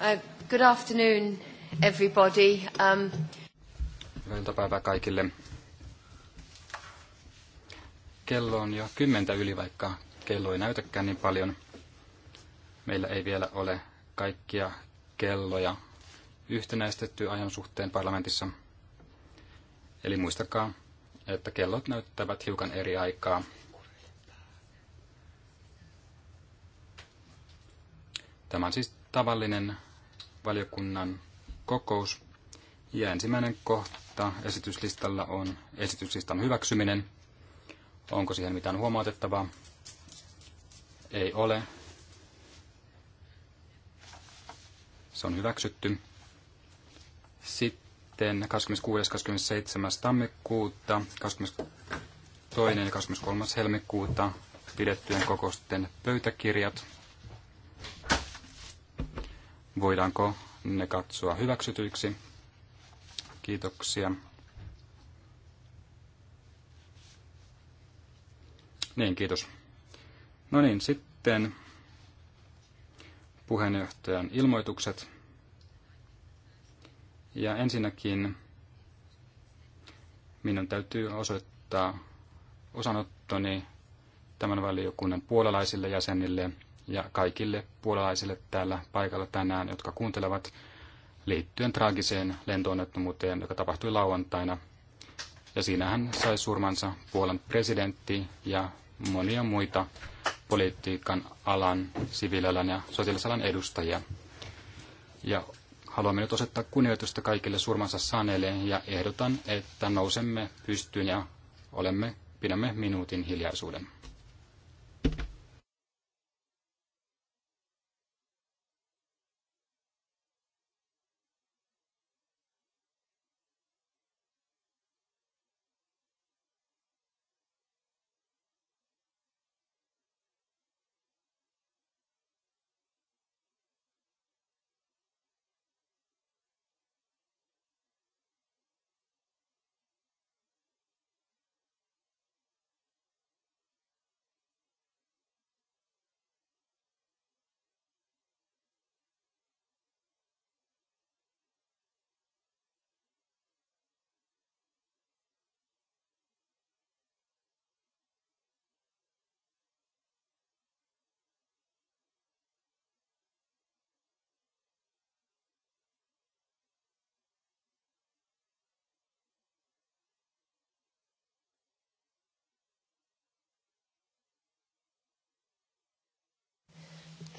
Uh, good afternoon, everybody. Um... Hyvää iltapäivää kaikille. Kello on jo kymmentä yli, vaikka kello ei näytäkään niin paljon. Meillä ei vielä ole kaikkia kelloja yhtenäistetty ajan suhteen parlamentissa. Eli muistakaa, että kellot näyttävät hiukan eri aikaa. Tämä on siis tavallinen valiokunnan kokous. Ja ensimmäinen kohta esityslistalla on esityslistan hyväksyminen. Onko siihen mitään huomautettavaa? Ei ole. Se on hyväksytty. Sitten 26. 27. tammikuuta, 22. ja 23. helmikuuta pidettyjen kokousten pöytäkirjat Voidaanko ne katsoa hyväksytyiksi? Kiitoksia. Niin, kiitos. No niin, sitten puheenjohtajan ilmoitukset. Ja ensinnäkin minun täytyy osoittaa osanottoni tämän valiokunnan puolalaisille jäsenille ja kaikille puolalaisille täällä paikalla tänään, jotka kuuntelevat liittyen traagiseen lentoonnettomuuteen, joka tapahtui lauantaina. Ja siinähän sai surmansa Puolan presidentti ja monia muita politiikan alan, siviilialan ja sotilasalan edustajia. Ja haluamme nyt osoittaa kunnioitusta kaikille surmansa saaneille ja ehdotan, että nousemme pystyyn ja olemme, pidämme minuutin hiljaisuuden.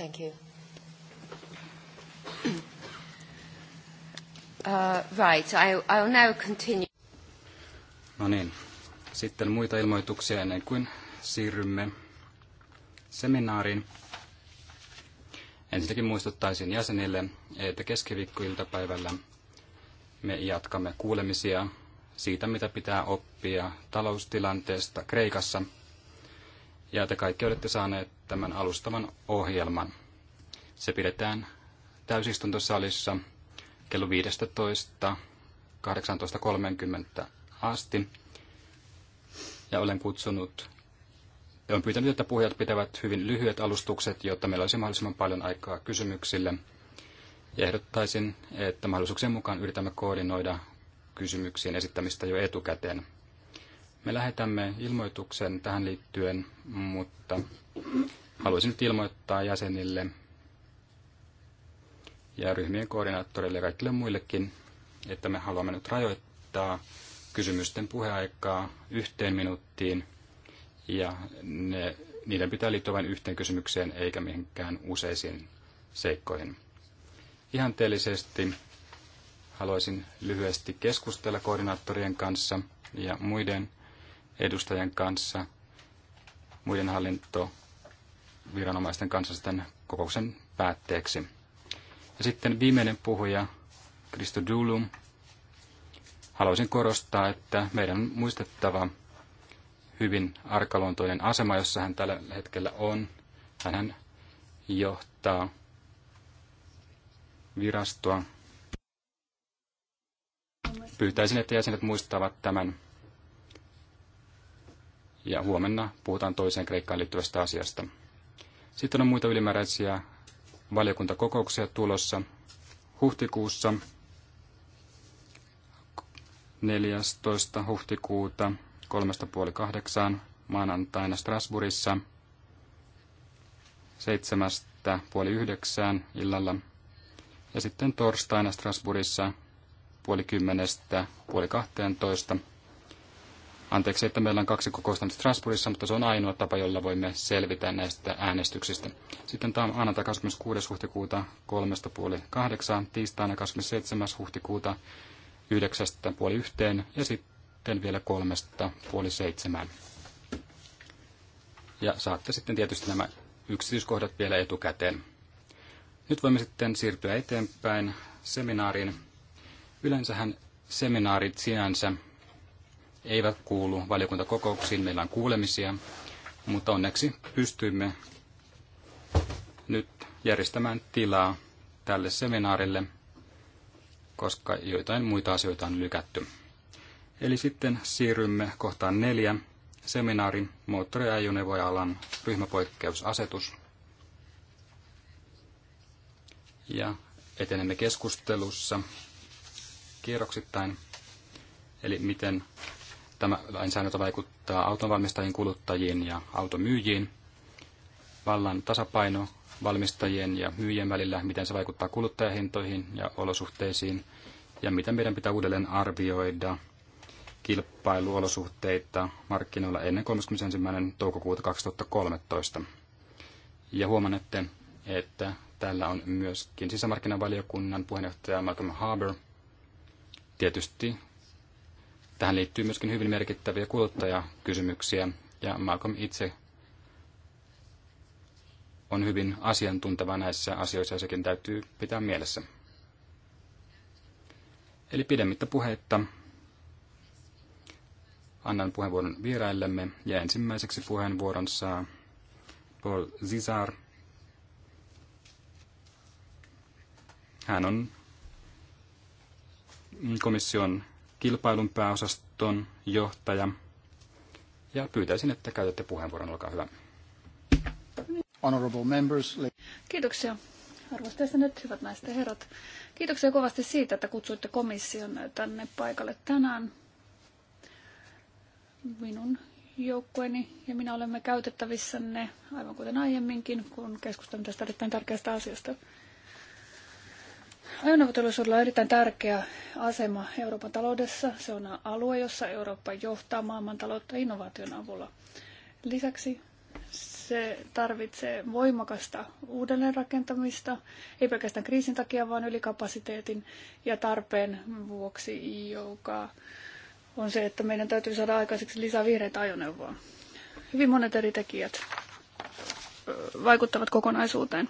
Thank you. Uh, right, I, I'll now continue. No niin, sitten muita ilmoituksia ennen kuin siirrymme seminaariin. Ensinnäkin muistuttaisin jäsenille, että keskiviikkoiltapäivällä me jatkamme kuulemisia siitä, mitä pitää oppia taloustilanteesta Kreikassa – ja te kaikki olette saaneet tämän alustavan ohjelman. Se pidetään täysistuntosalissa kello 15 18.30 asti. Ja olen kutsunut ja olen pyytänyt, että puhujat pitävät hyvin lyhyet alustukset, jotta meillä olisi mahdollisimman paljon aikaa kysymyksille. Ja ehdottaisin, että mahdollisuuksien mukaan yritämme koordinoida kysymyksien esittämistä jo etukäteen. Me lähetämme ilmoituksen tähän liittyen, mutta haluaisin nyt ilmoittaa jäsenille ja ryhmien koordinaattoreille ja kaikille muillekin, että me haluamme nyt rajoittaa kysymysten puheaikaa yhteen minuuttiin ja ne, niiden pitää liittyä vain yhteen kysymykseen eikä mihinkään useisiin seikkoihin. Ihanteellisesti haluaisin lyhyesti keskustella koordinaattorien kanssa ja muiden edustajien kanssa, muiden hallintoviranomaisten kanssa sitten kokouksen päätteeksi. Ja sitten viimeinen puhuja, Kristo Dulum. Haluaisin korostaa, että meidän on muistettava hyvin arkaluontoinen asema, jossa hän tällä hetkellä on. Hän johtaa virastoa. Pyytäisin, että jäsenet muistavat tämän ja huomenna puhutaan toiseen Kreikkaan liittyvästä asiasta. Sitten on muita ylimääräisiä valiokuntakokouksia tulossa huhtikuussa 14. huhtikuuta 3.30 maanantaina Strasbourgissa 7.30 illalla ja sitten torstaina Strasbourgissa puoli kymmenestä puoli kahteentoista – Anteeksi, että meillä on kaksi kokousta nyt Strasbourgissa, mutta se on ainoa tapa, jolla voimme selvitä näistä äänestyksistä. Sitten tämä on maanantai 26. huhtikuuta 3.5.8, tiistaina 27. huhtikuuta 9.5.1 ja sitten vielä 3.5.7. Ja saatte sitten tietysti nämä yksityiskohdat vielä etukäteen. Nyt voimme sitten siirtyä eteenpäin seminaariin. Yleensähän seminaarit sinänsä eivät kuulu valiokuntakokouksiin, meillä on kuulemisia, mutta onneksi pystymme nyt järjestämään tilaa tälle seminaarille, koska joitain muita asioita on lykätty. Eli sitten siirrymme kohtaan neljä, seminaari alan ryhmäpoikkeusasetus. Ja etenemme keskustelussa kierroksittain, eli miten Tämä lainsäädäntö vaikuttaa autonvalmistajien, kuluttajiin ja automyyjiin. Vallan tasapaino valmistajien ja myyjien välillä, miten se vaikuttaa kuluttajahintoihin ja olosuhteisiin, ja miten meidän pitää uudelleen arvioida kilpailuolosuhteita markkinoilla ennen 31. toukokuuta 2013. Ja huomannette, että täällä on myöskin sisämarkkinavaliokunnan puheenjohtaja Malcolm Harbour. Tietysti Tähän liittyy myöskin hyvin merkittäviä kuluttajakysymyksiä, ja Malcolm itse on hyvin asiantunteva näissä asioissa, ja sekin täytyy pitää mielessä. Eli pidemmittä puheitta annan puheenvuoron vieraillemme, ja ensimmäiseksi puheenvuoron saa Paul Zizar. Hän on komission kilpailun pääosaston johtaja. Ja pyytäisin, että käytätte puheenvuoron. Olkaa hyvä. Honorable members. Kiitoksia. Arvoisat jäsenet, hyvät naiset ja herrat. Kiitoksia kovasti siitä, että kutsuitte komission tänne paikalle tänään. Minun joukkueeni ja minä olemme käytettävissänne, aivan kuten aiemminkin, kun keskustelemme tästä erittäin tärkeästä asiasta. Ajoneuvoteollisuudella on erittäin tärkeä asema Euroopan taloudessa. Se on alue, jossa Eurooppa johtaa maailmantaloutta innovaation avulla. Lisäksi se tarvitsee voimakasta uudelleenrakentamista, ei pelkästään kriisin takia, vaan ylikapasiteetin ja tarpeen vuoksi, joka on se, että meidän täytyy saada aikaiseksi lisää vihreitä ajoneuvoa. Hyvin monet eri tekijät vaikuttavat kokonaisuuteen.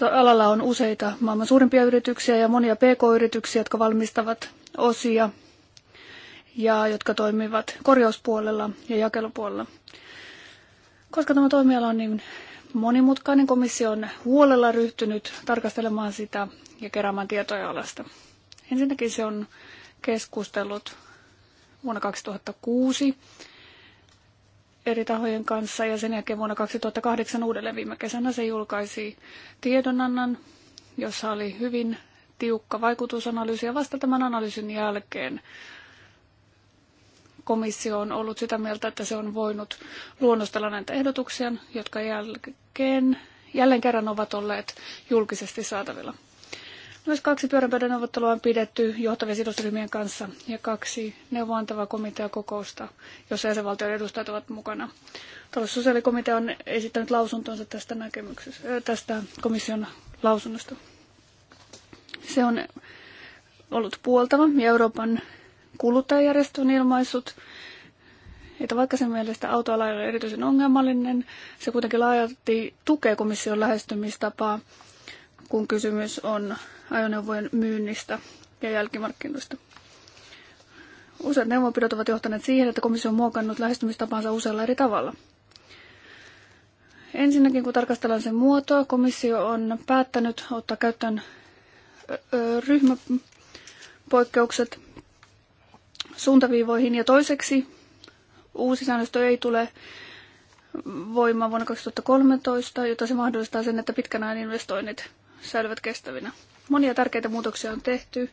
Alalla on useita maailman suurimpia yrityksiä ja monia pk-yrityksiä, jotka valmistavat osia ja jotka toimivat korjauspuolella ja jakelupuolella. Koska tämä toimiala on niin monimutkainen, komissio on huolella ryhtynyt tarkastelemaan sitä ja keräämään tietoja alasta. Ensinnäkin se on keskustellut vuonna 2006 eri tahojen kanssa ja sen jälkeen vuonna 2008 uudelleen viime kesänä se julkaisi tiedonannan, jossa oli hyvin tiukka vaikutusanalyysi ja vasta tämän analyysin jälkeen komissio on ollut sitä mieltä, että se on voinut luonnostella näitä ehdotuksia, jotka jälkeen, jälleen kerran ovat olleet julkisesti saatavilla. Myös kaksi neuvottelua on pidetty johtavien sidosryhmien kanssa ja kaksi neuvoantavaa komiteakokousta, jossa jäsenvaltioiden edustajat ovat mukana. Taloussosiaalikomitea on esittänyt lausuntonsa tästä, näkemyksestä, äh, tästä komission lausunnosta. Se on ollut puoltava ja Euroopan kuluttajajärjestö on ilmaissut, että vaikka sen mielestä autoala ei ole erityisen ongelmallinen, se kuitenkin laajalti tukee komission lähestymistapaa kun kysymys on ajoneuvojen myynnistä ja jälkimarkkinoista. Useat neuvonpidot ovat johtaneet siihen, että komissio on muokannut lähestymistapansa usealla eri tavalla. Ensinnäkin, kun tarkastellaan sen muotoa, komissio on päättänyt ottaa käyttöön ryhmäpoikkeukset suuntaviivoihin ja toiseksi uusi säännöstö ei tule voimaan vuonna 2013, jota se mahdollistaa sen, että pitkän ajan investoinnit säilyvät kestävinä. Monia tärkeitä muutoksia on tehty,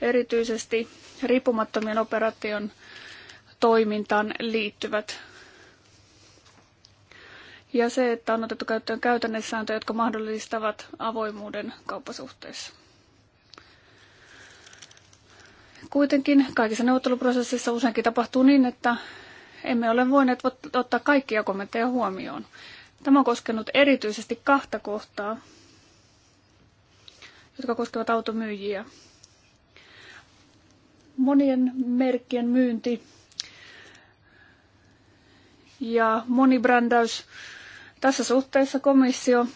erityisesti riippumattomien operaation toimintaan liittyvät. Ja se, että on otettu käyttöön sääntöjä, jotka mahdollistavat avoimuuden kauppasuhteessa. Kuitenkin kaikissa neuvotteluprosessissa useinkin tapahtuu niin, että emme ole voineet ottaa kaikkia kommentteja huomioon. Tämä on koskenut erityisesti kahta kohtaa, jotka koskevat automyyjiä. Monien merkkien myynti ja monibrändäys. Tässä suhteessa komissio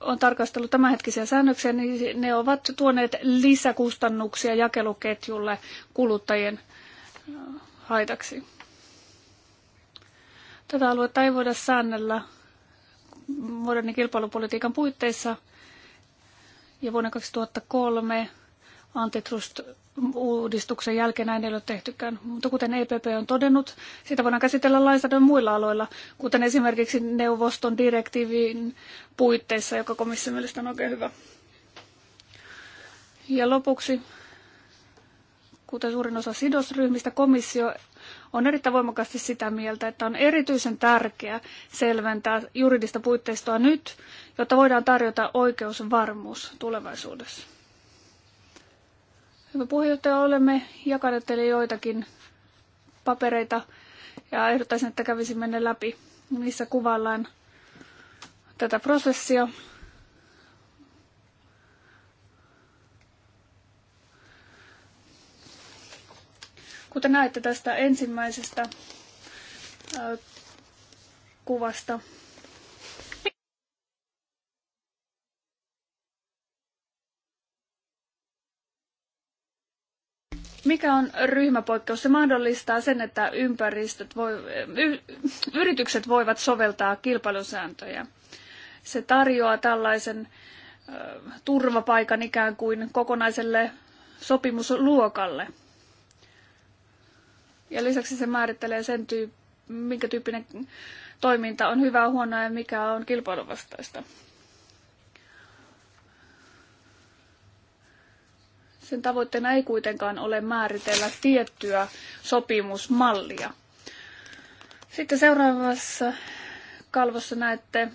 on tarkastellut tämänhetkisiä säännöksiä, niin ne ovat tuoneet lisäkustannuksia jakeluketjulle kuluttajien äh, haitaksi. Tätä aluetta ei voida säännellä modernin kilpailupolitiikan puitteissa. Ja vuonna 2003 antitrust-uudistuksen jälkeen näin ei ole tehtykään. Mutta kuten EPP on todennut, sitä voidaan käsitellä lainsäädännön muilla aloilla, kuten esimerkiksi neuvoston direktiivin puitteissa, joka komission mielestä on oikein hyvä. Ja lopuksi, kuten suurin osa sidosryhmistä, komissio on erittäin voimakkaasti sitä mieltä, että on erityisen tärkeää selventää juridista puitteistoa nyt, jotta voidaan tarjota oikeusvarmuus tulevaisuudessa. Hyvä puheenjohtaja, olemme jakaneet teille joitakin papereita ja ehdottaisin, että kävisimme ne läpi. Niissä kuvaillaan tätä prosessia Kuten näette tästä ensimmäisestä kuvasta, Mikä on ryhmäpoikkeus? Se mahdollistaa sen, että ympäristöt voi, y, yritykset voivat soveltaa kilpailusääntöjä. Se tarjoaa tällaisen turvapaikan ikään kuin kokonaiselle sopimusluokalle. Ja lisäksi se määrittelee sen, tyyp, minkä tyyppinen toiminta on hyvä huonoa ja mikä on kilpailuvastaista. Sen tavoitteena ei kuitenkaan ole määritellä tiettyä sopimusmallia. Sitten seuraavassa kalvossa näette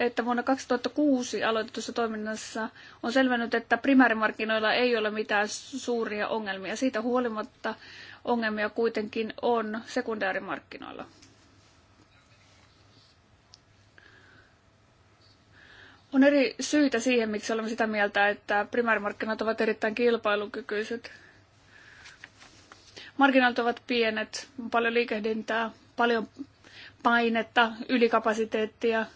että vuonna 2006 aloitetussa toiminnassa on selvennyt, että primäärimarkkinoilla ei ole mitään suuria ongelmia. Siitä huolimatta ongelmia kuitenkin on sekundäärimarkkinoilla. On eri syitä siihen, miksi olemme sitä mieltä, että primäärimarkkinat ovat erittäin kilpailukykyiset. Marginaalit ovat pienet, on paljon liikehdintää, paljon painetta, ylikapasiteettia –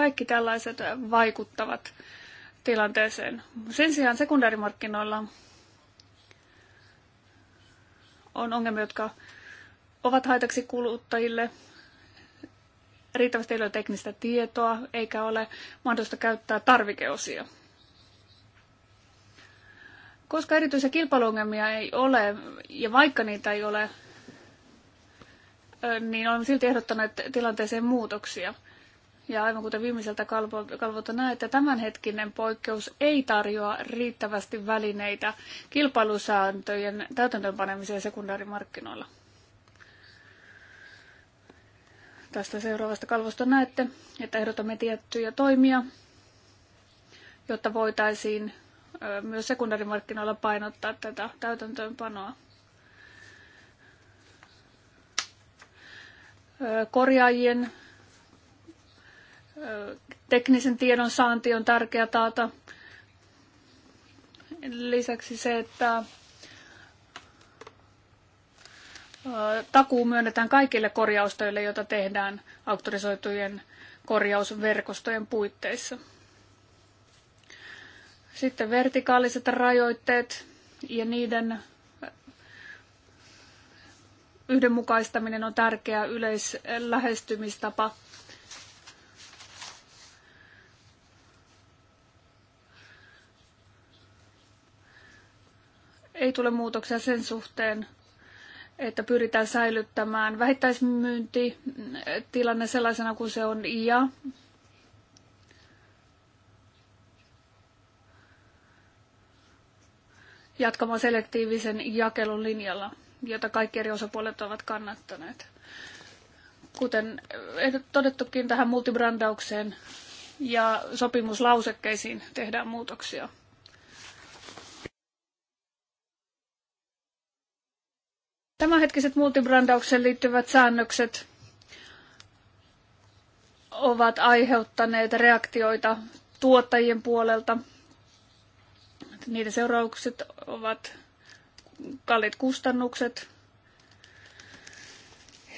Kaikki tällaiset vaikuttavat tilanteeseen. Sen sijaan sekundaarimarkkinoilla on ongelmia, jotka ovat haitaksi kuluttajille. Riittävästi ei ole teknistä tietoa, eikä ole mahdollista käyttää tarvikeosia. Koska erityisiä kilpailuongelmia ei ole, ja vaikka niitä ei ole, niin olemme silti ehdottaneet tilanteeseen muutoksia – ja aivan kuten viimeiseltä kalvolta näette, tämänhetkinen poikkeus ei tarjoa riittävästi välineitä kilpailusääntöjen täytäntöönpanemiseen sekundaarimarkkinoilla. Tästä seuraavasta kalvosta näette, että ehdotamme tiettyjä toimia, jotta voitaisiin myös sekundaarimarkkinoilla painottaa tätä täytäntöönpanoa. korjaajien teknisen tiedon saanti on tärkeä taata. Lisäksi se, että takuu myönnetään kaikille korjaustöille, joita tehdään auktorisoitujen korjausverkostojen puitteissa. Sitten vertikaaliset rajoitteet ja niiden yhdenmukaistaminen on tärkeä yleislähestymistapa ei tule muutoksia sen suhteen, että pyritään säilyttämään eh, tilanne sellaisena kuin se on ja jatkamaan selektiivisen jakelun linjalla, jota kaikki eri osapuolet ovat kannattaneet. Kuten eh, todettukin tähän multibrandaukseen ja sopimuslausekkeisiin tehdään muutoksia. Tämänhetkiset multibrandaukseen liittyvät säännökset ovat aiheuttaneet reaktioita tuottajien puolelta. Niiden seuraukset ovat kalliit kustannukset,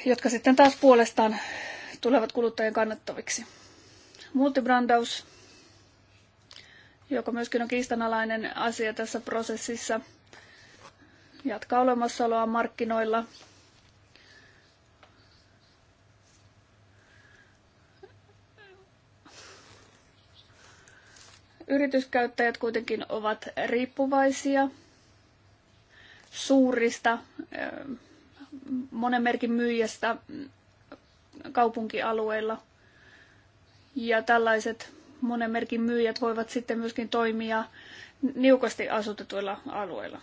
jotka sitten taas puolestaan tulevat kuluttajien kannattaviksi. Multibrandaus, joka myöskin on kiistanalainen asia tässä prosessissa – jatkaa olemassaoloa markkinoilla. Yrityskäyttäjät kuitenkin ovat riippuvaisia suurista eh, monen merkin myyjästä kaupunkialueilla. Ja tällaiset monen merkin myyjät voivat sitten myöskin toimia niukasti asutetuilla alueilla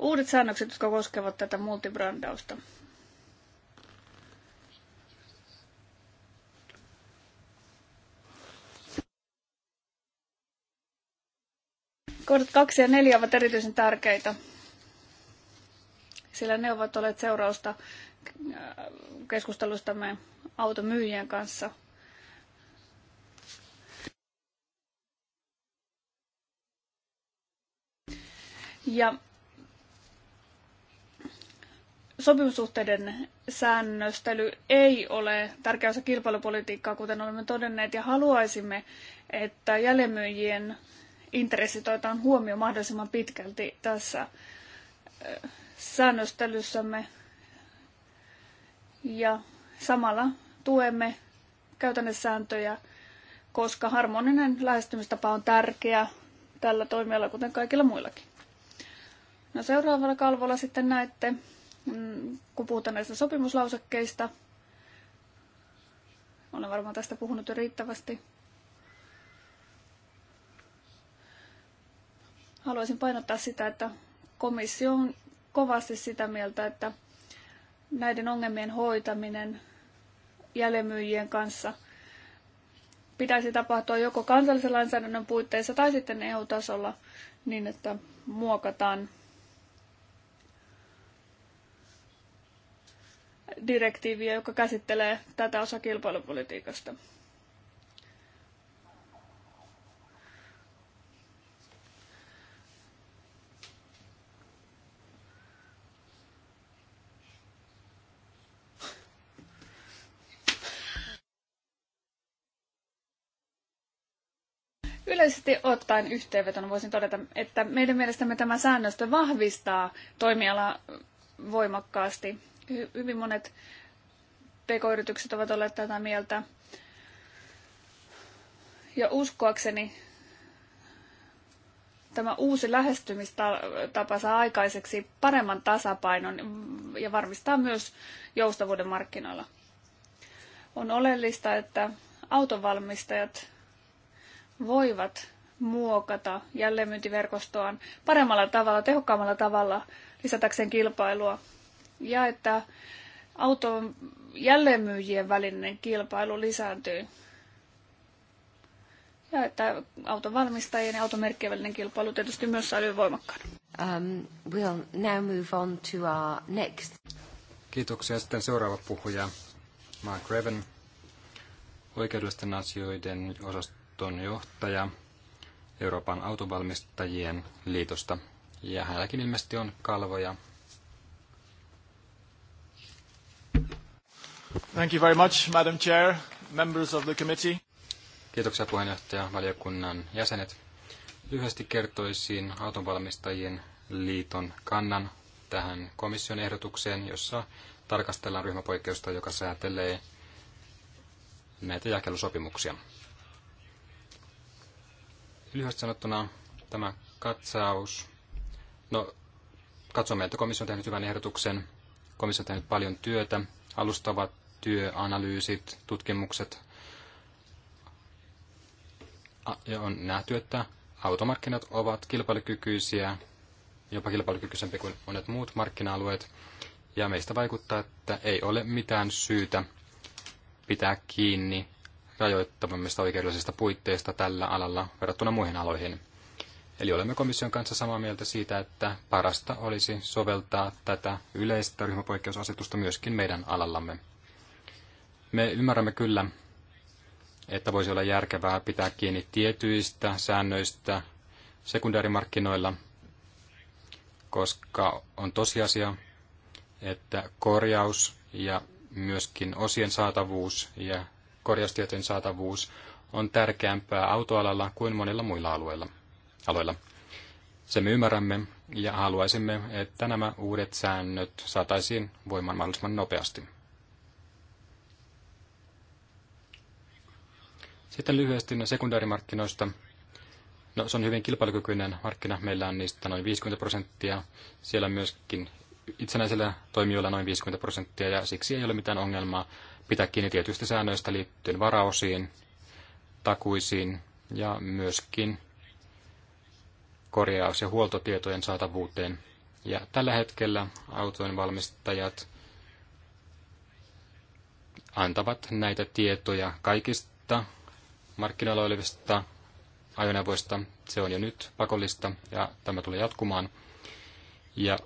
uudet säännökset, jotka koskevat tätä multibrandausta. Kohdat 2 ja 4 ovat erityisen tärkeitä, sillä ne ovat olleet seurausta äh, keskustelustamme automyyjien kanssa. Ja sopimussuhteiden säännöstely ei ole tärkeä osa kilpailupolitiikkaa, kuten olemme todenneet, ja haluaisimme, että jälleenmyyjien intressit otetaan huomioon mahdollisimman pitkälti tässä säännöstelyssämme. Ja samalla tuemme sääntöjä, koska harmoninen lähestymistapa on tärkeä tällä toimialalla, kuten kaikilla muillakin. No seuraavalla kalvolla sitten näette Mm, kun puhutaan näistä sopimuslausekkeista. Olen varmaan tästä puhunut jo riittävästi. Haluaisin painottaa sitä, että komissio on kovasti sitä mieltä, että näiden ongelmien hoitaminen jäljemyyjien kanssa pitäisi tapahtua joko kansallisen lainsäädännön puitteissa tai sitten EU-tasolla niin, että muokataan direktiiviä, joka käsittelee tätä osa kilpailupolitiikasta. Yleisesti ottaen yhteenvetona voisin todeta, että meidän mielestämme tämä säännöstö vahvistaa toimialaa voimakkaasti Hyvin monet pk-yritykset ovat olleet tätä mieltä. Ja uskoakseni tämä uusi lähestymistapa saa aikaiseksi paremman tasapainon ja varmistaa myös joustavuuden markkinoilla. On oleellista, että autonvalmistajat voivat muokata jälleenmyyntiverkostoaan paremmalla tavalla, tehokkaammalla tavalla lisätäkseen kilpailua ja että auton jälleenmyyjien välinen kilpailu lisääntyy. Ja että auton valmistajien ja automerkkien välinen kilpailu tietysti myös säilyy voimakkaana. Um, we'll now move on to our next. Kiitoksia. Sitten seuraava puhuja, Mark Reven, oikeudellisten asioiden osaston johtaja Euroopan autovalmistajien liitosta. Ja hänelläkin ilmeisesti on kalvoja Thank you very much, Madam Chair, members of the committee. Kiitoksia puheenjohtaja, valiokunnan jäsenet. Lyhyesti kertoisin autonvalmistajien liiton kannan tähän komission ehdotukseen, jossa tarkastellaan ryhmäpoikkeusta, joka säätelee näitä jakelusopimuksia. Lyhyesti sanottuna tämä katsaus. No, katsomme, että komissio on tehnyt hyvän ehdotuksen. Komissio on tehnyt paljon työtä alustavat työanalyysit, tutkimukset. Ja on nähty, että automarkkinat ovat kilpailukykyisiä, jopa kilpailukykyisempi kuin monet muut markkina-alueet. Ja meistä vaikuttaa, että ei ole mitään syytä pitää kiinni rajoittavammista oikeudellisista puitteista tällä alalla verrattuna muihin aloihin. Eli olemme komission kanssa samaa mieltä siitä, että parasta olisi soveltaa tätä yleistä ryhmäpoikkeusasetusta myöskin meidän alallamme. Me ymmärrämme kyllä, että voisi olla järkevää pitää kiinni tietyistä säännöistä sekundäärimarkkinoilla, koska on tosiasia, että korjaus ja myöskin osien saatavuus ja korjaustietojen saatavuus on tärkeämpää autoalalla kuin monilla muilla alueilla aloilla. Se me ymmärrämme ja haluaisimme, että nämä uudet säännöt saataisiin voimaan mahdollisimman nopeasti. Sitten lyhyesti no sekundäärimarkkinoista. No, se on hyvin kilpailukykyinen markkina. Meillä on niistä noin 50 prosenttia. Siellä on myöskin itsenäisillä toimijoilla noin 50 prosenttia, ja siksi ei ole mitään ongelmaa pitää kiinni tietyistä säännöistä liittyen varaosiin, takuisiin ja myöskin korjaus- ja huoltotietojen saatavuuteen. Ja tällä hetkellä autojen valmistajat antavat näitä tietoja kaikista markkinoilla olevista ajoneuvoista. Se on jo nyt pakollista ja tämä tulee jatkumaan. Ja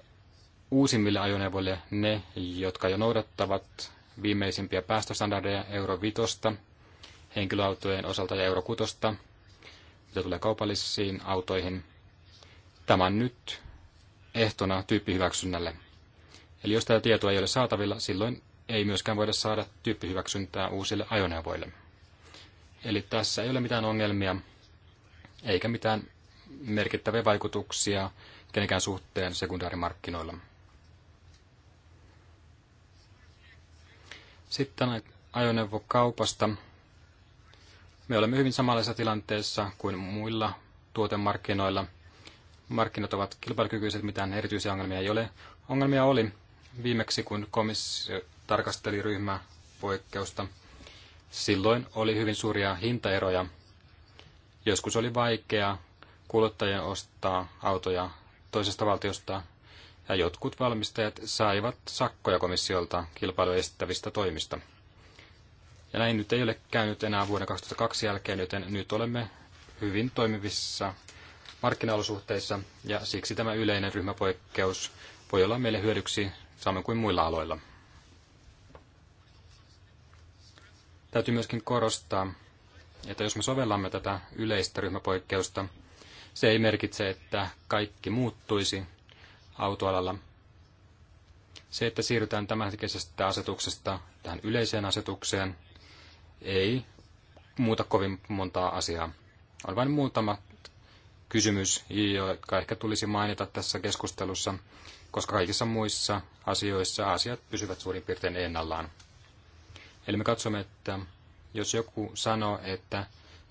uusimmille ajoneuvoille ne, jotka jo noudattavat viimeisimpiä päästöstandardeja Euro 5, henkilöautojen osalta ja Euro 6, mitä tulee kaupallisiin autoihin, Tämän nyt ehtona tyyppihyväksynnälle. Eli jos tätä tietoa ei ole saatavilla, silloin ei myöskään voida saada tyyppihyväksyntää uusille ajoneuvoille. Eli tässä ei ole mitään ongelmia, eikä mitään merkittäviä vaikutuksia kenenkään suhteen sekundaarimarkkinoilla. Sitten ajoneuvokaupasta. Me olemme hyvin samanlaisessa tilanteessa kuin muilla tuotemarkkinoilla markkinat ovat kilpailukykyiset, mitään erityisiä ongelmia ei ole. Ongelmia oli viimeksi, kun komissio tarkasteli ryhmäpoikkeusta. Silloin oli hyvin suuria hintaeroja. Joskus oli vaikea kuluttajien ostaa autoja toisesta valtiosta, ja jotkut valmistajat saivat sakkoja komissiolta kilpailuestävistä toimista. Ja näin nyt ei ole käynyt enää vuoden 2002 jälkeen, joten nyt olemme hyvin toimivissa markkinaolosuhteissa, ja siksi tämä yleinen ryhmäpoikkeus voi olla meille hyödyksi samoin kuin muilla aloilla. Täytyy myöskin korostaa, että jos me sovellamme tätä yleistä ryhmäpoikkeusta, se ei merkitse, että kaikki muuttuisi autoalalla. Se, että siirrytään tämänhetkisestä asetuksesta tähän yleiseen asetukseen, ei muuta kovin montaa asiaa. On vain muutama kysymys, joka ehkä tulisi mainita tässä keskustelussa, koska kaikissa muissa asioissa asiat pysyvät suurin piirtein ennallaan. Eli me katsomme, että jos joku sanoo, että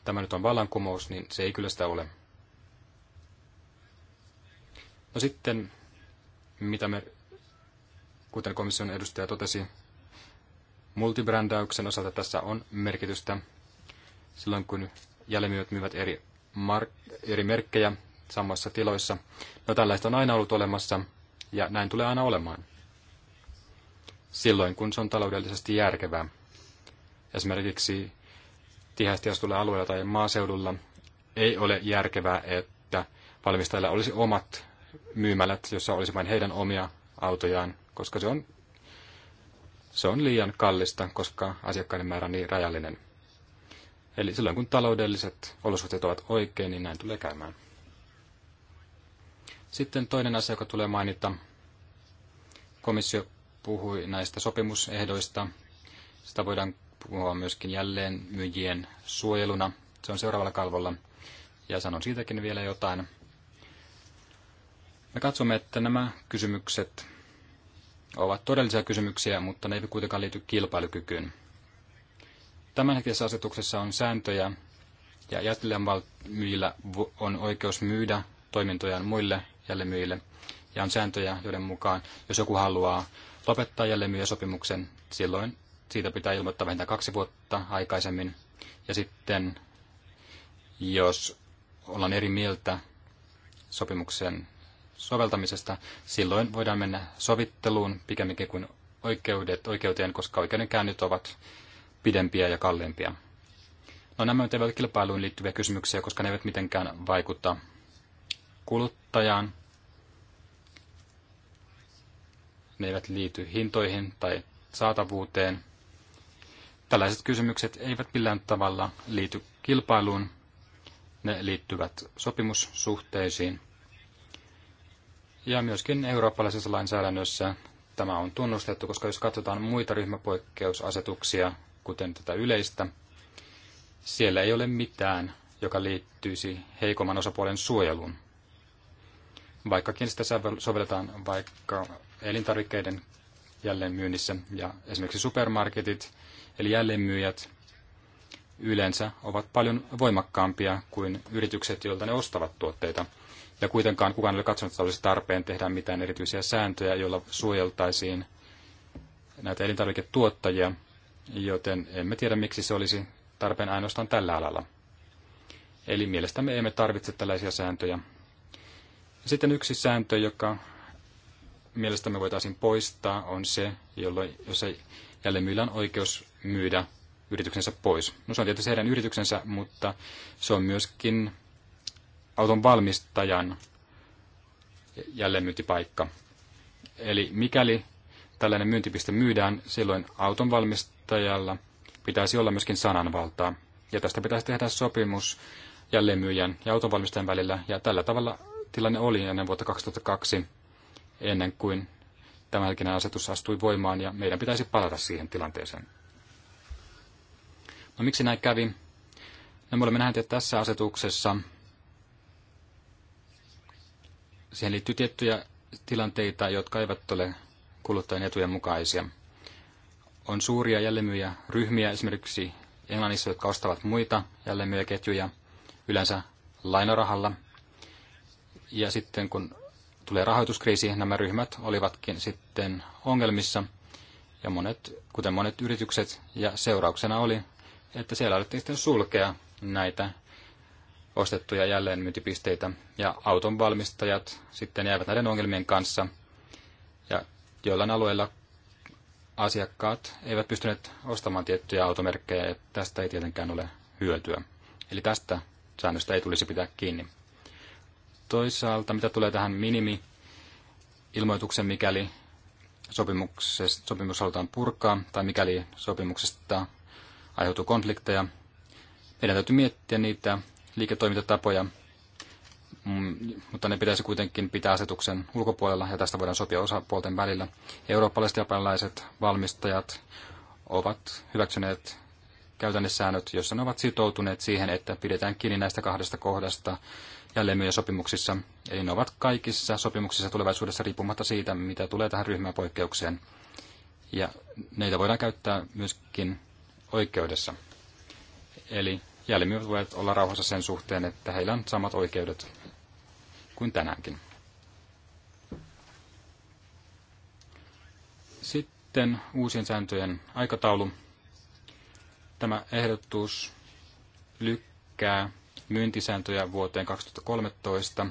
tämä nyt on vallankumous, niin se ei kyllä sitä ole. No sitten, mitä me, kuten komission edustaja totesi, multibrändäyksen osalta tässä on merkitystä silloin, kun jäljimyöt myyvät eri eri merkkejä samoissa tiloissa. No tällaista on aina ollut olemassa ja näin tulee aina olemaan. Silloin, kun se on taloudellisesti järkevää. Esimerkiksi tiheästi astulla alueella tai maaseudulla ei ole järkevää, että valmistajilla olisi omat myymälät, jossa olisi vain heidän omia autojaan, koska se on, se on liian kallista, koska asiakkaiden määrä on niin rajallinen. Eli silloin kun taloudelliset olosuhteet ovat oikein, niin näin tulee käymään. Sitten toinen asia, joka tulee mainita. Komissio puhui näistä sopimusehdoista. Sitä voidaan puhua myöskin jälleen myyjien suojeluna. Se on seuraavalla kalvolla. Ja sanon siitäkin vielä jotain. Me katsomme, että nämä kysymykset ovat todellisia kysymyksiä, mutta ne eivät kuitenkaan liity kilpailukykyyn. Tämänhetkisessä asetuksessa on sääntöjä, ja jätteenmyyjillä on oikeus myydä toimintojaan muille jälleenmyyjille, ja on sääntöjä, joiden mukaan, jos joku haluaa lopettaa jälleenmyyjäsopimuksen, silloin siitä pitää ilmoittaa vähintään kaksi vuotta aikaisemmin, ja sitten jos ollaan eri mieltä sopimuksen soveltamisesta, silloin voidaan mennä sovitteluun pikemminkin kuin oikeudet oikeuteen, koska oikeudenkäynnit ovat pidempiä ja kalliimpia. No nämä nyt eivät kilpailuun liittyviä kysymyksiä, koska ne eivät mitenkään vaikuta kuluttajaan. Ne eivät liity hintoihin tai saatavuuteen. Tällaiset kysymykset eivät millään tavalla liity kilpailuun. Ne liittyvät sopimussuhteisiin. Ja myöskin eurooppalaisessa lainsäädännössä tämä on tunnustettu, koska jos katsotaan muita ryhmäpoikkeusasetuksia, kuten tätä yleistä, siellä ei ole mitään, joka liittyisi heikomman osapuolen suojeluun. Vaikkakin sitä sovelletaan vaikka elintarvikkeiden jälleenmyynnissä ja esimerkiksi supermarketit, eli jälleenmyyjät, yleensä ovat paljon voimakkaampia kuin yritykset, joilta ne ostavat tuotteita. Ja kuitenkaan kukaan ei ole katsonut, että olisi tarpeen tehdä mitään erityisiä sääntöjä, joilla suojeltaisiin näitä elintarviketuottajia, joten emme tiedä miksi se olisi tarpeen ainoastaan tällä alalla. Eli mielestämme emme tarvitse tällaisia sääntöjä. Sitten yksi sääntö, joka mielestämme voitaisiin poistaa, on se, jolloin, jos ei jälleenmyyjällä on oikeus myydä yrityksensä pois. No se on tietysti heidän yrityksensä, mutta se on myöskin auton valmistajan jälleenmyyntipaikka. Eli mikäli tällainen myyntipiste myydään, silloin auton valmistaja kuluttajalla pitäisi olla myöskin sananvaltaa. Ja tästä pitäisi tehdä sopimus jälleenmyyjän ja autonvalmistajan välillä. Ja tällä tavalla tilanne oli ennen vuotta 2002, ennen kuin tämänhetkinen asetus astui voimaan, ja meidän pitäisi palata siihen tilanteeseen. No miksi näin kävi? No me olemme nähneet, että tässä asetuksessa siihen liittyy tiettyjä tilanteita, jotka eivät ole kuluttajien etujen mukaisia – on suuria jälleenmyyjä ryhmiä esimerkiksi Englannissa, jotka ostavat muita jälleenmyyjäketjuja yleensä lainarahalla. Ja sitten kun tulee rahoituskriisi, nämä ryhmät olivatkin sitten ongelmissa, ja monet, kuten monet yritykset, ja seurauksena oli, että siellä alettiin sitten sulkea näitä ostettuja jälleenmyyntipisteitä, ja auton valmistajat sitten jäivät näiden ongelmien kanssa, ja joillain alueilla asiakkaat eivät pystyneet ostamaan tiettyjä automerkkejä, ja tästä ei tietenkään ole hyötyä. Eli tästä säännöstä ei tulisi pitää kiinni. Toisaalta, mitä tulee tähän minimi-ilmoituksen, mikäli sopimus halutaan purkaa, tai mikäli sopimuksesta aiheutuu konflikteja, meidän täytyy miettiä niitä liiketoimintatapoja, Mm, mutta ne pitäisi kuitenkin pitää asetuksen ulkopuolella ja tästä voidaan sopia osapuolten välillä. Eurooppalaiset ja japanilaiset valmistajat ovat hyväksyneet käytännössäännöt, joissa ne ovat sitoutuneet siihen, että pidetään kiinni näistä kahdesta kohdasta jälleenmyyjän sopimuksissa. Eli ne ovat kaikissa sopimuksissa tulevaisuudessa riippumatta siitä, mitä tulee tähän ryhmäpoikkeukseen. Ja neitä voidaan käyttää myöskin oikeudessa. Eli jäljimmät voivat olla rauhassa sen suhteen, että heillä on samat oikeudet kuin tänäänkin. Sitten uusien sääntöjen aikataulu. Tämä ehdotus lykkää myyntisääntöjä vuoteen 2013.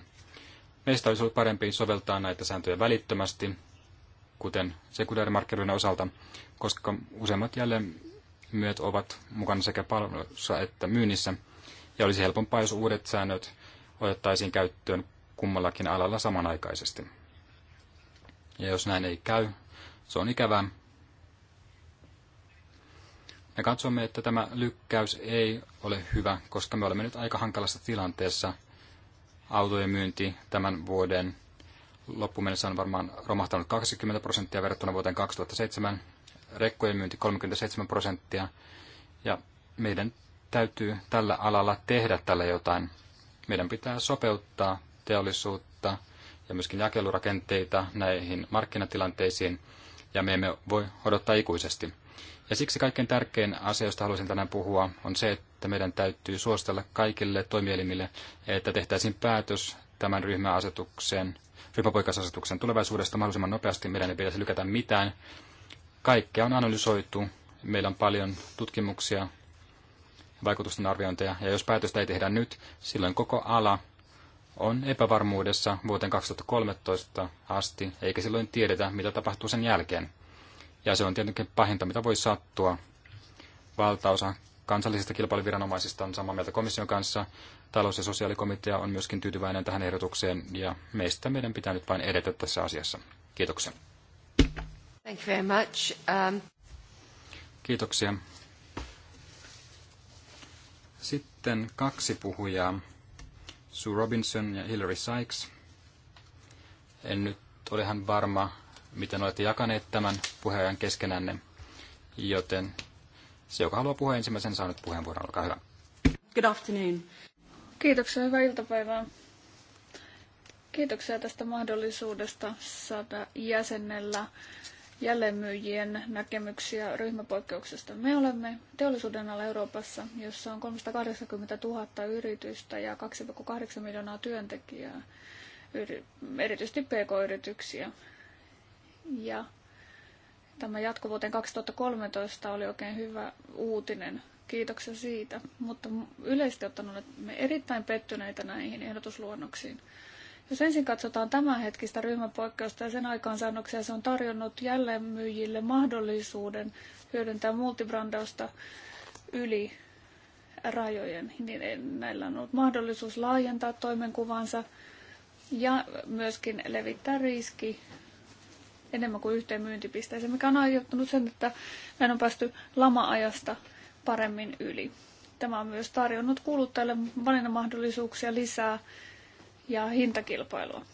Meistä olisi ollut parempi soveltaa näitä sääntöjä välittömästi, kuten sekundäärimarkkinoiden osalta, koska useimmat jälleen myöt ovat mukana sekä palvelussa että myynnissä, ja olisi helpompaa, jos uudet säännöt otettaisiin käyttöön kummallakin alalla samanaikaisesti. Ja jos näin ei käy, se on ikävää. Me katsomme, että tämä lykkäys ei ole hyvä, koska me olemme nyt aika hankalassa tilanteessa. Autojen myynti tämän vuoden loppuun on varmaan romahtanut 20 prosenttia verrattuna vuoteen 2007, rekkojen myynti 37 prosenttia, ja meidän täytyy tällä alalla tehdä tällä jotain. Meidän pitää sopeuttaa teollisuutta ja myöskin jakelurakenteita näihin markkinatilanteisiin, ja me emme voi odottaa ikuisesti. Ja siksi kaikkein tärkein asia, josta haluaisin tänään puhua, on se, että meidän täytyy suostella kaikille toimielimille, että tehtäisiin päätös tämän ryhmäasetuksen, ryhmäpoikasasetuksen tulevaisuudesta mahdollisimman nopeasti. Meidän ei pitäisi lykätä mitään. Kaikkea on analysoitu. Meillä on paljon tutkimuksia, vaikutusten arviointeja, ja jos päätöstä ei tehdä nyt, silloin koko ala on epävarmuudessa vuoteen 2013 asti, eikä silloin tiedetä, mitä tapahtuu sen jälkeen. Ja se on tietenkin pahinta, mitä voi sattua. Valtaosa kansallisista kilpailuviranomaisista on samaa mieltä komission kanssa. Talous- ja sosiaalikomitea on myöskin tyytyväinen tähän ehdotukseen, ja meistä meidän pitää nyt vain edetä tässä asiassa. Kiitoksia. Thank you very much. Um... Kiitoksia. Sitten kaksi puhujaa Sue Robinson ja Hillary Sykes. En nyt ole ihan varma, miten olette jakaneet tämän puheajan keskenänne, joten se, joka haluaa puhua ensimmäisen, saa nyt puheenvuoron. Olkaa hyvä. Good afternoon. Kiitoksia, hyvää iltapäivää. Kiitoksia tästä mahdollisuudesta saada jäsennellä jälleenmyyjien näkemyksiä ryhmäpoikkeuksesta. Me olemme teollisuuden alla Euroopassa, jossa on 380 000 yritystä ja 2,8 miljoonaa työntekijää, erityisesti pk-yrityksiä. Ja tämä jatkuvuuteen 2013 oli oikein hyvä uutinen. Kiitoksia siitä, mutta yleisesti ottaen olemme erittäin pettyneitä näihin ehdotusluonnoksiin. Jos ensin katsotaan tämänhetkistä ryhmäpoikkeusta ja sen aikaansaannoksia, se on tarjonnut jälleenmyyjille mahdollisuuden hyödyntää multibrandausta yli rajojen. Niin näillä on ollut mahdollisuus laajentaa toimenkuvansa ja myöskin levittää riski enemmän kuin yhteen myyntipisteeseen, mikä on aiheuttanut sen, että näin on päästy lama-ajasta paremmin yli. Tämä on myös tarjonnut kuluttajille valinnanmahdollisuuksia lisää ja hintakilpailua.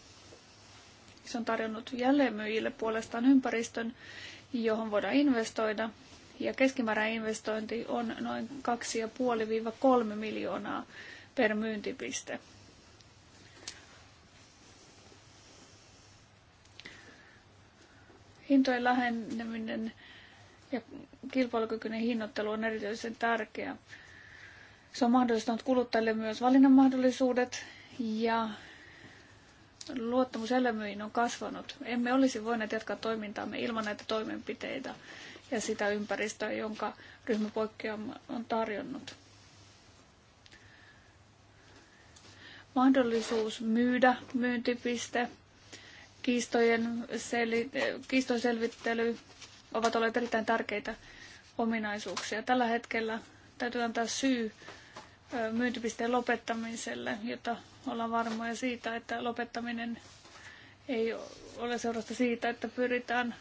Se on tarjonnut jälleenmyyjille puolestaan ympäristön, johon voidaan investoida, ja keskimääräinen investointi on noin 2,5-3 miljoonaa per myyntipiste. Hintojen läheneminen ja kilpailukykyinen hinnoittelu on erityisen tärkeää. Se on mahdollistanut kuluttajille myös valinnanmahdollisuudet ja luottamus elämyihin on kasvanut. Emme olisi voineet jatkaa toimintaamme ilman näitä toimenpiteitä ja sitä ympäristöä, jonka ryhmäpoikkeama on tarjonnut. Mahdollisuus myydä myyntipiste, kiistojen, seli, kiistojen selvittely ovat olleet erittäin tärkeitä ominaisuuksia. Tällä hetkellä täytyy antaa syy myyntipisteen lopettamiselle, jotta ollaan varmoja siitä, että lopettaminen ei ole seurasta siitä, että pyritään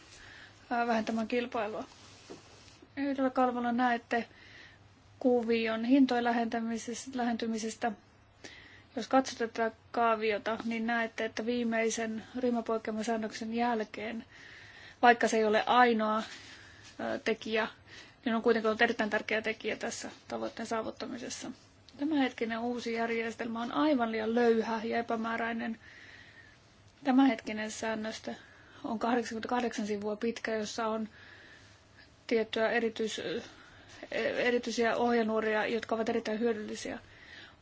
vähentämään kilpailua. Yhdellä kalvolla näette kuvion hintojen lähentymisestä. Jos katsotte tätä kaaviota, niin näette, että viimeisen ryhmäpoikkeamasäännöksen jälkeen, vaikka se ei ole ainoa tekijä, niin on kuitenkin ollut erittäin tärkeä tekijä tässä tavoitteen saavuttamisessa. Tämänhetkinen uusi järjestelmä on aivan liian löyhä ja epämääräinen. Tämänhetkinen säännöstö on 88 sivua pitkä, jossa on tiettyjä erityis, erityisiä ohjenuoria, jotka ovat erittäin hyödyllisiä.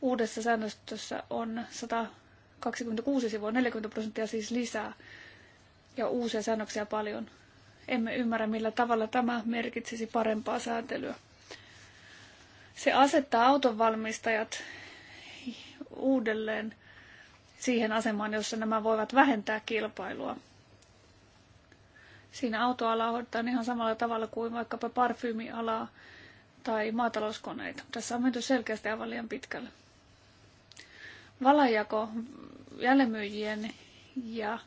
Uudessa säännöstössä on 126 sivua, 40 prosenttia siis lisää ja uusia säännöksiä paljon. Emme ymmärrä, millä tavalla tämä merkitsisi parempaa sääntelyä. Se asettaa autonvalmistajat uudelleen siihen asemaan, jossa nämä voivat vähentää kilpailua. Siinä autoala hoidetaan ihan samalla tavalla kuin vaikkapa parfyymialaa tai maatalouskoneita. Tässä on menty selkeästi aivan liian pitkälle. Valajako jälleenmyyjien ja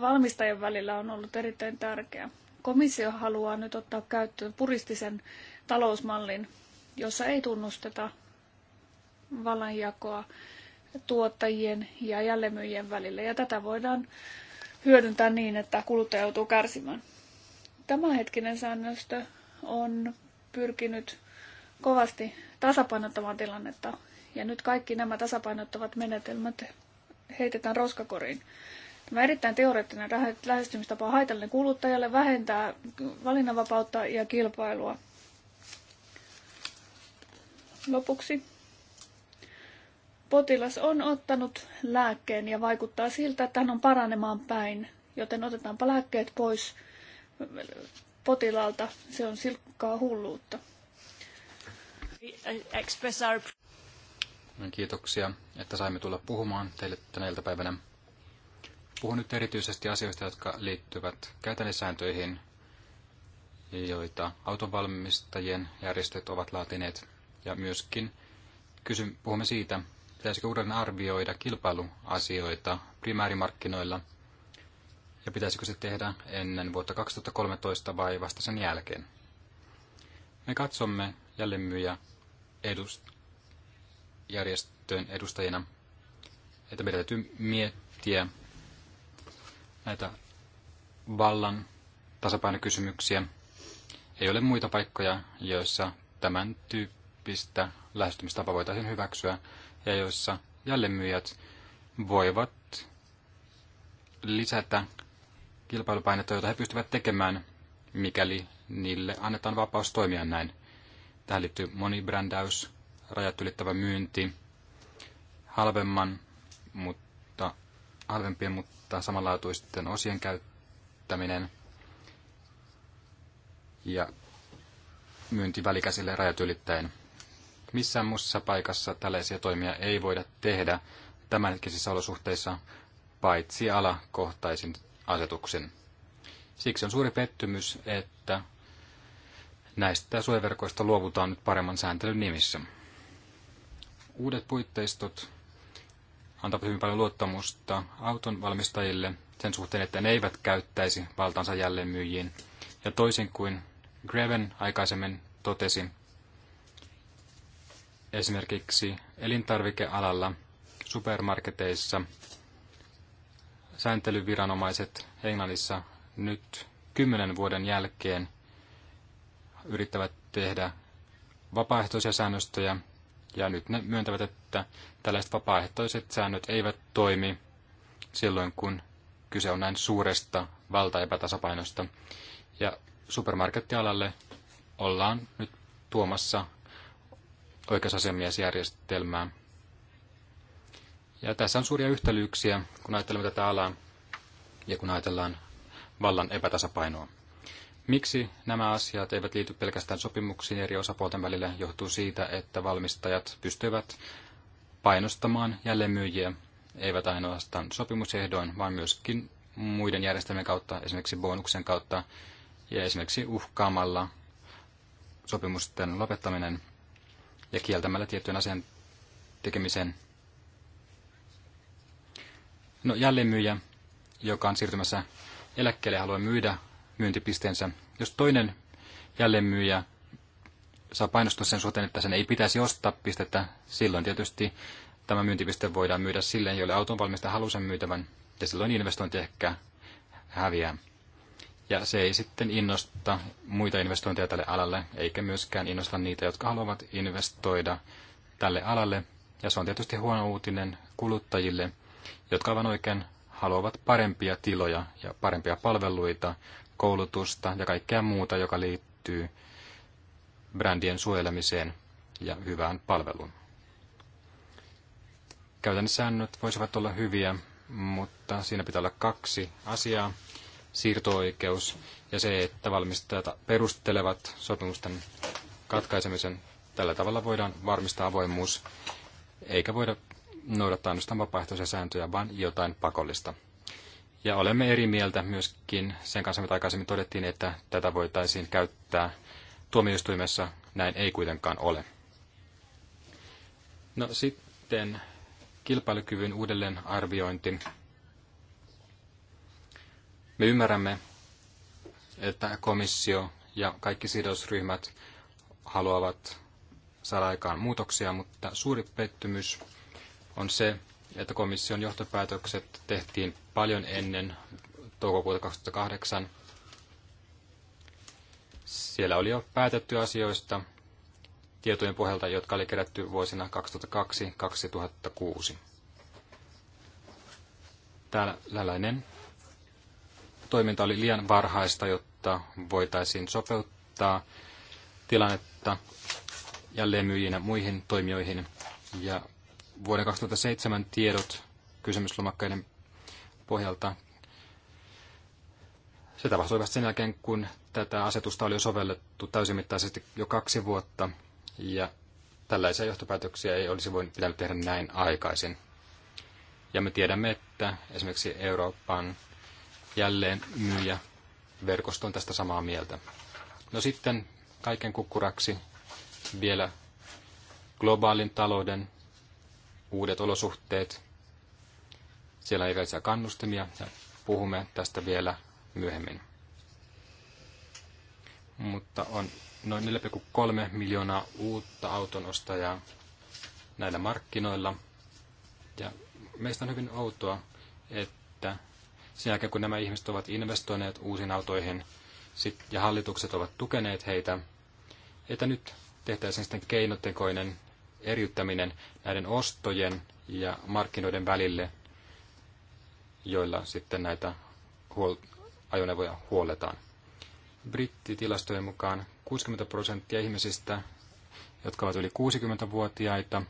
valmistajien välillä on ollut erittäin tärkeä. Komissio haluaa nyt ottaa käyttöön puristisen talousmallin, jossa ei tunnusteta vallanjakoa tuottajien ja jälleenmyyjien välillä. Ja tätä voidaan hyödyntää niin, että kuluttaja joutuu kärsimään. Tämänhetkinen säännöstö on pyrkinyt kovasti tasapainottamaan tilannetta. Ja nyt kaikki nämä tasapainottavat menetelmät heitetään roskakoriin. Tämä erittäin teoreettinen lähestymistapa on haitallinen kuluttajalle, vähentää valinnanvapautta ja kilpailua. Lopuksi potilas on ottanut lääkkeen ja vaikuttaa siltä, että hän on paranemaan päin, joten otetaanpa lääkkeet pois potilaalta. Se on silkkaa hulluutta. Niin, kiitoksia, että saimme tulla puhumaan teille tänä iltapäivänä. Puhun nyt erityisesti asioista, jotka liittyvät käytännössääntöihin, joita autonvalmistajien järjestöt ovat laatineet – ja myöskin kysyn, puhumme siitä, pitäisikö uudelleen arvioida kilpailuasioita primäärimarkkinoilla ja pitäisikö se tehdä ennen vuotta 2013 vai vasta sen jälkeen. Me katsomme jälleenmyyjä edust- järjestöjen edustajina, että meidän täytyy miettiä näitä vallan tasapainokysymyksiä. Ei ole muita paikkoja, joissa tämän tyyppi tyyppistä lähestymistapa voitaisiin hyväksyä ja joissa jälleenmyyjät voivat lisätä kilpailupainetta, jota he pystyvät tekemään, mikäli niille annetaan vapaus toimia näin. Tähän liittyy monibrändäys, rajat ylittävä myynti, halvemman, mutta halvempien, mutta samanlaatuisten osien käyttäminen ja myynti välikäsille rajat ylittäen. Missään muussa paikassa tällaisia toimia ei voida tehdä tämänhetkisissä olosuhteissa paitsi alakohtaisin asetuksen. Siksi on suuri pettymys, että näistä suojaverkoista luovutaan nyt paremman sääntelyn nimissä. Uudet puitteistot antavat hyvin paljon luottamusta auton valmistajille sen suhteen, että ne eivät käyttäisi valtansa jälleenmyyjiin. Ja toisin kuin Greven aikaisemmin totesi, esimerkiksi elintarvikealalla, supermarketeissa, sääntelyviranomaiset Englannissa nyt kymmenen vuoden jälkeen yrittävät tehdä vapaaehtoisia säännöstöjä, ja nyt ne myöntävät, että tällaiset vapaaehtoiset säännöt eivät toimi silloin, kun kyse on näin suuresta valtaepätasapainosta. Ja supermarkettialalle ollaan nyt tuomassa oikeusasiamiesjärjestelmää. Ja tässä on suuria yhtälyyksiä, kun ajattelemme tätä alaa ja kun ajatellaan vallan epätasapainoa. Miksi nämä asiat eivät liity pelkästään sopimuksiin eri osapuolten välillä, johtuu siitä, että valmistajat pystyvät painostamaan jälleenmyyjiä, eivät ainoastaan sopimusehdoin, vaan myöskin muiden järjestelmien kautta, esimerkiksi bonuksen kautta ja esimerkiksi uhkaamalla sopimusten lopettaminen ja kieltämällä tiettyjen asian tekemisen. No jälleenmyyjä, joka on siirtymässä eläkkeelle, haluaa myydä myyntipisteensä. Jos toinen jälleenmyyjä saa painostua sen suhteen, että sen ei pitäisi ostaa pistettä, silloin tietysti tämä myyntipiste voidaan myydä sille, jolle auton valmistaja haluaa sen myytävän, ja silloin investointi ehkä häviää. Ja se ei sitten innosta muita investointeja tälle alalle, eikä myöskään innosta niitä, jotka haluavat investoida tälle alalle. Ja se on tietysti huono uutinen kuluttajille, jotka aivan oikein haluavat parempia tiloja ja parempia palveluita, koulutusta ja kaikkea muuta, joka liittyy brändien suojelemiseen ja hyvään palveluun. Käytännön säännöt voisivat olla hyviä, mutta siinä pitää olla kaksi asiaa siirtooikeus ja se, että valmistajat perustelevat sopimusten katkaisemisen. Tällä tavalla voidaan varmistaa avoimuus, eikä voida noudattaa ainoastaan vapaaehtoisia sääntöjä, vaan jotain pakollista. Ja olemme eri mieltä myöskin sen kanssa, mitä aikaisemmin todettiin, että tätä voitaisiin käyttää tuomioistuimessa. Näin ei kuitenkaan ole. No sitten kilpailukyvyn uudelleenarviointi. arviointi me ymmärrämme, että komissio ja kaikki sidosryhmät haluavat saada aikaan muutoksia, mutta suuri pettymys on se, että komission johtopäätökset tehtiin paljon ennen toukokuuta 2008. Siellä oli jo päätetty asioista tietojen pohjalta, jotka oli kerätty vuosina 2002-2006. Tällainen toiminta oli liian varhaista, jotta voitaisiin sopeuttaa tilannetta jälleenmyyjinä muihin toimijoihin. Ja vuoden 2007 tiedot kysymyslomakkeiden pohjalta. Se tapahtui vasta sen jälkeen, kun tätä asetusta oli jo sovellettu täysimittaisesti jo kaksi vuotta, ja tällaisia johtopäätöksiä ei olisi voinut pitänyt tehdä näin aikaisin. Ja me tiedämme, että esimerkiksi Euroopan jälleen myyjä verkosto on tästä samaa mieltä. No sitten kaiken kukkuraksi vielä globaalin talouden uudet olosuhteet. Siellä on erilaisia kannustimia ja puhumme tästä vielä myöhemmin. Mutta on noin 4,3 miljoonaa uutta autonostajaa näillä markkinoilla. Ja meistä on hyvin outoa, että sen jälkeen, kun nämä ihmiset ovat investoineet uusiin autoihin sit, ja hallitukset ovat tukeneet heitä, että nyt tehtäisiin sitten keinotekoinen eriyttäminen näiden ostojen ja markkinoiden välille, joilla sitten näitä huol- ajoneuvoja huolletaan. Brittitilastojen mukaan 60 prosenttia ihmisistä, jotka ovat yli 60-vuotiaita,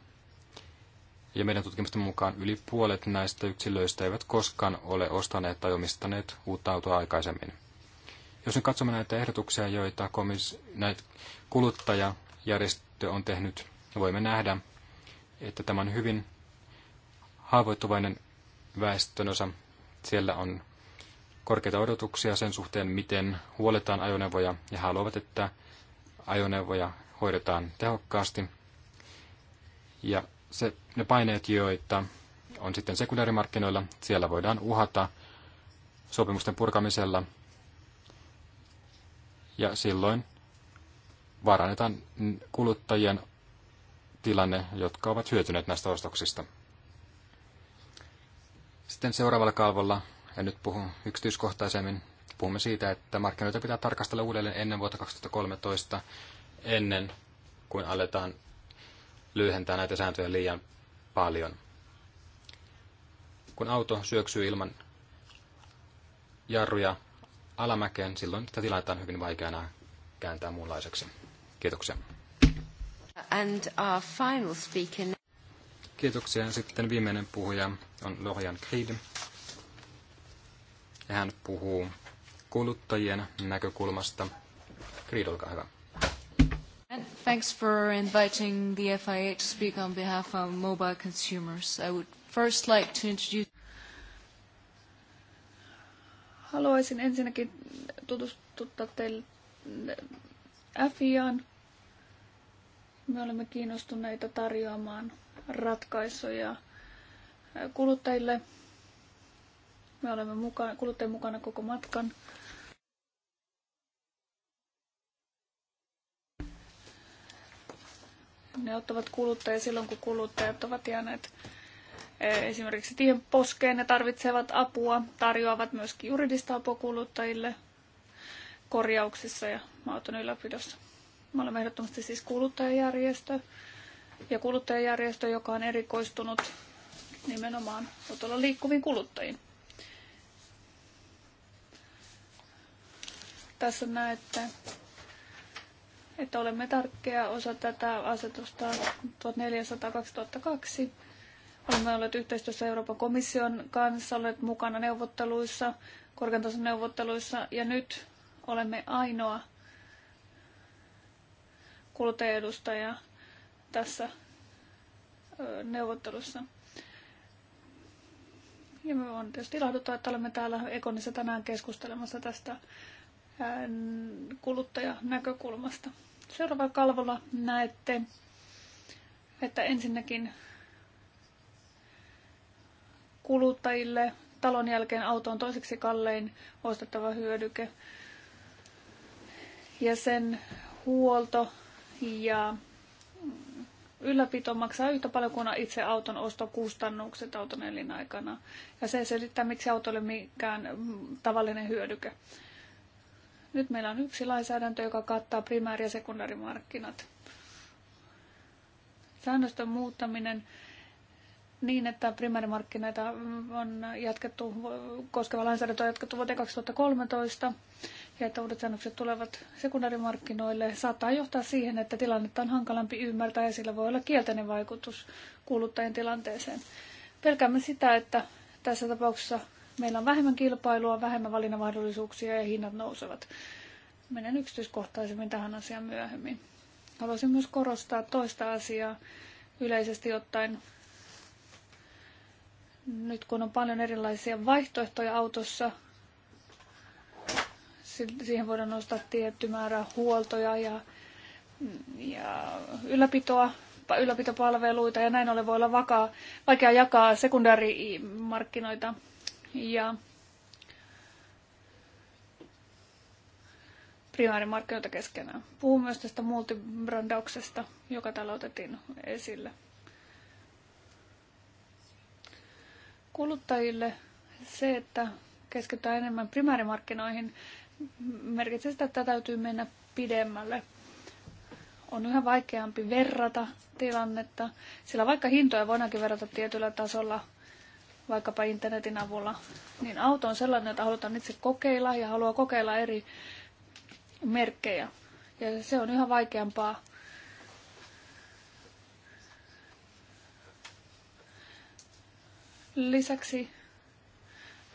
ja meidän tutkimusten mukaan yli puolet näistä yksilöistä eivät koskaan ole ostaneet tai omistaneet uutta autoa aikaisemmin. Jos nyt katsomme näitä ehdotuksia, joita komis, näitä kuluttajajärjestö on tehnyt, niin voimme nähdä, että tämä on hyvin haavoittuvainen väestönosa. Siellä on korkeita odotuksia sen suhteen, miten huoletaan ajoneuvoja ja haluavat, että ajoneuvoja hoidetaan tehokkaasti. Ja se, ne paineet, joita on sitten sekundäärimarkkinoilla, siellä voidaan uhata sopimusten purkamisella ja silloin varannetaan kuluttajien tilanne, jotka ovat hyötyneet näistä ostoksista. Sitten seuraavalla kalvolla, en nyt puhu yksityiskohtaisemmin, puhumme siitä, että markkinoita pitää tarkastella uudelleen ennen vuotta 2013, ennen kuin aletaan lyhentää näitä sääntöjä liian paljon. Kun auto syöksyy ilman jarruja alamäkeen, silloin sitä tilannetta on hyvin vaikeana kääntää muunlaiseksi. Kiitoksia. And our final speaker... Kiitoksia. Sitten viimeinen puhuja on Lorian Creed. Ja hän puhuu kuluttajien näkökulmasta. Creed, olkaa hyvä. And thanks for inviting the FIA to speak on behalf of mobile consumers. I would first like to introduce... Haluaisin ensinnäkin tutustuttaa teille äh, FIAan. Me olemme kiinnostuneita tarjoamaan ratkaisuja äh, kuluttajille. Me olemme mukana, kuluttajien mukana koko matkan Ne ottavat kuluttajia silloin, kun kuluttajat ovat jääneet e, esimerkiksi tien poskeen ja tarvitsevat apua, tarjoavat myöskin juridista apua kuluttajille korjauksissa ja auton ylläpidossa. Me olemme ehdottomasti siis kuluttajajärjestö ja kuluttajajärjestö, joka on erikoistunut nimenomaan autolla liikkuviin kuluttajiin. Tässä näette että olemme tarkkea osa tätä asetusta 1400-2002. Olemme olleet yhteistyössä Euroopan komission kanssa, olleet mukana neuvotteluissa, korkeantason neuvotteluissa ja nyt olemme ainoa kuluttajaedustaja tässä neuvottelussa. Ja me on tietysti ilahduttaa, että olemme täällä Ekonissa tänään keskustelemassa tästä kuluttajanäkökulmasta. näkökulmasta. Seuraavalla kalvolla näette, että ensinnäkin kuluttajille talon jälkeen auto on toiseksi kallein ostettava hyödyke. Ja sen huolto ja ylläpito maksaa yhtä paljon kuin itse auton ostokustannukset auton elinaikana. Ja se selittää, miksi auto ei ole mikään tavallinen hyödyke. Nyt meillä on yksi lainsäädäntö, joka kattaa primääri- ja sekundaarimarkkinat. Säännöstön muuttaminen niin, että primäärimarkkinoita on jatkettu, koskeva lainsäädäntö on jatkettu vuoteen 2013 ja että uudet säännökset tulevat sekundaarimarkkinoille, saattaa johtaa siihen, että tilannetta on hankalampi ymmärtää ja sillä voi olla kielteinen vaikutus kuluttajien tilanteeseen. Pelkäämme sitä, että tässä tapauksessa Meillä on vähemmän kilpailua, vähemmän valinnanmahdollisuuksia ja hinnat nousevat. Menen yksityiskohtaisemmin tähän asiaan myöhemmin. Haluaisin myös korostaa toista asiaa yleisesti ottaen. Nyt kun on paljon erilaisia vaihtoehtoja autossa, siihen voidaan nostaa tietty määrä huoltoja ja, ja ylläpitoa, ylläpitopalveluita ja näin ollen voi olla vakaa, vaikea jakaa sekundäärimarkkinoita ja primäärimarkkinoita keskenään. Puhun myös tästä multibrandauksesta, joka täällä otettiin esille. Kuluttajille se, että keskitytään enemmän primäärimarkkinoihin, merkitsee sitä, että täytyy mennä pidemmälle. On yhä vaikeampi verrata tilannetta, sillä vaikka hintoja voidaankin verrata tietyllä tasolla, vaikkapa internetin avulla, niin auto on sellainen, että halutaan itse kokeilla ja haluaa kokeilla eri merkkejä. Ja se on yhä vaikeampaa Lisäksi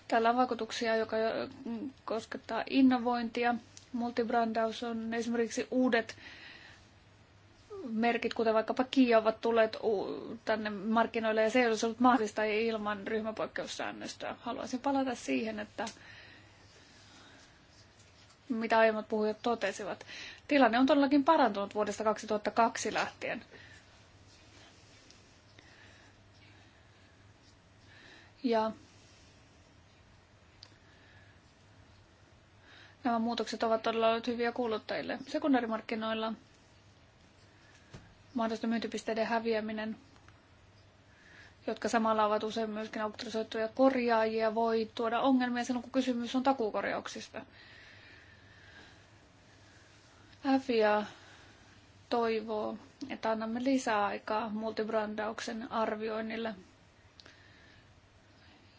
tällä on vaikutuksia, joka koskettaa innovointia. Multibrandaus on esimerkiksi uudet merkit, kuten vaikkapa Kia, ovat tulleet tänne markkinoille ja se ei olisi ollut mahdollista ilman ryhmäpoikkeussäännöstöä. Haluaisin palata siihen, että mitä aiemmat puhujat totesivat. Tilanne on todellakin parantunut vuodesta 2002 lähtien. Ja nämä muutokset ovat todella olleet hyviä kuluttajille. Sekundaarimarkkinoilla – mahdollisten myyntipisteiden häviäminen, jotka samalla ovat usein myöskin auktorisoituja korjaajia, voi tuoda ongelmia silloin, kun kysymys on takuukorjauksista. FIA toivoo, että annamme lisää aikaa multibrandauksen arvioinnille.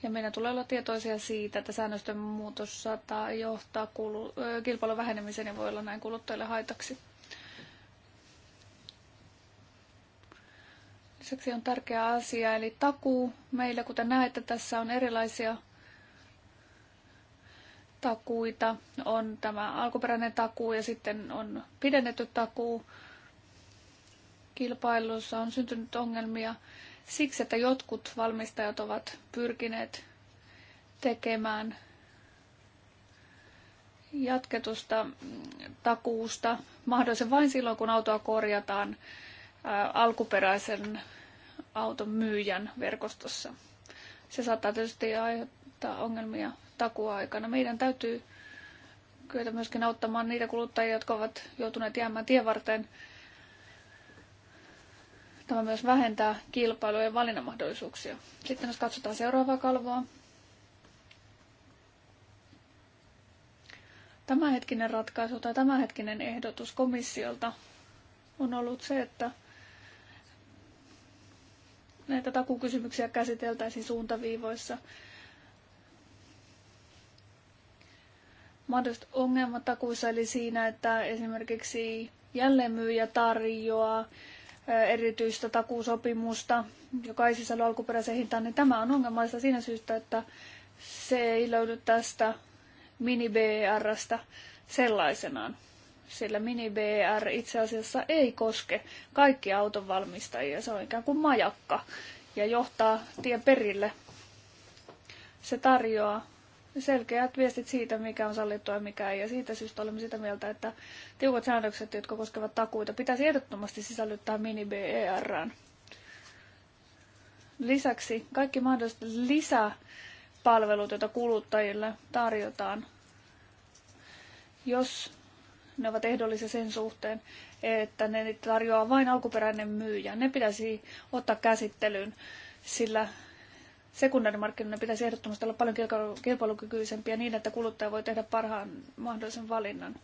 Ja meidän tulee olla tietoisia siitä, että säännösten muutos saattaa johtaa kilpailun vähenemiseen ja voi olla näin kuluttajille haitaksi. toiseksi on tärkeä asia, eli takuu. Meillä, kuten näette, tässä on erilaisia takuita. On tämä alkuperäinen takuu ja sitten on pidennetty takuu. Kilpailussa on syntynyt ongelmia siksi, että jotkut valmistajat ovat pyrkineet tekemään jatketusta takuusta mahdollisen vain silloin, kun autoa korjataan alkuperäisen auton myyjän verkostossa. Se saattaa tietysti aiheuttaa ongelmia takuaikana. Meidän täytyy kyetä myöskin auttamaan niitä kuluttajia, jotka ovat joutuneet jäämään tievarteen. Tämä myös vähentää kilpailuja ja valinnanmahdollisuuksia. Sitten jos katsotaan seuraavaa kalvoa. Tämänhetkinen ratkaisu tai tämänhetkinen ehdotus komissiolta on ollut se, että näitä takukysymyksiä käsiteltäisiin suuntaviivoissa. Mahdolliset ongelmat takuissa, eli siinä, että esimerkiksi jälleenmyyjä tarjoaa erityistä takuusopimusta joka ei sisällä alkuperäisen hintaan, niin tämä on ongelmallista siinä syystä, että se ei löydy tästä mini BRstä sellaisenaan sillä mini BR itse asiassa ei koske kaikkia autonvalmistajia. Se on ikään kuin majakka ja johtaa tien perille. Se tarjoaa selkeät viestit siitä, mikä on sallittua ja mikä ei. Ja siitä syystä olemme sitä mieltä, että tiukat säännökset, jotka koskevat takuita, pitäisi ehdottomasti sisällyttää mini BR. Lisäksi kaikki mahdolliset lisäpalvelut, joita kuluttajille tarjotaan, jos ne ovat ehdollisia sen suhteen, että ne tarjoaa vain alkuperäinen myyjä. Ne pitäisi ottaa käsittelyyn, sillä sekundaarimarkkinoiden pitäisi ehdottomasti olla paljon kilpailukykyisempiä niin, että kuluttaja voi tehdä parhaan mahdollisen valinnan.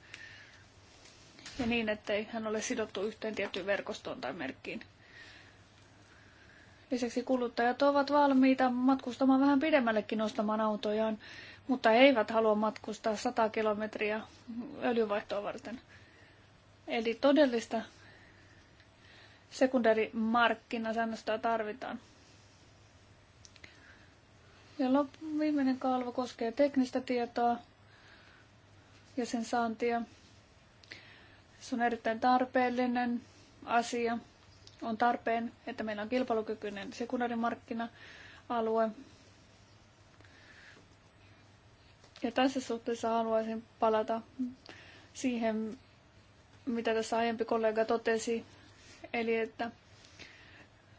Ja niin, ettei hän ole sidottu yhteen tiettyyn verkostoon tai merkkiin. Lisäksi kuluttajat ovat valmiita matkustamaan vähän pidemmällekin ostamaan autojaan mutta he eivät halua matkustaa 100 kilometriä öljyvaihtoa varten. Eli todellista sekundäärimarkkinasäännöstöä tarvitaan. Ja lop- viimeinen kalvo koskee teknistä tietoa ja sen saantia. Se on erittäin tarpeellinen asia. On tarpeen, että meillä on kilpailukykyinen sekundäärimarkkina-alue, ja tässä suhteessa haluaisin palata siihen, mitä tässä aiempi kollega totesi, eli että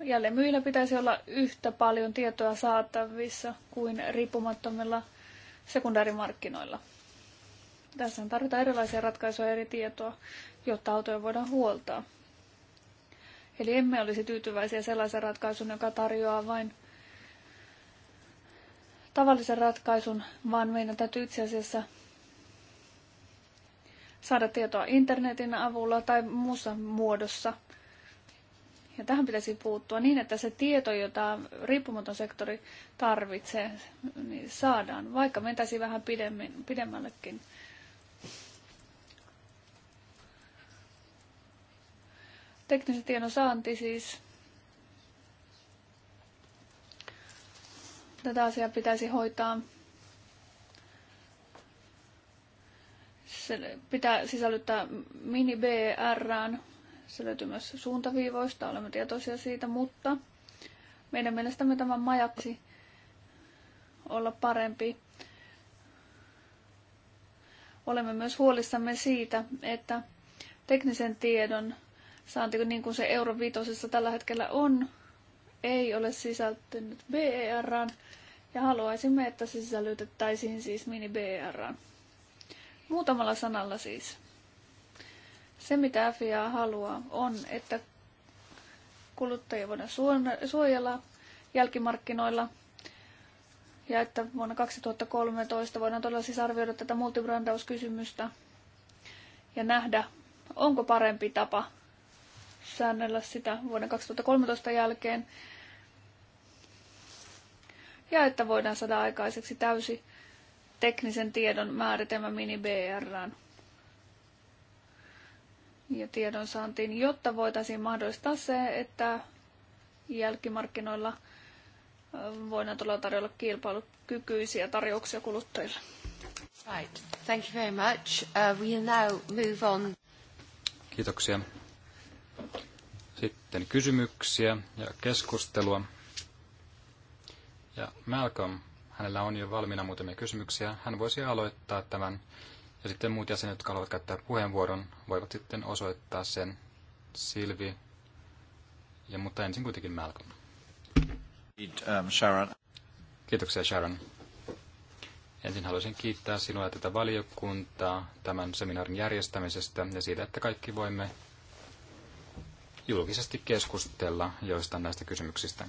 jälleen myyjillä pitäisi olla yhtä paljon tietoa saatavissa kuin riippumattomilla sekundäärimarkkinoilla. Tässä tarvitaan erilaisia ratkaisuja eri tietoa, jotta autoja voidaan huoltaa. Eli emme olisi tyytyväisiä sellaisen ratkaisun, joka tarjoaa vain tavallisen ratkaisun, vaan meidän täytyy itse asiassa saada tietoa internetin avulla tai muussa muodossa. Ja tähän pitäisi puuttua niin, että se tieto, jota riippumaton sektori tarvitsee, niin saadaan, vaikka mentäisi vähän pidemmin, pidemmällekin. Teknisen tiedon saanti siis tätä asiaa pitäisi hoitaa. Se pitää sisällyttää mini BR. Se löytyy myös suuntaviivoista, olemme tietoisia siitä, mutta meidän mielestämme tämä majaksi olla parempi. Olemme myös huolissamme siitä, että teknisen tiedon saanti, niin kuin se Euro tällä hetkellä on, ei ole sisältynyt BERään ja haluaisimme, että se sisällytettäisiin siis mini BERään. Muutamalla sanalla siis. Se, mitä FIA haluaa, on, että kuluttajia voidaan suojella jälkimarkkinoilla ja että vuonna 2013 voidaan todella siis arvioida tätä multibrandauskysymystä ja nähdä, onko parempi tapa säännellä sitä vuoden 2013 jälkeen ja että voidaan saada aikaiseksi täysi teknisen tiedon määritelmä mini BRään ja tiedonsaantiin, jotta voitaisiin mahdollistaa se, että jälkimarkkinoilla voidaan tulla tarjolla kilpailukykyisiä tarjouksia kuluttajille. Right. Thank you very much. Uh, now move on. Kiitoksia. Sitten kysymyksiä ja keskustelua. Ja Malcolm, hänellä on jo valmiina muutamia kysymyksiä. Hän voisi aloittaa tämän. Ja sitten muut jäsenet, jotka haluavat käyttää puheenvuoron, voivat sitten osoittaa sen Silvi. Ja, mutta ensin kuitenkin Malcolm. Um, Kiitoksia Sharon. Ensin haluaisin kiittää sinua ja tätä valiokuntaa tämän seminaarin järjestämisestä ja siitä, että kaikki voimme julkisesti keskustella joistain näistä kysymyksistä.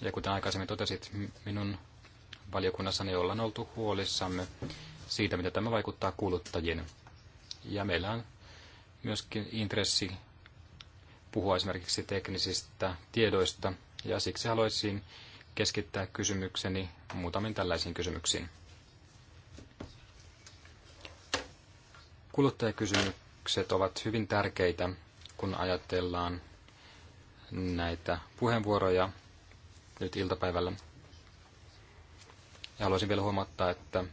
Ja kuten aikaisemmin totesit, minun valiokunnassani ollaan oltu huolissamme siitä, mitä tämä vaikuttaa kuluttajien. Ja meillä on myöskin intressi puhua esimerkiksi teknisistä tiedoista, ja siksi haluaisin keskittää kysymykseni muutamiin tällaisiin kysymyksiin. Kuluttajakysymykset ovat hyvin tärkeitä, kun ajatellaan näitä puheenvuoroja, nyt iltapäivällä. Ja haluaisin vielä huomauttaa, että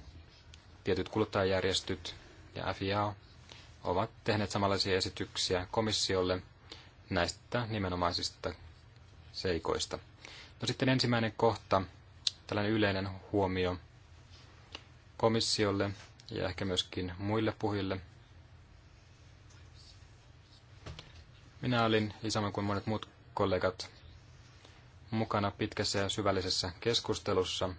tietyt kuluttajajärjestöt ja FIA ovat tehneet samanlaisia esityksiä komissiolle näistä nimenomaisista seikoista. No sitten ensimmäinen kohta, tällainen yleinen huomio komissiolle ja ehkä myöskin muille puhille. Minä olin, ja kuin monet muut kollegat, mukana pitkässä ja syvällisessä keskustelussa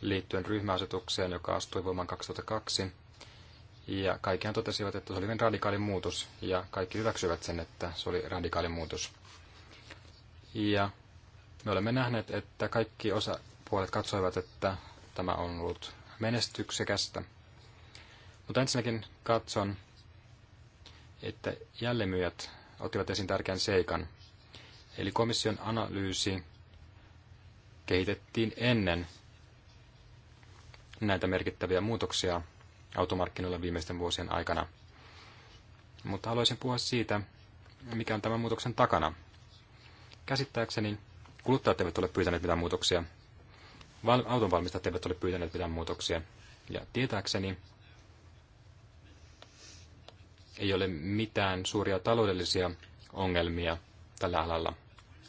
liittyen ryhmäasetukseen, joka astui voimaan 2002. Ja kaikkihan totesivat, että se oli hyvin radikaali muutos, ja kaikki hyväksyivät sen, että se oli radikaali muutos. Ja me olemme nähneet, että kaikki osapuolet katsoivat, että tämä on ollut menestyksekästä. Mutta ensinnäkin katson, että jälleenmyyjät ottivat esiin tärkeän seikan. Eli komission analyysi kehitettiin ennen näitä merkittäviä muutoksia automarkkinoilla viimeisten vuosien aikana. Mutta haluaisin puhua siitä, mikä on tämän muutoksen takana. Käsittääkseni kuluttajat eivät ole pyytäneet mitään muutoksia. autonvalmistajat eivät ole pyytäneet mitään muutoksia. Ja tietääkseni ei ole mitään suuria taloudellisia ongelmia tällä alalla –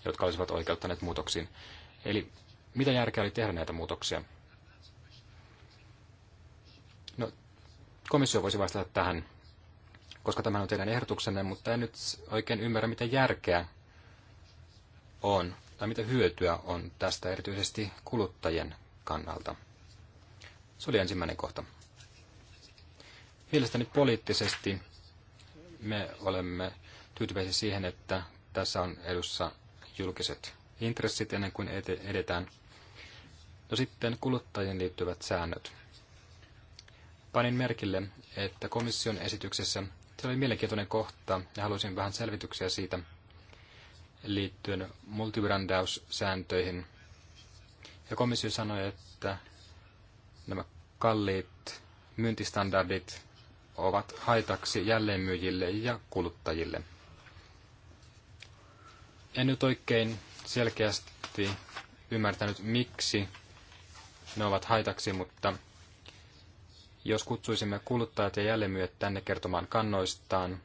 jotka olisivat oikeuttaneet muutoksiin. Eli mitä järkeä oli tehdä näitä muutoksia? No, komissio voisi vastata tähän, koska tämä on teidän ehdotuksenne, mutta en nyt oikein ymmärrä, mitä järkeä on tai mitä hyötyä on tästä erityisesti kuluttajien kannalta. Se oli ensimmäinen kohta. Mielestäni poliittisesti me olemme tyytyväisiä siihen, että tässä on edussa julkiset intressit ennen kuin edetään. No sitten kuluttajien liittyvät säännöt. Panin merkille, että komission esityksessä se oli mielenkiintoinen kohta ja haluaisin vähän selvityksiä siitä liittyen multibrandaussääntöihin. Ja komissio sanoi, että nämä kalliit myyntistandardit ovat haitaksi jälleenmyyjille ja kuluttajille – en nyt oikein selkeästi ymmärtänyt, miksi ne ovat haitaksi, mutta jos kutsuisimme kuluttajat ja jälleenmyyjät tänne kertomaan kannoistaan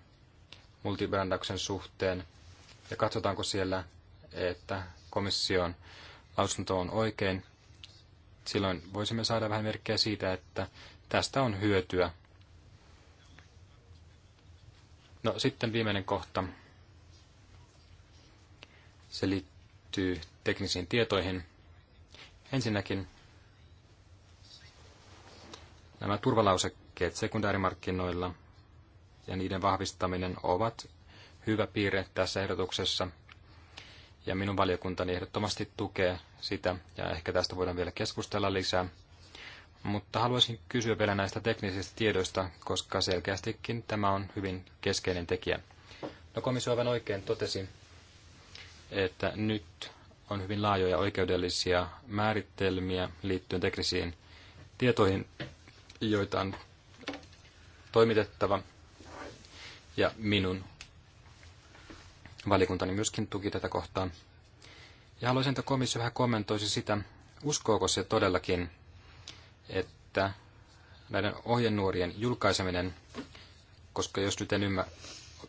multibrandauksen suhteen, ja katsotaanko siellä, että komission lausunto on oikein, silloin voisimme saada vähän merkkejä siitä, että tästä on hyötyä. No sitten viimeinen kohta. Se liittyy teknisiin tietoihin. Ensinnäkin nämä turvalausekkeet sekundäärimarkkinoilla ja niiden vahvistaminen ovat hyvä piirre tässä ehdotuksessa. Ja minun valiokuntani ehdottomasti tukee sitä, ja ehkä tästä voidaan vielä keskustella lisää. Mutta haluaisin kysyä vielä näistä teknisistä tiedoista, koska selkeästikin tämä on hyvin keskeinen tekijä. No komissio aivan oikein totesi, että nyt on hyvin laajoja oikeudellisia määritelmiä liittyen teknisiin tietoihin, joita on toimitettava. Ja minun valikuntani myöskin tuki tätä kohtaa. Ja haluaisin, että komissio vähän kommentoisi sitä, uskooko se todellakin, että näiden ohjenuorien julkaiseminen, koska jos nyt en ymmär,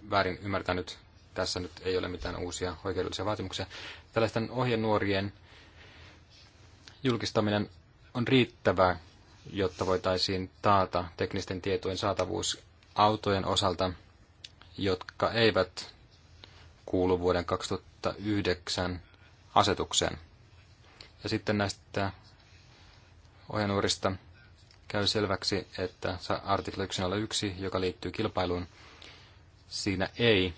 väärin ymmärtänyt, tässä nyt ei ole mitään uusia oikeudellisia vaatimuksia. Tällaisten ohjenuorien julkistaminen on riittävää, jotta voitaisiin taata teknisten tietojen saatavuus autojen osalta, jotka eivät kuulu vuoden 2009 asetukseen. Ja sitten näistä ohjenuorista käy selväksi, että artikla 101, joka liittyy kilpailuun, siinä ei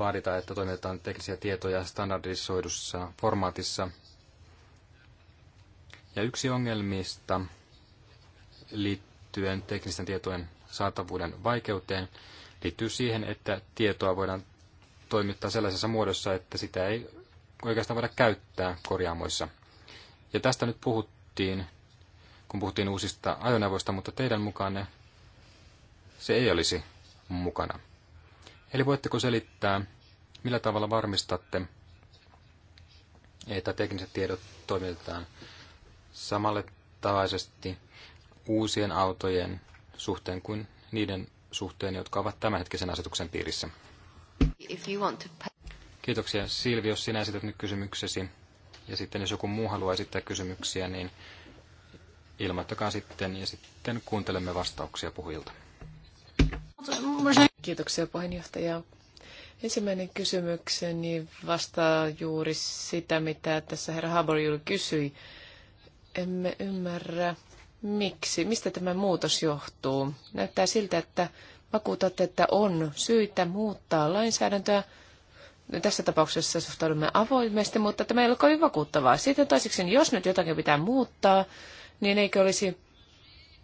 vaadita, että toimitetaan teknisiä tietoja standardisoidussa formaatissa. Ja yksi ongelmista liittyen teknisten tietojen saatavuuden vaikeuteen liittyy siihen, että tietoa voidaan toimittaa sellaisessa muodossa, että sitä ei oikeastaan voida käyttää korjaamoissa. Ja tästä nyt puhuttiin, kun puhuttiin uusista ajoneuvoista, mutta teidän mukaan se ei olisi mukana. Eli voitteko selittää, millä tavalla varmistatte, että tekniset tiedot toimitetaan samalle tavaisesti uusien autojen suhteen kuin niiden suhteen, jotka ovat tämänhetkisen asetuksen piirissä. To... Kiitoksia Silvi, jos sinä esität nyt kysymyksesi. Ja sitten jos joku muu haluaa esittää kysymyksiä, niin ilmoittakaa sitten ja sitten kuuntelemme vastauksia puhujilta. Kiitoksia puheenjohtaja. Ensimmäinen kysymykseni vastaa juuri sitä, mitä tässä herra Haborjul kysyi. Emme ymmärrä, miksi, mistä tämä muutos johtuu. Näyttää siltä, että vakuutatte, että on syytä muuttaa lainsäädäntöä. Tässä tapauksessa suhtaudumme avoimesti, mutta tämä ei ole kovin vakuuttavaa. Sitten toiseksi, jos nyt jotakin pitää muuttaa, niin eikö olisi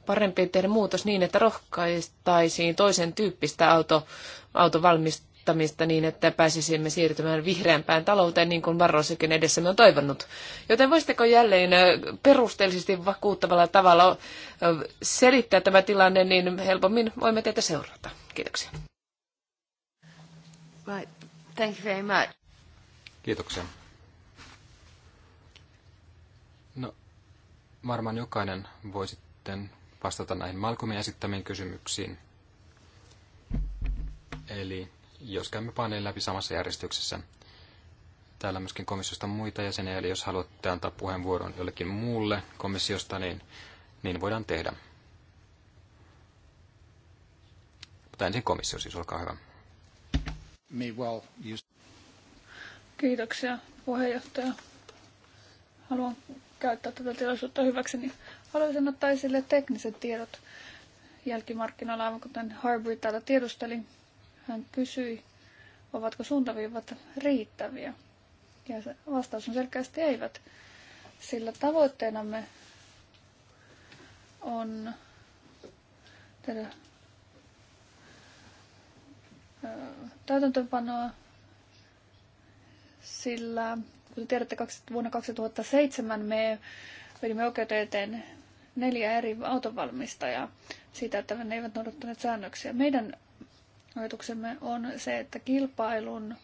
parempi tehdä muutos niin, että rohkaistaisiin toisen tyyppistä auto, autovalmistamista niin, että pääsisimme siirtymään vihreämpään talouteen, niin kuin edessä edessämme on toivonut. Joten voisitteko jälleen perusteellisesti vakuuttavalla tavalla selittää tämä tilanne, niin helpommin voimme teitä seurata. Kiitoksia. Right. Thank you very much. Kiitoksia. No, varmaan jokainen voi sitten vastata näihin Malcolmin esittämiin kysymyksiin. Eli jos käymme paneelin läpi samassa järjestyksessä. Täällä myöskin komissiosta muita jäseniä, eli jos haluatte antaa puheenvuoron jollekin muulle komissiosta, niin, niin voidaan tehdä. Mutta ensin komissio siis, olkaa hyvä. Kiitoksia puheenjohtaja. Haluan käyttää tätä tilaisuutta hyväkseni Haluaisin ottaa esille tekniset tiedot jälkimarkkinoilla, aivan kuten Harbury täällä tiedusteli. Hän kysyi, ovatko suuntaviivat riittäviä. Ja se vastaus on selkeästi eivät, sillä tavoitteenamme on tehdä täytäntöönpanoa, sillä kuten tiedätte, vuonna 2007 me vedimme oikeuteen neljä eri autonvalmistajaa siitä, että ne eivät noudattaneet säännöksiä. Meidän ajatuksemme on se, että kilpailun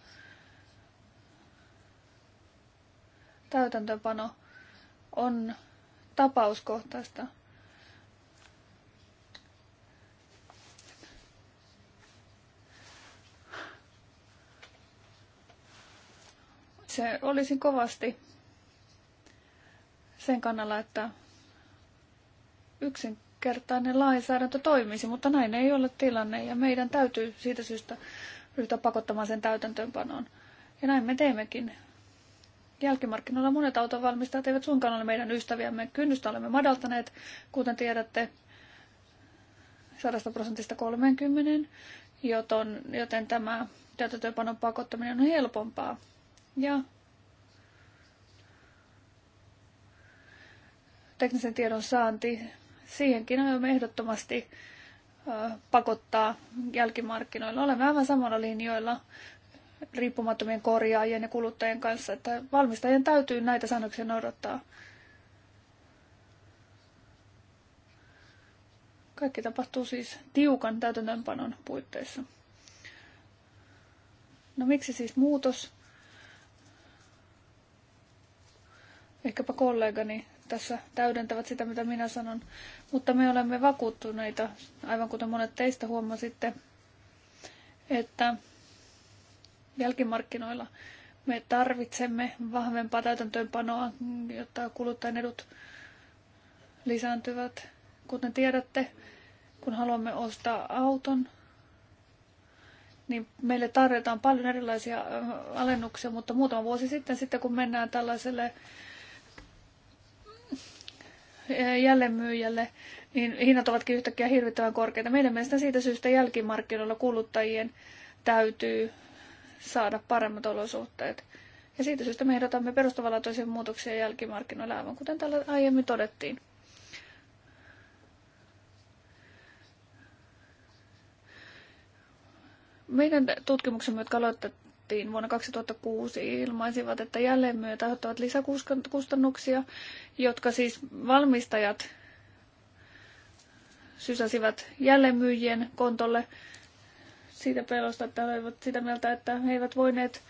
täytäntöpano on tapauskohtaista. Se olisin kovasti sen kannalla, että yksinkertainen lainsäädäntö toimisi, mutta näin ei ole tilanne ja meidän täytyy siitä syystä ryhtyä pakottamaan sen täytäntöönpanoon. Ja näin me teemmekin. Jälkimarkkinoilla monet autonvalmistajat eivät suinkaan ole meidän ystäviämme. Kynnystä olemme madaltaneet, kuten tiedätte, 100 prosentista 30, joten, joten tämä täytäntöönpanon pakottaminen on helpompaa. Ja teknisen tiedon saanti Siihenkin aiomme ehdottomasti pakottaa jälkimarkkinoilla. Olemme aivan samalla linjoilla riippumattomien korjaajien ja kuluttajien kanssa, että valmistajien täytyy näitä säännöksiä noudattaa. Kaikki tapahtuu siis tiukan täytäntöönpanon puitteissa. No miksi siis muutos? Ehkäpä kollegani tässä täydentävät sitä, mitä minä sanon. Mutta me olemme vakuuttuneita, aivan kuten monet teistä huomasitte, että jälkimarkkinoilla me tarvitsemme vahvempaa täytäntöönpanoa, jotta kuluttajan edut lisääntyvät. Kuten tiedätte, kun haluamme ostaa auton, niin meille tarjotaan paljon erilaisia alennuksia, mutta muutama vuosi sitten, sitten kun mennään tällaiselle Eh, jälleenmyyjälle, niin hinnat ovatkin yhtäkkiä hirvittävän korkeita. Meidän mielestä siitä syystä jälkimarkkinoilla kuluttajien täytyy saada paremmat olosuhteet. Ja siitä syystä me ehdotamme perustavanlaatuisia muutoksia jälkimarkkinoilla, aivan kuten täällä aiemmin todettiin. Meidän tutkimuksemme, jotka aloitettiin raporttiin vuonna 2006 ilmaisivat, että myötä ottavat lisäkustannuksia, jotka siis valmistajat sysäsivät jälleenmyyjien kontolle siitä pelosta, että he olivat sitä mieltä, että he eivät voineet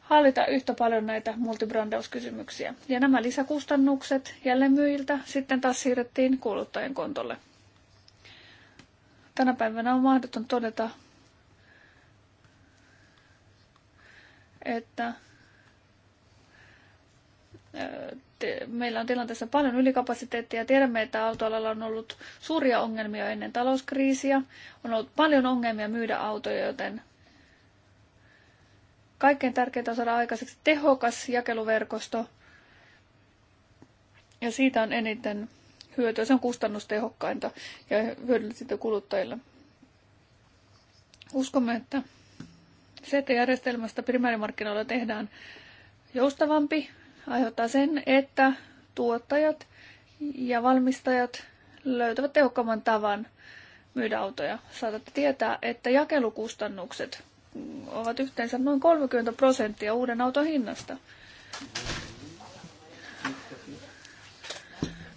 hallita yhtä paljon näitä multibrandauskysymyksiä. Ja nämä lisäkustannukset jälleenmyyjiltä sitten taas siirrettiin kuluttajien kontolle. Tänä päivänä on mahdoton todeta, että meillä on tilanteessa paljon ylikapasiteettia. Tiedämme, että autoalalla on ollut suuria ongelmia ennen talouskriisiä. On ollut paljon ongelmia myydä autoja, joten kaikkein tärkeintä on saada aikaiseksi tehokas jakeluverkosto. Ja siitä on eniten hyötyä. Se on kustannustehokkainta ja hyödyllistä kuluttajille. Uskomme, että se, että järjestelmästä primäärimarkkinoilla tehdään joustavampi, aiheuttaa sen, että tuottajat ja valmistajat löytävät tehokkaamman tavan myydä autoja. Saatatte tietää, että jakelukustannukset ovat yhteensä noin 30 prosenttia uuden auton hinnasta.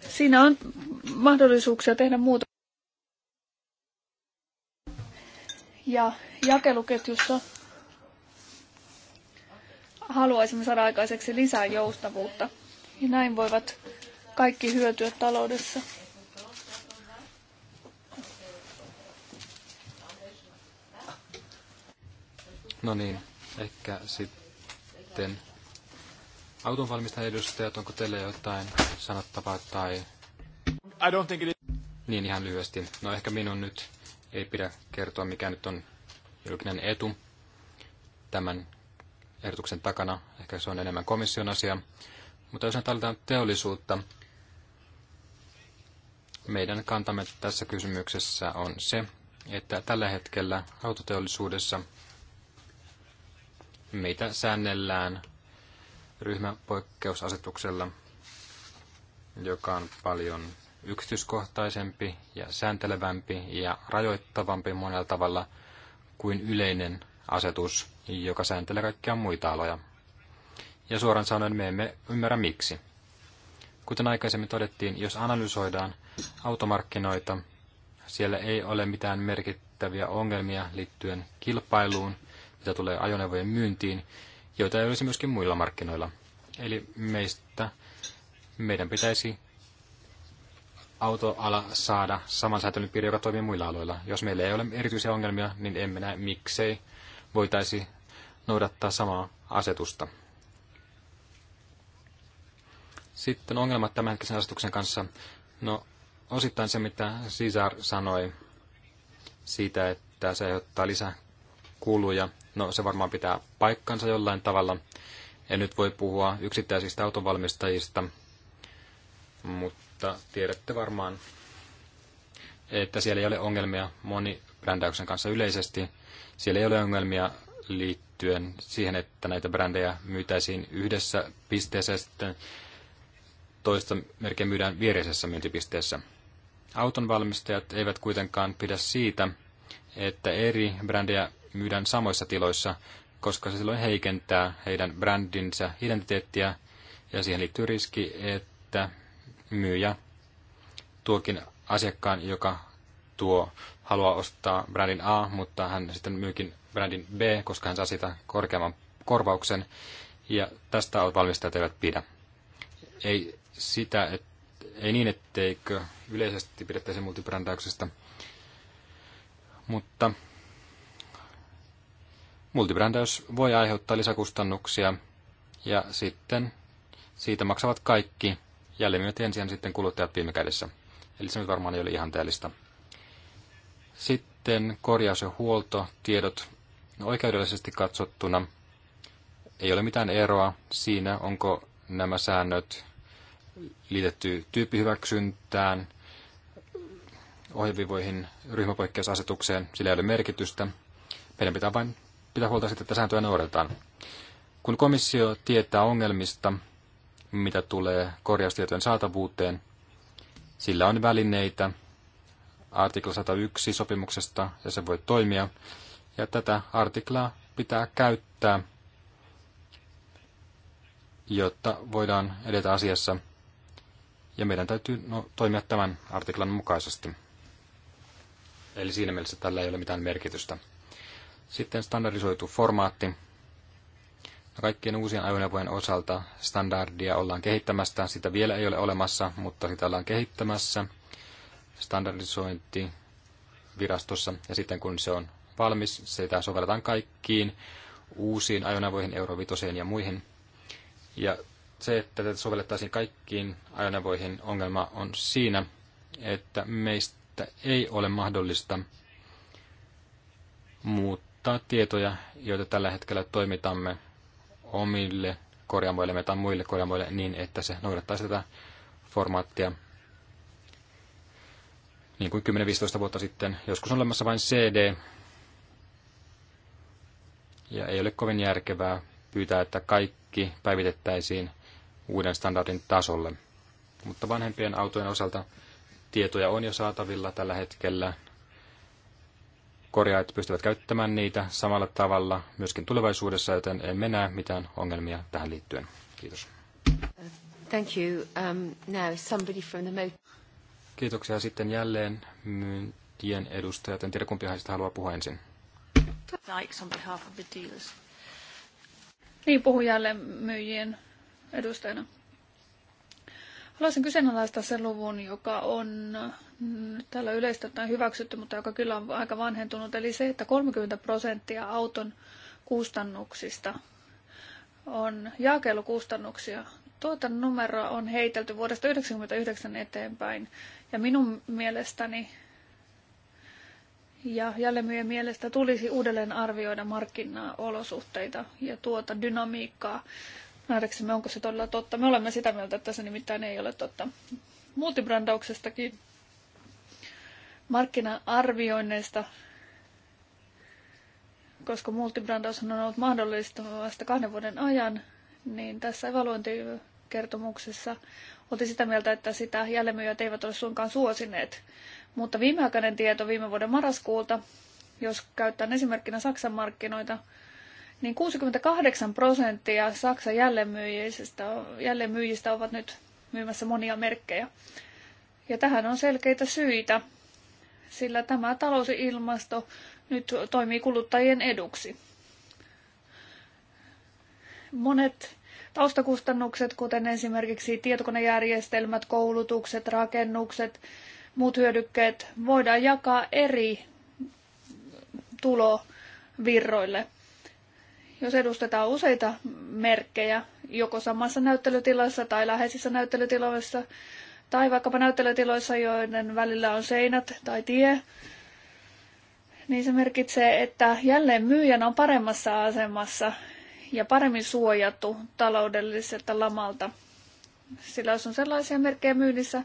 Siinä on mahdollisuuksia tehdä muuta. Ja jakeluketjussa haluaisimme saada aikaiseksi lisää joustavuutta. Ja näin voivat kaikki hyötyä taloudessa. No niin, ehkä sitten autonvalmistajan edustajat, onko teille jotain sanottavaa tai... I don't think it is. Niin ihan lyhyesti. No ehkä minun nyt ei pidä kertoa, mikä nyt on julkinen etu tämän ehdotuksen takana. Ehkä se on enemmän komission asia. Mutta jos ajatellaan teollisuutta, meidän kantamme tässä kysymyksessä on se, että tällä hetkellä autoteollisuudessa meitä säännellään ryhmäpoikkeusasetuksella, joka on paljon yksityiskohtaisempi ja sääntelevämpi ja rajoittavampi monella tavalla kuin yleinen asetus, joka sääntelee kaikkia muita aloja. Ja suoran sanoen me emme ymmärrä miksi. Kuten aikaisemmin todettiin, jos analysoidaan automarkkinoita, siellä ei ole mitään merkittäviä ongelmia liittyen kilpailuun, mitä tulee ajoneuvojen myyntiin, joita ei olisi myöskin muilla markkinoilla. Eli meistä meidän pitäisi autoala saada saman säätelyn piiri, joka toimii muilla aloilla. Jos meillä ei ole erityisiä ongelmia, niin emme näe miksei voitaisi noudattaa samaa asetusta. Sitten ongelmat tämänhetkisen asetuksen kanssa. No, osittain se, mitä Cesar sanoi siitä, että se aiheuttaa lisäkuluja. No, se varmaan pitää paikkansa jollain tavalla. En nyt voi puhua yksittäisistä autonvalmistajista, mutta tiedätte varmaan, että siellä ei ole ongelmia brändäyksen kanssa yleisesti – siellä ei ole ongelmia liittyen siihen, että näitä brändejä myytäisiin yhdessä pisteessä ja sitten toista merkeä myydään viereisessä myyntipisteessä. Auton valmistajat eivät kuitenkaan pidä siitä, että eri brändejä myydään samoissa tiloissa, koska se silloin heikentää heidän brändinsä identiteettiä ja siihen liittyy riski, että myyjä tuokin asiakkaan, joka tuo haluaa ostaa brändin A, mutta hän sitten myykin brändin B, koska hän saa sitä korkeamman korvauksen, ja tästä valmistajat eivät pidä. Ei, sitä, et, ei niin, etteikö yleisesti pidettäisi multibrändäyksestä, mutta multibrändäys voi aiheuttaa lisäkustannuksia, ja sitten siitä maksavat kaikki jälleenmyyjät ensin sitten kuluttajat viime kädessä. Eli se nyt varmaan ei ole ihanteellista. Sitten korjaus- ja huoltotiedot. No, oikeudellisesti katsottuna ei ole mitään eroa siinä, onko nämä säännöt liitetty tyyppihyväksyntään, ohjevivoihin, ryhmäpoikkeusasetukseen, sillä ei ole merkitystä. Meidän pitää vain pitää huolta siitä, että sääntöjä noudatetaan. Kun komissio tietää ongelmista, mitä tulee korjaustietojen saatavuuteen, sillä on välineitä – artikla 101 sopimuksesta ja se voi toimia. Ja tätä artiklaa pitää käyttää, jotta voidaan edetä asiassa. Ja meidän täytyy no, toimia tämän artiklan mukaisesti. Eli siinä mielessä tällä ei ole mitään merkitystä. Sitten standardisoitu formaatti. No, kaikkien uusien ajoneuvojen osalta standardia ollaan kehittämässä. Sitä vielä ei ole olemassa, mutta sitä ollaan kehittämässä – Standardisointi virastossa ja sitten kun se on valmis, sitä sovelletaan kaikkiin uusiin ajoneuvoihin, eurovitoseen ja muihin. Ja se, että tätä sovellettaisiin kaikkiin ajoneuvoihin, ongelma on siinä, että meistä ei ole mahdollista muuttaa tietoja, joita tällä hetkellä toimitamme omille korjaamoille tai muille korjaamoille niin, että se noudattaisi tätä formaattia, niin kuin 10-15 vuotta sitten. Joskus on olemassa vain CD, ja ei ole kovin järkevää pyytää, että kaikki päivitettäisiin uuden standardin tasolle. Mutta vanhempien autojen osalta tietoja on jo saatavilla tällä hetkellä. Korjaajat pystyvät käyttämään niitä samalla tavalla myöskin tulevaisuudessa, joten emme näe mitään ongelmia tähän liittyen. Kiitos. Thank you. Um, now somebody from the Kiitoksia sitten jälleen myyntien edustajat. En tiedä, kumpi heistä haluaa puhua ensin. Niin, puhun jälleen myyjien edustajana. Haluaisin kyseenalaistaa sen luvun, joka on täällä yleistä hyväksytty, mutta joka kyllä on aika vanhentunut. Eli se, että 30 prosenttia auton kustannuksista on jakelukustannuksia. Tuota numeroa on heitelty vuodesta 1999 eteenpäin ja minun mielestäni ja jälleenmyyjän mielestä tulisi uudelleen arvioida markkinaolosuhteita ja tuota dynamiikkaa. Nähdäksemme, onko se todella totta. Me olemme sitä mieltä, että se nimittäin ei ole totta. Multibrandauksestakin markkina-arvioinneista, koska multibrandaus on ollut mahdollista vasta kahden vuoden ajan, niin tässä evaluointi kertomuksessa oli sitä mieltä, että sitä jälleenmyyjät eivät ole suinkaan suosineet. Mutta viimeaikainen tieto viime vuoden marraskuulta, jos käyttää esimerkkinä Saksan markkinoita, niin 68 prosenttia Saksan jälleenmyyjistä, jälleenmyyjistä ovat nyt myymässä monia merkkejä. Ja tähän on selkeitä syitä, sillä tämä talousilmasto nyt toimii kuluttajien eduksi. Monet taustakustannukset, kuten esimerkiksi tietokonejärjestelmät, koulutukset, rakennukset, muut hyödykkeet, voidaan jakaa eri tulovirroille. Jos edustetaan useita merkkejä, joko samassa näyttelytilassa tai läheisissä näyttelytiloissa, tai vaikkapa näyttelytiloissa, joiden välillä on seinät tai tie, niin se merkitsee, että jälleen myyjänä on paremmassa asemassa ja paremmin suojattu taloudelliselta lamalta. Sillä jos on sellaisia merkkejä myynnissä,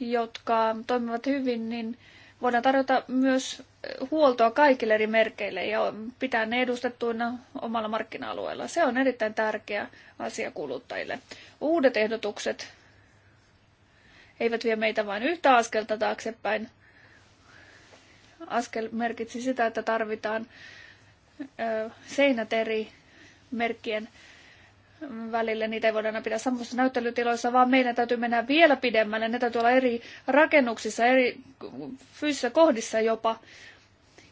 jotka toimivat hyvin, niin voidaan tarjota myös eh, huoltoa kaikille eri merkeille ja pitää ne edustettuina omalla markkina-alueella. Se on erittäin tärkeä asia kuluttajille. Uudet ehdotukset eivät vie meitä vain yhtä askelta taaksepäin. Askel merkitsi sitä, että tarvitaan eh, seinät eri merkkien välille. Niitä ei voida aina pitää samassa näyttelytiloissa, vaan meidän täytyy mennä vielä pidemmälle. Ne täytyy olla eri rakennuksissa, eri fyysisissä kohdissa jopa.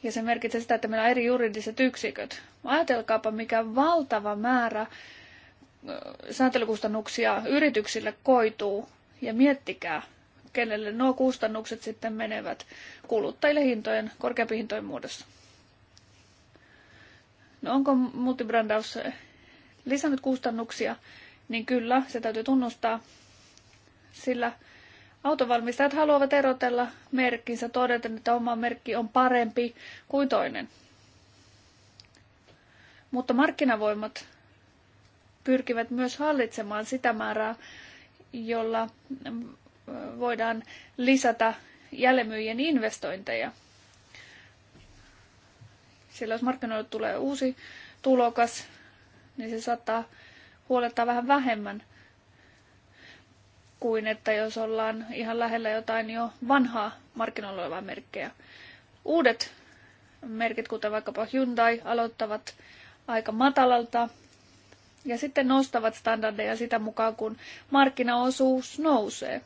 Ja se merkitsee sitä, että meillä on eri juridiset yksiköt. Ajatelkaapa, mikä valtava määrä sääntelykustannuksia yrityksille koituu. Ja miettikää, kenelle nuo kustannukset sitten menevät kuluttajille hintojen, korkeampi hintojen muodossa. No onko multibrandaus lisännyt kustannuksia? Niin kyllä, se täytyy tunnustaa, sillä autovalmistajat haluavat erotella merkkinsä todeten, että oma merkki on parempi kuin toinen. Mutta markkinavoimat pyrkivät myös hallitsemaan sitä määrää, jolla voidaan lisätä jälleenmyyjien investointeja – sillä jos markkinoille tulee uusi tulokas, niin se saattaa huolettaa vähän vähemmän kuin että jos ollaan ihan lähellä jotain jo vanhaa markkinoilla olevaa merkkejä. Uudet merkit, kuten vaikkapa Hyundai, aloittavat aika matalalta ja sitten nostavat standardeja sitä mukaan, kun markkinaosuus nousee.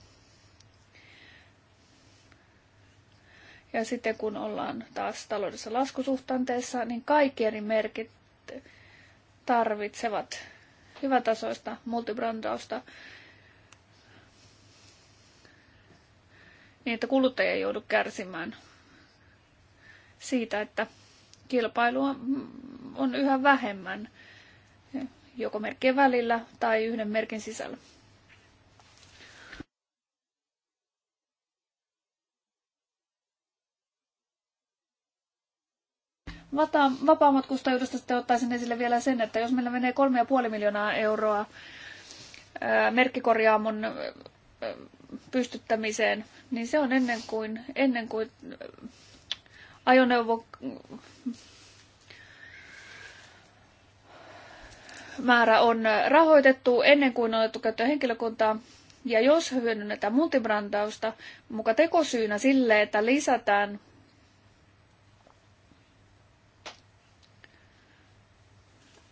Ja sitten kun ollaan taas taloudessa laskusuhtanteessa, niin kaikki eri merkit tarvitsevat hyvätasoista multibrandausta, niin että kuluttaja ei joudu kärsimään siitä, että kilpailua on yhä vähemmän joko merkkien välillä tai yhden merkin sisällä. vapaamatkustajuudesta sitten ottaisin esille vielä sen, että jos meillä menee 3,5 miljoonaa euroa merkkikorjaamon pystyttämiseen, niin se on ennen kuin, ennen kuin ajoneuvo määrä on rahoitettu ennen kuin on otettu käyttöön henkilökuntaa. Ja jos hyödynnetään multibrandausta muka tekosyynä sille, että lisätään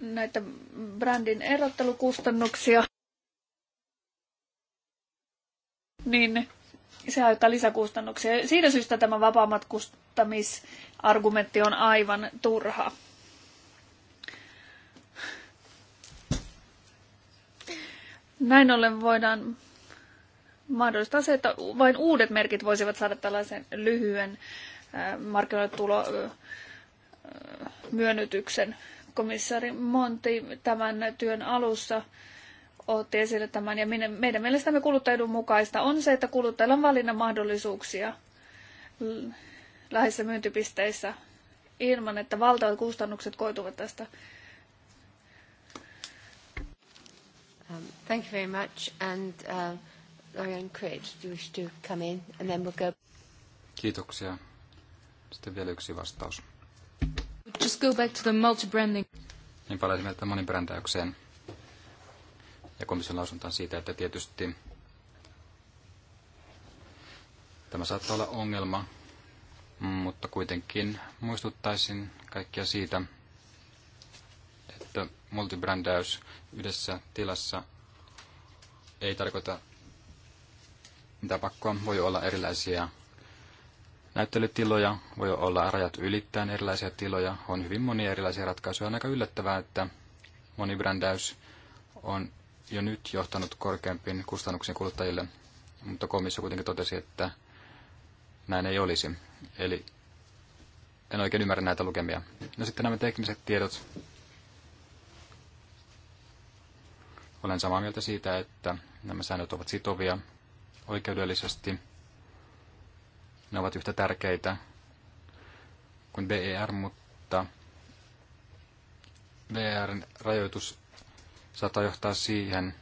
näitä brändin erottelukustannuksia, niin se aiheuttaa lisäkustannuksia. Siitä syystä tämä vapaamatkustamisargumentti on aivan turha. Näin ollen voidaan mahdollistaa se, että vain uudet merkit voisivat saada tällaisen lyhyen markkinoille tulo myönnytyksen komissaari Monti tämän työn alussa otti esille tämän, ja meidän mielestämme kuluttajien mukaista on se, että kuluttajilla on valinnan mahdollisuuksia läheisissä myyntipisteissä ilman, että valtavat kustannukset koituvat tästä. Um, thank you very much. And uh, Lorian Craig, do you wish to come in? And then we'll go. Kiitoksia. Sitten vielä yksi vastaus go back to the multi-branding. Niin palaisimme tähän monibrändäykseen ja komission lausuntaan siitä, että tietysti tämä saattaa olla ongelma, mutta kuitenkin muistuttaisin kaikkia siitä, että multibrändäys yhdessä tilassa ei tarkoita mitä pakkoa. Voi olla erilaisia näyttelytiloja, voi olla rajat ylittäen erilaisia tiloja, on hyvin monia erilaisia ratkaisuja. On aika yllättävää, että monibrändäys on jo nyt johtanut korkeampiin kustannuksiin kuluttajille, mutta komissio kuitenkin totesi, että näin ei olisi. Eli en oikein ymmärrä näitä lukemia. No sitten nämä tekniset tiedot. Olen samaa mieltä siitä, että nämä säännöt ovat sitovia oikeudellisesti – ne ovat yhtä tärkeitä kuin BER, mutta BERn rajoitus saattaa johtaa siihen,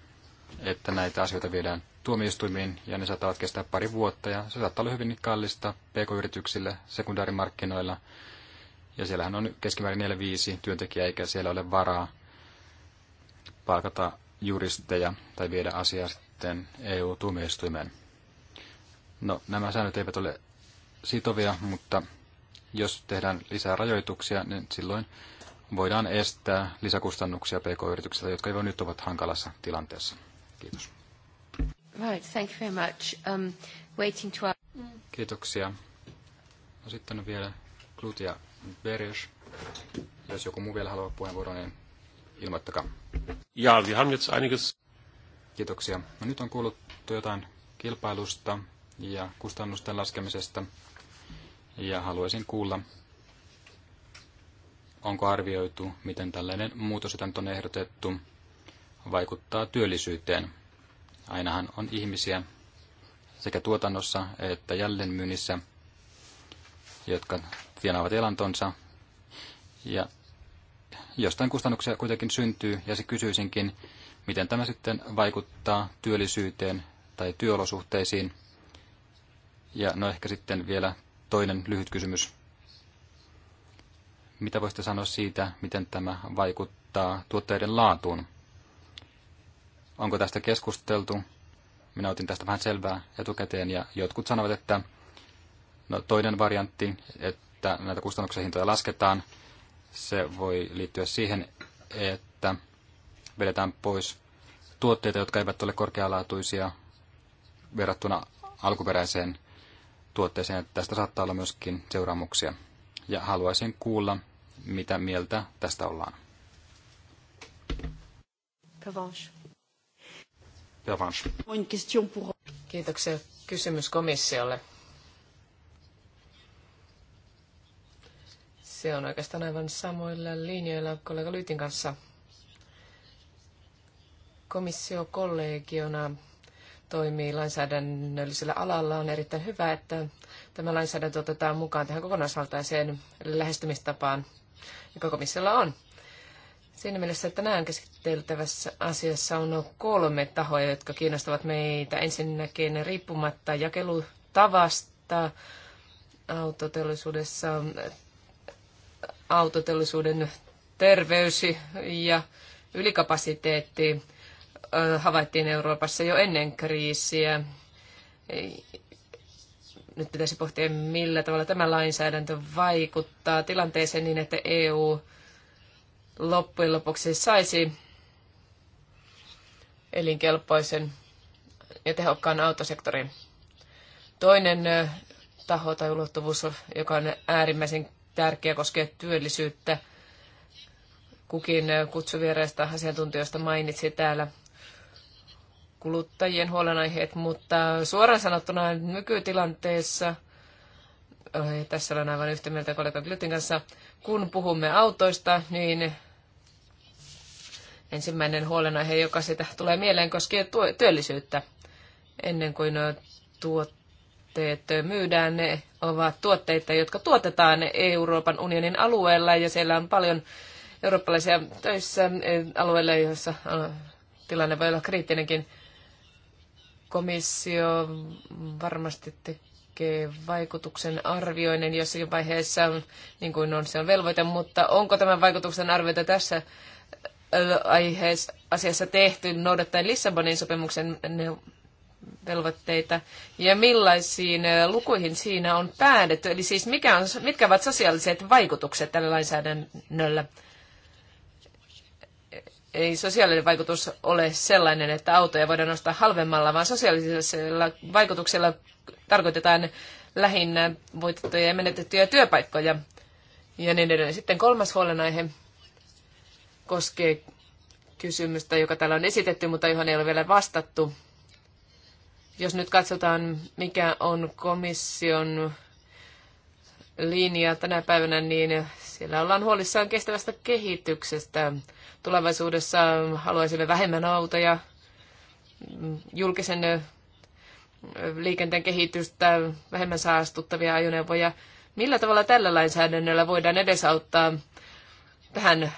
että näitä asioita viedään tuomioistuimiin ja ne saattavat kestää pari vuotta ja se saattaa olla hyvin kallista pk-yrityksille sekundaarimarkkinoilla ja siellähän on keskimäärin 4-5 työntekijää eikä siellä ole varaa palkata juristeja tai viedä asiaa sitten EU-tuomioistuimeen. No, nämä säännöt eivät ole sitovia, mutta jos tehdään lisää rajoituksia, niin silloin voidaan estää lisäkustannuksia pk-yrityksiltä, jotka jo nyt ovat hankalassa tilanteessa. Kiitos. Right, thank you very much. Um, waiting to... Kiitoksia. No sitten on vielä Klutia ja Beres. Jos joku muu vielä haluaa puheenvuoron, niin ilmoittakaa. Ja, wir haben jetzt einiges... Kiitoksia. No nyt on kuullut jotain kilpailusta ja kustannusten laskemisesta ja haluaisin kuulla, onko arvioitu, miten tällainen muutos, jota nyt on ehdotettu, vaikuttaa työllisyyteen. Ainahan on ihmisiä sekä tuotannossa että jälleenmyynnissä, jotka tienaavat elantonsa. Ja jostain kustannuksia kuitenkin syntyy, ja se kysyisinkin, miten tämä sitten vaikuttaa työllisyyteen tai työolosuhteisiin. Ja no ehkä sitten vielä toinen lyhyt kysymys. Mitä voisitte sanoa siitä, miten tämä vaikuttaa tuotteiden laatuun? Onko tästä keskusteltu? Minä otin tästä vähän selvää etukäteen ja jotkut sanovat, että no, toinen variantti, että näitä kustannuksen hintoja lasketaan, se voi liittyä siihen, että vedetään pois tuotteita, jotka eivät ole korkealaatuisia verrattuna alkuperäiseen tuotteeseen. Tästä saattaa olla myöskin seuraamuksia. Ja haluaisin kuulla, mitä mieltä tästä ollaan. Kiitoksia. Kysymys komissiolle. Se on oikeastaan aivan samoilla linjoilla kollega Lyytin kanssa. Komissio kollegiona toimii lainsäädännöllisellä alalla. On erittäin hyvä, että tämä lainsäädäntö otetaan mukaan tähän kokonaisvaltaiseen lähestymistapaan, joka komissiolla on. Siinä mielessä, että näin käsiteltävässä asiassa on kolme tahoja, jotka kiinnostavat meitä. Ensinnäkin riippumatta jakelutavasta autoteollisuudessa autoteollisuuden terveys ja ylikapasiteetti havaittiin Euroopassa jo ennen kriisiä. Nyt pitäisi pohtia, millä tavalla tämä lainsäädäntö vaikuttaa tilanteeseen niin, että EU loppujen lopuksi saisi elinkelpoisen ja tehokkaan autosektorin. Toinen taho tai ulottuvuus, joka on äärimmäisen tärkeä, koskee työllisyyttä. Kukin kutsuvieraista asiantuntijoista mainitsi täällä kuluttajien huolenaiheet, mutta suoraan sanottuna nykytilanteessa, oh, tässä olen aivan yhtä mieltä kollega Glytin kanssa, kun puhumme autoista, niin ensimmäinen huolenaihe, joka sitä tulee mieleen, koskee työllisyyttä. Ennen kuin tuotteet myydään, ne ovat tuotteita, jotka tuotetaan Euroopan unionin alueella ja siellä on paljon eurooppalaisia töissä eh, alueilla, joissa eh, tilanne voi olla kriittinenkin komissio varmasti tekee vaikutuksen arvioinnin jossakin vaiheessa, niin kuin on, se on velvoite, mutta onko tämä vaikutuksen arvioita tässä aiheessa, asiassa tehty noudattaen Lissabonin sopimuksen velvoitteita ja millaisiin lukuihin siinä on päädytty? Eli siis mikä on, mitkä ovat sosiaaliset vaikutukset tällä lainsäädännöllä? ei sosiaalinen vaikutus ole sellainen, että autoja voidaan nostaa halvemmalla, vaan sosiaalisella vaikutuksella tarkoitetaan lähinnä voitettuja ja menetettyjä työpaikkoja ja niin edelleen. Sitten kolmas huolenaihe koskee kysymystä, joka täällä on esitetty, mutta johon ei ole vielä vastattu. Jos nyt katsotaan, mikä on komission linja tänä päivänä, niin siellä ollaan huolissaan kestävästä kehityksestä. Tulevaisuudessa haluaisimme vähemmän autoja, julkisen liikenteen kehitystä, vähemmän saastuttavia ajoneuvoja. Millä tavalla tällä lainsäädännöllä voidaan edesauttaa tähän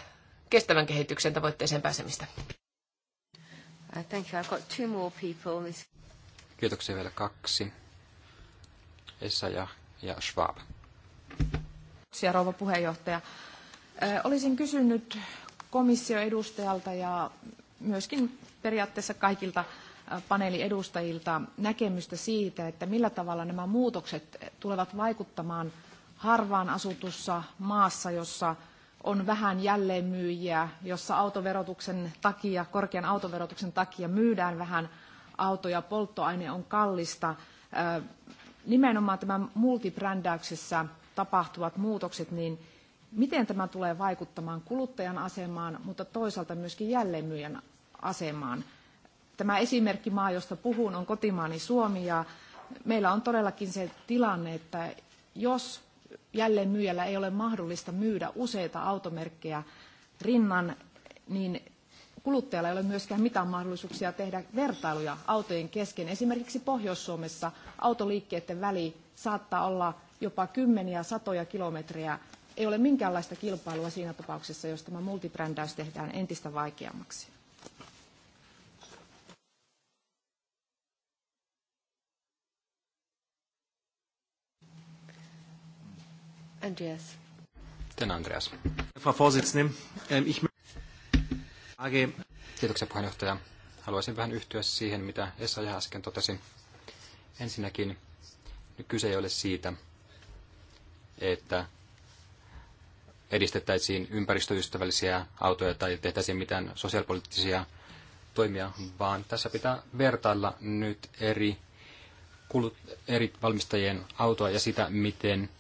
kestävän kehityksen tavoitteeseen pääsemistä? Thank you. I've got two more people. Kiitoksia vielä kaksi. Essa ja, ja Schwab. Kiitoksia rouva puheenjohtaja. Olisin kysynyt komission edustajalta ja myöskin periaatteessa kaikilta paneeliedustajilta näkemystä siitä, että millä tavalla nämä muutokset tulevat vaikuttamaan harvaan asutussa maassa, jossa on vähän jälleenmyyjiä, jossa autoverotuksen takia, korkean autoverotuksen takia myydään vähän autoja, polttoaine on kallista. Nimenomaan tämä multibrändäyksessä tapahtuvat muutokset, niin miten tämä tulee vaikuttamaan kuluttajan asemaan, mutta toisaalta myöskin jälleenmyyjän asemaan. Tämä esimerkkimaa, josta puhun, on kotimaani Suomi ja meillä on todellakin se tilanne, että jos jälleenmyyjällä ei ole mahdollista myydä useita automerkkejä rinnan, niin kuluttajalla ei ole myöskään mitään mahdollisuuksia tehdä vertailuja autojen kesken. Esimerkiksi Pohjois-Suomessa autoliikkeiden väli saattaa olla jopa kymmeniä, satoja kilometrejä. Ei ole minkäänlaista kilpailua siinä tapauksessa, jos tämä multibrändäys tehdään entistä vaikeammaksi. Andreas. Den Andreas. Frau Vorsitzende, ähm, ich Age. Kiitoksia puheenjohtaja. Haluaisin vähän yhtyä siihen, mitä Essa ja äsken totesi. Ensinnäkin kyse ei ole siitä, että edistettäisiin ympäristöystävällisiä autoja tai tehtäisiin mitään sosiaalipoliittisia toimia, vaan tässä pitää vertailla nyt eri, kulut, eri valmistajien autoa ja sitä, miten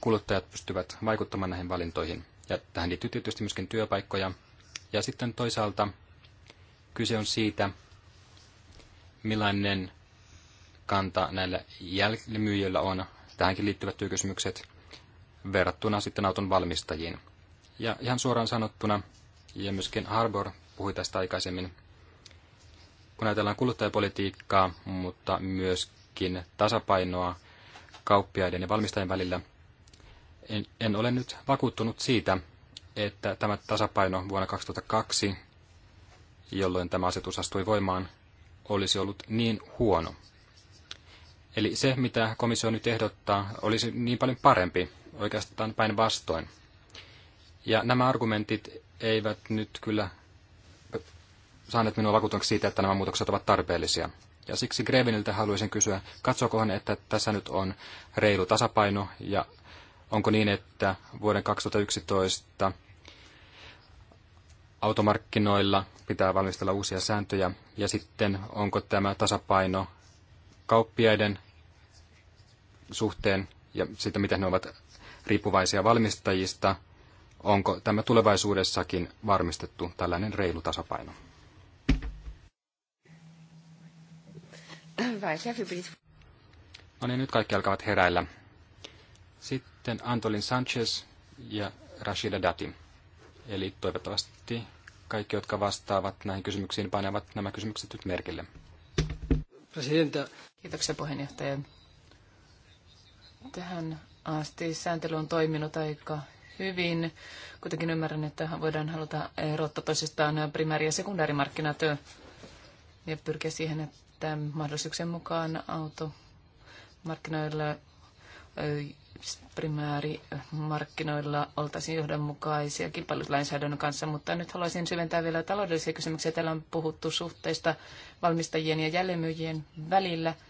kuluttajat pystyvät vaikuttamaan näihin valintoihin. Ja tähän liittyy tietysti myöskin työpaikkoja. Ja sitten toisaalta kyse on siitä, millainen kanta näillä jälkimyyjillä on. Tähänkin liittyvät työkysymykset – verrattuna sitten auton valmistajiin. Ja ihan suoraan sanottuna, ja myöskin Harbor puhui tästä aikaisemmin, kun ajatellaan kuluttajapolitiikkaa, mutta myöskin tasapainoa kauppiaiden ja valmistajien välillä, en, en ole nyt vakuuttunut siitä, että tämä tasapaino vuonna 2002, jolloin tämä asetus astui voimaan, olisi ollut niin huono. Eli se, mitä komissio nyt ehdottaa, olisi niin paljon parempi oikeastaan päinvastoin. Ja nämä argumentit eivät nyt kyllä saaneet minua vakuutuneeksi siitä, että nämä muutokset ovat tarpeellisia. Ja siksi Greviniltä haluaisin kysyä, katsokohan, että tässä nyt on reilu tasapaino ja onko niin, että vuoden 2011 automarkkinoilla pitää valmistella uusia sääntöjä ja sitten onko tämä tasapaino kauppiaiden suhteen ja sitten miten ne ovat riippuvaisia valmistajista. Onko tämä tulevaisuudessakin varmistettu tällainen reilu tasapaino? No niin, nyt kaikki alkavat heräillä. Sitten Antolin Sanchez ja Rashida Dati. Eli toivottavasti kaikki, jotka vastaavat näihin kysymyksiin, panevat nämä kysymykset nyt merkille. Presidenta. Kiitoksia puheenjohtaja. Tähän asti sääntely on toiminut aika hyvin. Kuitenkin ymmärrän, että voidaan haluta erottaa toisistaan primääri- ja sekundäärimarkkinat ja pyrkiä siihen, että mahdollisuuksien mukaan automarkkinoilla primäärimarkkinoilla oltaisiin johdonmukaisia kilpailulainsäädännön kanssa, mutta nyt haluaisin syventää vielä taloudellisia kysymyksiä. Täällä on puhuttu suhteista valmistajien ja jälleenmyyjien välillä –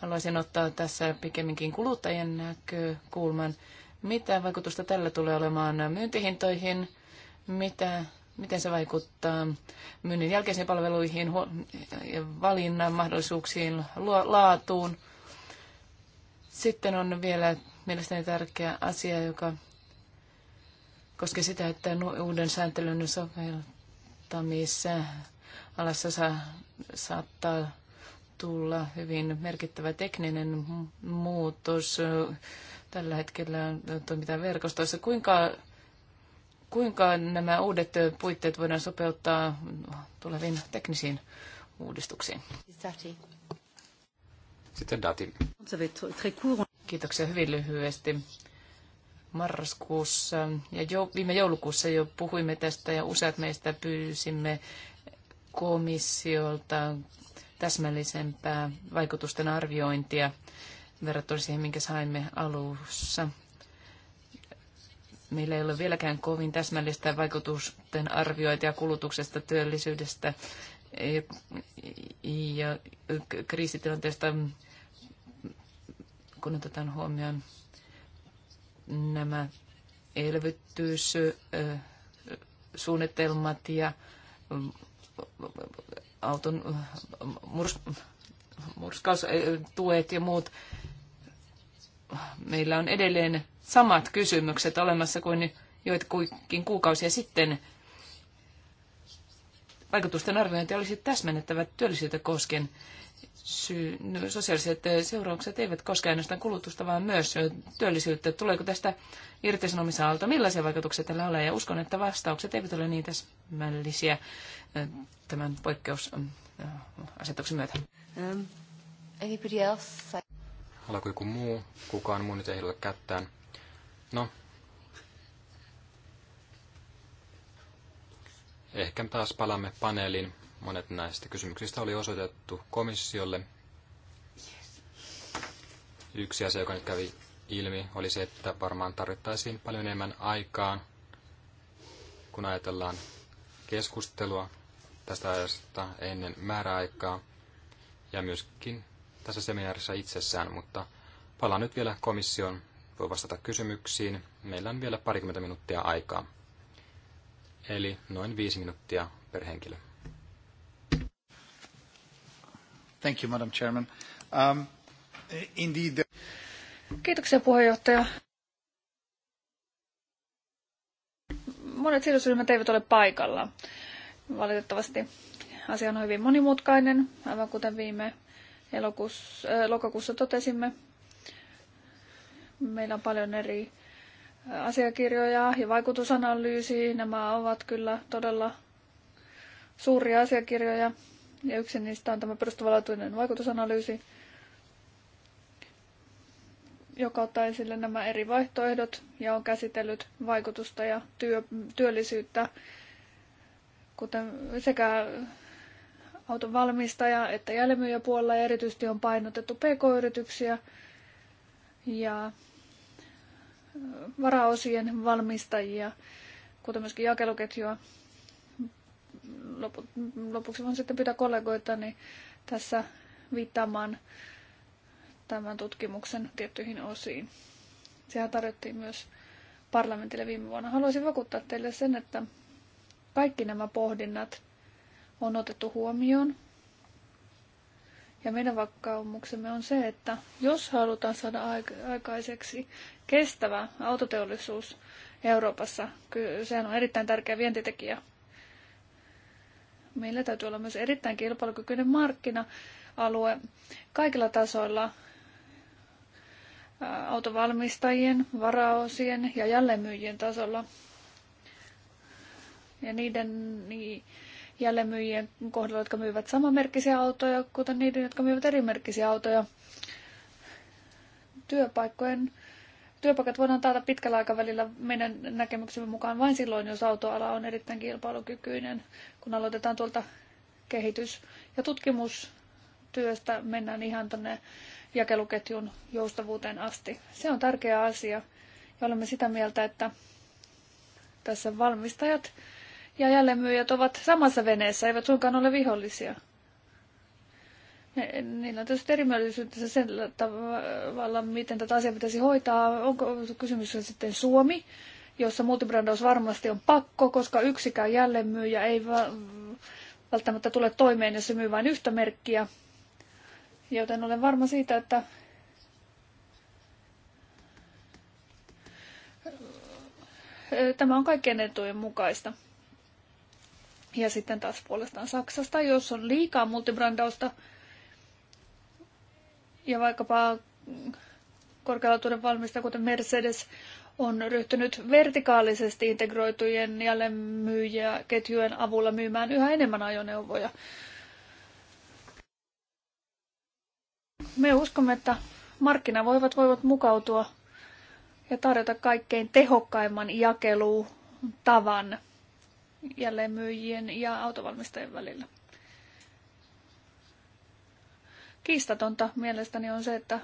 Haluaisin ottaa tässä pikemminkin kuluttajien näkökulman. Mitä vaikutusta tällä tulee olemaan myyntihintoihin? Mitä, miten se vaikuttaa myynnin jälkeisiin palveluihin, valinnan mahdollisuuksiin, laatuun? Sitten on vielä mielestäni tärkeä asia, joka koskee sitä, että uuden sääntelyn soveltamisessa alassa sa- saattaa tulla hyvin merkittävä tekninen muutos. Tällä hetkellä toimita verkostoissa. Kuinka, kuinka nämä uudet puitteet voidaan sopeuttaa tuleviin teknisiin uudistuksiin? Sitten Dati. Kiitoksia hyvin lyhyesti. Marraskuussa ja jo, viime joulukuussa jo puhuimme tästä ja useat meistä pyysimme komissiolta täsmällisempää vaikutusten arviointia verrattuna siihen, minkä saimme alussa. Meillä ei ole vieläkään kovin täsmällistä vaikutusten arviointia kulutuksesta, työllisyydestä ja kriisitilanteesta, kun otetaan huomioon nämä elvytyssuunnitelmat ja auton äh, murs, murskaustuet äh, ja muut. Meillä on edelleen samat kysymykset olemassa kuin joitakin kuukausia sitten. Vaikutusten arviointi olisi täsmennettävä työllisyyttä koskien syy, no, sosiaaliset eh, seuraukset eivät koske ainoastaan kulutusta, vaan myös eh, työllisyyttä. Tuleeko tästä irtisanomisaalto? Millaisia vaikutuksia tällä ole? Ja uskon, että vastaukset eivät ole niin täsmällisiä eh, tämän poikkeusasetuksen myötä. Um, anybody else? Haluaako joku muu? Kukaan muu nyt ei ole kättään. No. Ehkä taas palaamme paneeliin. Monet näistä kysymyksistä oli osoitettu komissiolle. Yksi asia, joka nyt kävi ilmi, oli se, että varmaan tarvittaisiin paljon enemmän aikaa, kun ajatellaan keskustelua tästä ajasta ennen määräaikaa ja myöskin tässä seminaarissa itsessään, mutta palaan nyt vielä komission, voi vastata kysymyksiin. Meillä on vielä parikymmentä minuuttia aikaa, eli noin viisi minuuttia per henkilö. Thank you, Madam Chairman. Um, eh, indeed the... Kiitoksia puheenjohtaja. Monet sidosryhmät eivät ole paikalla. Valitettavasti asia on hyvin monimutkainen, aivan kuten viime elokuussa, eh, lokakuussa totesimme. Meillä on paljon eri eh, asiakirjoja ja vaikutusanalyysiä. Nämä ovat kyllä todella suuria asiakirjoja. Ja yksi niistä on tämä perustavanlaatuinen vaikutusanalyysi, joka ottaa esille nämä eri vaihtoehdot ja on käsitellyt vaikutusta ja työ, työllisyyttä kuten sekä auton valmistaja että jälleenmyyjäpuolella ja erityisesti on painotettu pk-yrityksiä ja varaosien valmistajia, kuten myöskin jakeluketjua lopu, lopuksi voin sitten pyytää kollegoitani tässä viittaamaan tämän tutkimuksen tiettyihin osiin. Sehän tarjottiin myös parlamentille viime vuonna. Haluaisin vakuuttaa teille sen, että kaikki nämä pohdinnat on otettu huomioon. Ja meidän vakkaumuksemme on se, että jos halutaan saada aikaiseksi kestävä autoteollisuus Euroopassa, sehän on erittäin tärkeä vientitekijä Meillä täytyy olla myös erittäin kilpailukykyinen markkina-alue kaikilla tasoilla, autovalmistajien, varaosien ja jälleenmyyjien tasolla. Ja niiden niin, jälleenmyyjien kohdalla, jotka myyvät samanmerkkisiä autoja, kuten niiden, jotka myyvät erimerkkisiä autoja. Työpaikkojen Työpaikat voidaan taata pitkällä aikavälillä meidän näkemyksemme mukaan vain silloin, jos autoala on erittäin kilpailukykyinen, kun aloitetaan tuolta kehitys- ja tutkimustyöstä mennään ihan tänne jakeluketjun joustavuuteen asti. Se on tärkeä asia ja olemme sitä mieltä, että tässä valmistajat ja jälleenmyyjät ovat samassa veneessä, eivät suinkaan ole vihollisia niillä on tietysti erimielisyyttä sen tavalla, miten tätä asiaa pitäisi hoitaa. Onko kysymys sitten Suomi, jossa multibrandaus varmasti on pakko, koska yksikään jälleenmyyjä ei välttämättä tule toimeen, jos se myy vain yhtä merkkiä. Joten olen varma siitä, että tämä on kaikkien etujen mukaista. Ja sitten taas puolestaan Saksasta, jos on liikaa multibrandausta, ja vaikkapa korkealaatuinen valmistaja, kuten Mercedes, on ryhtynyt vertikaalisesti integroitujen jälleenmyyjiä ketjujen avulla myymään yhä enemmän ajoneuvoja. Me uskomme, että markkinavoivat voivat mukautua ja tarjota kaikkein tehokkaimman jakeluun tavan jälleenmyyjien ja autovalmistajien välillä. Kiistatonta mielestäni on se, että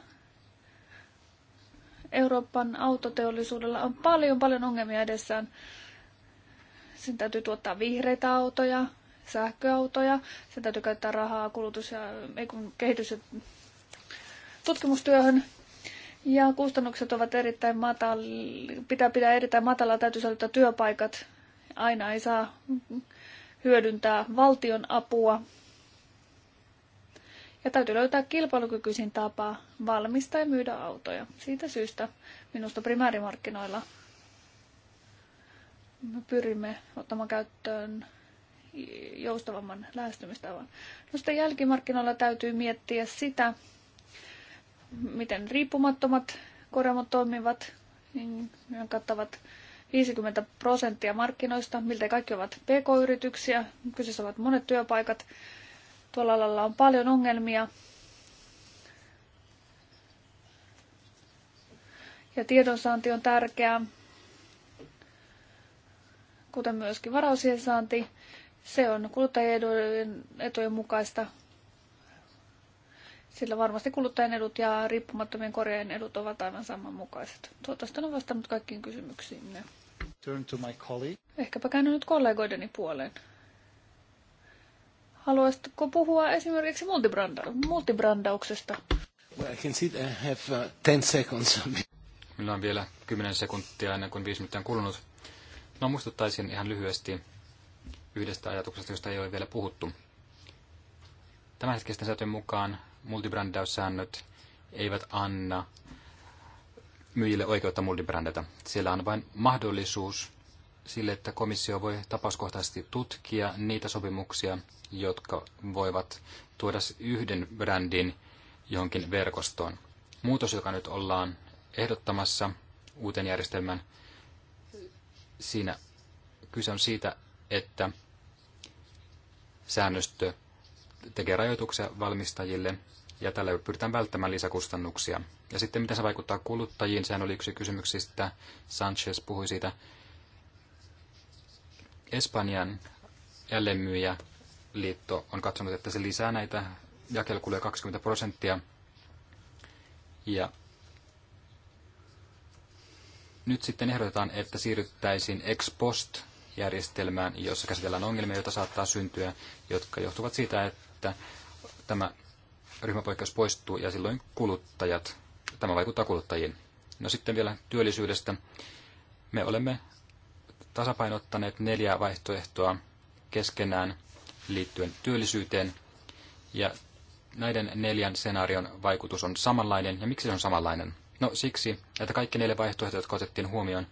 Euroopan autoteollisuudella on paljon paljon ongelmia edessään. Sen täytyy tuottaa vihreitä autoja, sähköautoja, sen täytyy käyttää rahaa kulutus- ja ei kun kehitys- ja tutkimustyöhön. Ja kustannukset ovat erittäin matalia, pitää pitää erittäin matalaa, täytyy säilyttää työpaikat. Aina ei saa hyödyntää valtion apua ja täytyy löytää kilpailukykyisin tapa valmistaa ja myydä autoja. Siitä syystä minusta primäärimarkkinoilla me pyrimme ottamaan käyttöön joustavamman lähestymistavan. No sitten jälkimarkkinoilla täytyy miettiä sitä, miten riippumattomat korjaamot toimivat, niin kattavat 50 prosenttia markkinoista, miltä kaikki ovat pk-yrityksiä, kyseessä ovat monet työpaikat, Tuolla alalla on paljon ongelmia. Ja tiedonsaanti on tärkeää, kuten myöskin varausien saanti. Se on kuluttajien etujen mukaista, sillä varmasti kuluttajien edut ja riippumattomien korjaajien edut ovat aivan samanmukaiset. Toivottavasti on vastannut kaikkiin kysymyksiin. Turn to my colleague. Ehkäpä käyn nyt kollegoideni puoleen. Haluaisitko puhua esimerkiksi multibranda- multibrandauksesta? Well, I can see that I have uh, seconds. Minulla on vielä 10 sekuntia ennen kuin viisi minuuttia on kulunut. No muistuttaisin ihan lyhyesti yhdestä ajatuksesta, josta ei ole vielä puhuttu. Tämänhetkisten säätöjen mukaan multibrandaussäännöt eivät anna myyjille oikeutta multibrändätä. Siellä on vain mahdollisuus sille, että komissio voi tapauskohtaisesti tutkia niitä sopimuksia, jotka voivat tuoda yhden brändin johonkin verkostoon. Muutos, joka nyt ollaan ehdottamassa uuteen järjestelmän, siinä kyse on siitä, että säännöstö tekee rajoituksia valmistajille ja tällä pyritään välttämään lisäkustannuksia. Ja sitten miten se vaikuttaa kuluttajiin, sehän oli yksi kysymyksistä, Sanchez puhui siitä, Espanjan jälleenmyyjäliitto on katsonut, että se lisää näitä jakelukuluja 20 prosenttia. Ja nyt sitten ehdotetaan, että siirryttäisiin ex post järjestelmään, jossa käsitellään ongelmia, joita saattaa syntyä, jotka johtuvat siitä, että tämä ryhmäpoikkeus poistuu ja silloin kuluttajat, tämä vaikuttaa kuluttajiin. No sitten vielä työllisyydestä. Me olemme tasapainottaneet neljä vaihtoehtoa keskenään liittyen työllisyyteen. Ja näiden neljän senaarion vaikutus on samanlainen. Ja miksi se on samanlainen? No siksi, että kaikki neljä vaihtoehtoa, jotka otettiin huomioon,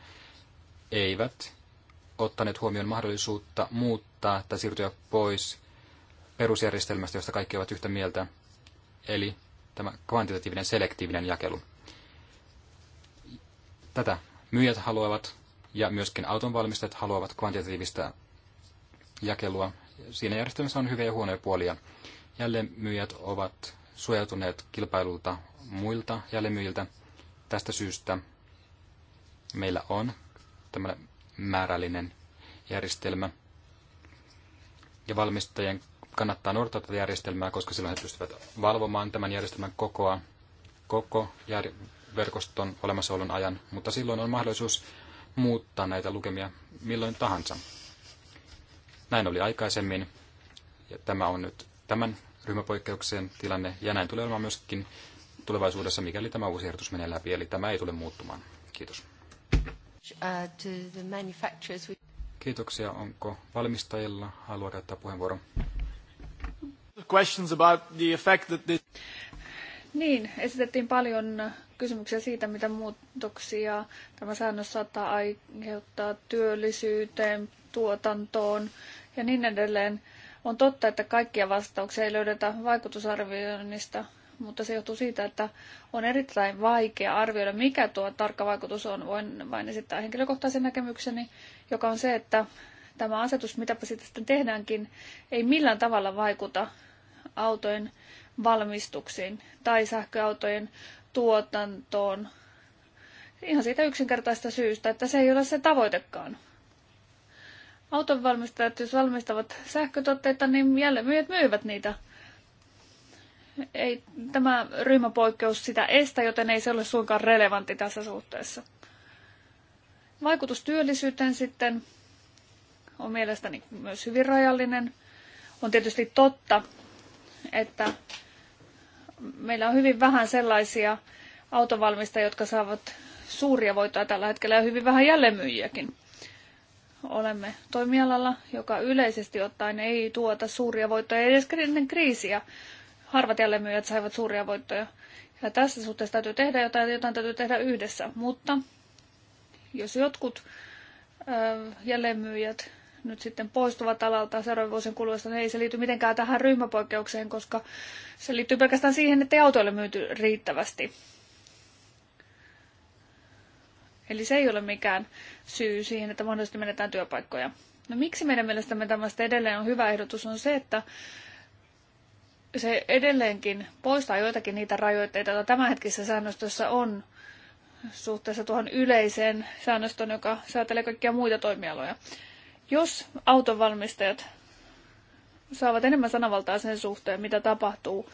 eivät ottaneet huomioon mahdollisuutta muuttaa tai siirtyä pois perusjärjestelmästä, josta kaikki ovat yhtä mieltä, eli tämä kvantitatiivinen selektiivinen jakelu. Tätä myyjät haluavat, ja myöskin autonvalmistajat haluavat kvantitatiivista jakelua. Siinä järjestelmässä on hyviä ja huonoja puolia. Jälleenmyyjät ovat suojautuneet kilpailulta muilta jälleenmyyjiltä. Tästä syystä meillä on tämä määrällinen järjestelmä. Ja valmistajien kannattaa noudattaa tätä järjestelmää, koska silloin he pystyvät valvomaan tämän järjestelmän kokoa, koko jär- verkoston olemassaolon ajan, mutta silloin on mahdollisuus muuttaa näitä lukemia milloin tahansa. Näin oli aikaisemmin, ja tämä on nyt tämän ryhmäpoikkeuksen tilanne, ja näin tulee olemaan myöskin tulevaisuudessa, mikäli tämä uusi ehdotus menee läpi, eli tämä ei tule muuttumaan. Kiitos. Uh, Kiitoksia. Onko valmistajilla halua käyttää puheenvuoro? Niin, esitettiin paljon kysymyksiä siitä, mitä muutoksia tämä säännös saattaa aiheuttaa työllisyyteen, tuotantoon ja niin edelleen. On totta, että kaikkia vastauksia ei löydetä vaikutusarvioinnista, mutta se johtuu siitä, että on erittäin vaikea arvioida, mikä tuo tarkka vaikutus on. Voin vain esittää henkilökohtaisen näkemykseni, joka on se, että tämä asetus, mitäpä sitten tehdäänkin, ei millään tavalla vaikuta autojen valmistuksiin tai sähköautojen tuotantoon. Ihan siitä yksinkertaista syystä, että se ei ole se tavoitekaan. Autonvalmistajat, jos valmistavat sähkötuotteita, niin jälleen myyjät myyvät niitä. Ei tämä ryhmäpoikkeus sitä estä, joten ei se ole suinkaan relevantti tässä suhteessa. Vaikutus työllisyyteen sitten on mielestäni myös hyvin rajallinen. On tietysti totta, että meillä on hyvin vähän sellaisia autovalmistajia, jotka saavat suuria voittoja tällä hetkellä ja hyvin vähän jälleenmyyjiäkin. Olemme toimialalla, joka yleisesti ottaen ei tuota suuria voittoja edes ennen kriisiä. Harvat jälleenmyyjät saivat suuria voittoja. Ja tässä suhteessa täytyy tehdä jotain, jotain täytyy tehdä yhdessä. Mutta jos jotkut ö, jälleenmyyjät nyt sitten poistuvat alalta seuraavan vuosien kuluessa, niin ei se liity mitenkään tähän ryhmäpoikkeukseen, koska se liittyy pelkästään siihen, että ei autoille myyty riittävästi. Eli se ei ole mikään syy siihen, että mahdollisesti menetään työpaikkoja. No miksi meidän mielestämme tämästä edelleen on hyvä ehdotus on se, että se edelleenkin poistaa joitakin niitä rajoitteita, joita tämänhetkisessä säännöstössä on suhteessa tuohon yleiseen säännöstön, joka säätelee kaikkia muita toimialoja. Jos autonvalmistajat saavat enemmän sanavaltaa sen suhteen, mitä tapahtuu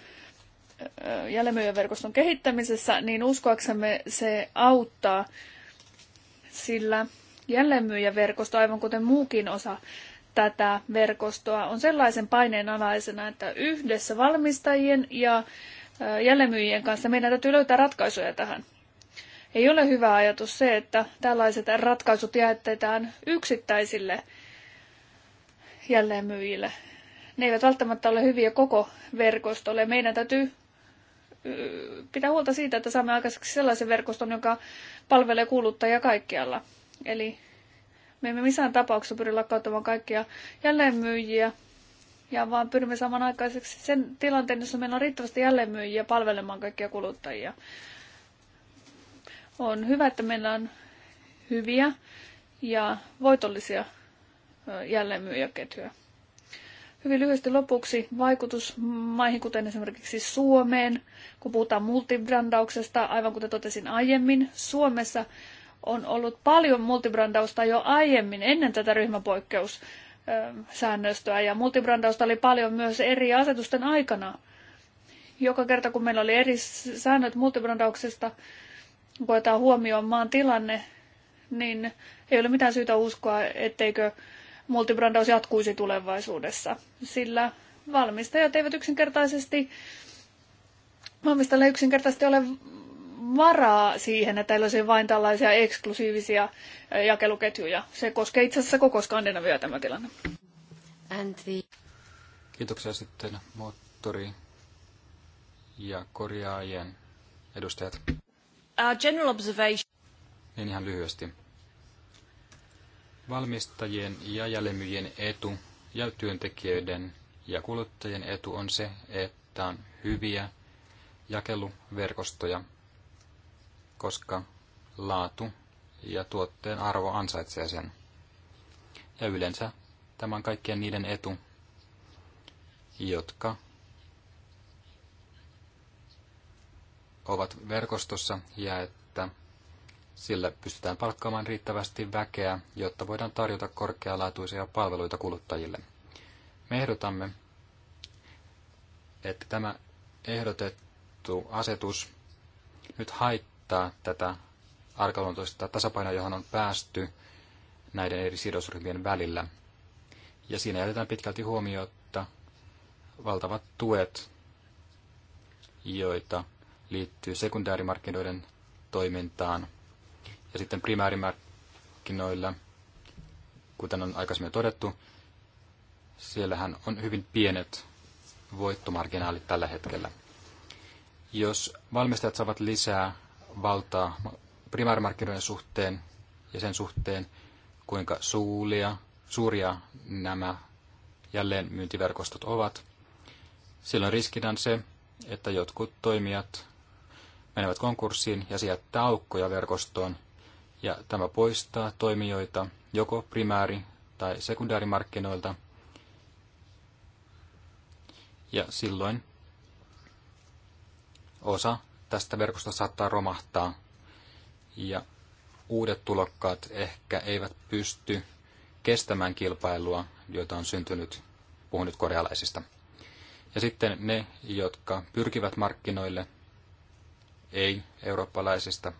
verkoston kehittämisessä, niin uskoaksemme se auttaa, sillä verkosto aivan kuten muukin osa tätä verkostoa, on sellaisen paineen alaisena, että yhdessä valmistajien ja jälleenmyyjien kanssa meidän täytyy löytää ratkaisuja tähän. Ei ole hyvä ajatus se, että tällaiset ratkaisut jaetetään yksittäisille jälleenmyyjille. Ne eivät välttämättä ole hyviä koko verkostolle. Meidän täytyy pitää huolta siitä, että saamme aikaiseksi sellaisen verkoston, joka palvelee kuluttajia kaikkialla. Eli me emme missään tapauksessa pyri lakkauttamaan kaikkia jälleenmyyjiä, ja vaan pyrimme saamaan aikaiseksi sen tilanteen, jossa meillä on riittävästi jälleenmyyjiä palvelemaan kaikkia kuluttajia. On hyvä, että meillä on hyviä ja voitollisia jälleenmyyjäketjuja. Hyvin lyhyesti lopuksi vaikutus maihin, kuten esimerkiksi Suomeen, kun puhutaan multibrandauksesta, aivan kuten totesin aiemmin, Suomessa on ollut paljon multibrandausta jo aiemmin ennen tätä ryhmäpoikkeussäännöstöä ja multibrandausta oli paljon myös eri asetusten aikana. Joka kerta kun meillä oli eri säännöt multibrandauksesta, kun huomioon maan tilanne, niin ei ole mitään syytä uskoa, etteikö multibrandaus jatkuisi tulevaisuudessa, sillä valmistajat eivät yksinkertaisesti, valmistajille yksinkertaisesti ole varaa siihen, että heillä olisi vain tällaisia eksklusiivisia eh, jakeluketjuja. Se koskee itse asiassa koko Skandinavia tämä tilanne. Kiitoksia sitten moottori ja korjaajien edustajat. Our general observation. Niin ihan lyhyesti. Valmistajien ja jälemyjen etu ja työntekijöiden ja kuluttajien etu on se, että on hyviä jakeluverkostoja, koska laatu ja tuotteen arvo ansaitsee sen. Ja yleensä tämä on kaikkien niiden etu, jotka ovat verkostossa ja että Sille pystytään palkkaamaan riittävästi väkeä, jotta voidaan tarjota korkealaatuisia palveluita kuluttajille. Me ehdotamme, että tämä ehdotettu asetus nyt haittaa tätä arkaluontoista tasapainoa, johon on päästy näiden eri sidosryhmien välillä. Ja siinä jätetään pitkälti huomiota valtavat tuet, joita liittyy sekundäärimarkkinoiden toimintaan – ja sitten primäärimarkkinoilla, kuten on aikaisemmin todettu, siellähän on hyvin pienet voittomarginaalit tällä hetkellä. Jos valmistajat saavat lisää valtaa primäärimarkkinoiden suhteen ja sen suhteen, kuinka suulia, suuria nämä jälleen myyntiverkostot ovat, silloin riskinä on se, että jotkut toimijat menevät konkurssiin ja se aukkoja verkostoon, ja tämä poistaa toimijoita joko primääri- tai sekundäärimarkkinoilta. Ja silloin osa tästä verkosta saattaa romahtaa ja uudet tulokkaat ehkä eivät pysty kestämään kilpailua, joita on syntynyt, puhun nyt korealaisista. Ja sitten ne, jotka pyrkivät markkinoille, ei eurooppalaisista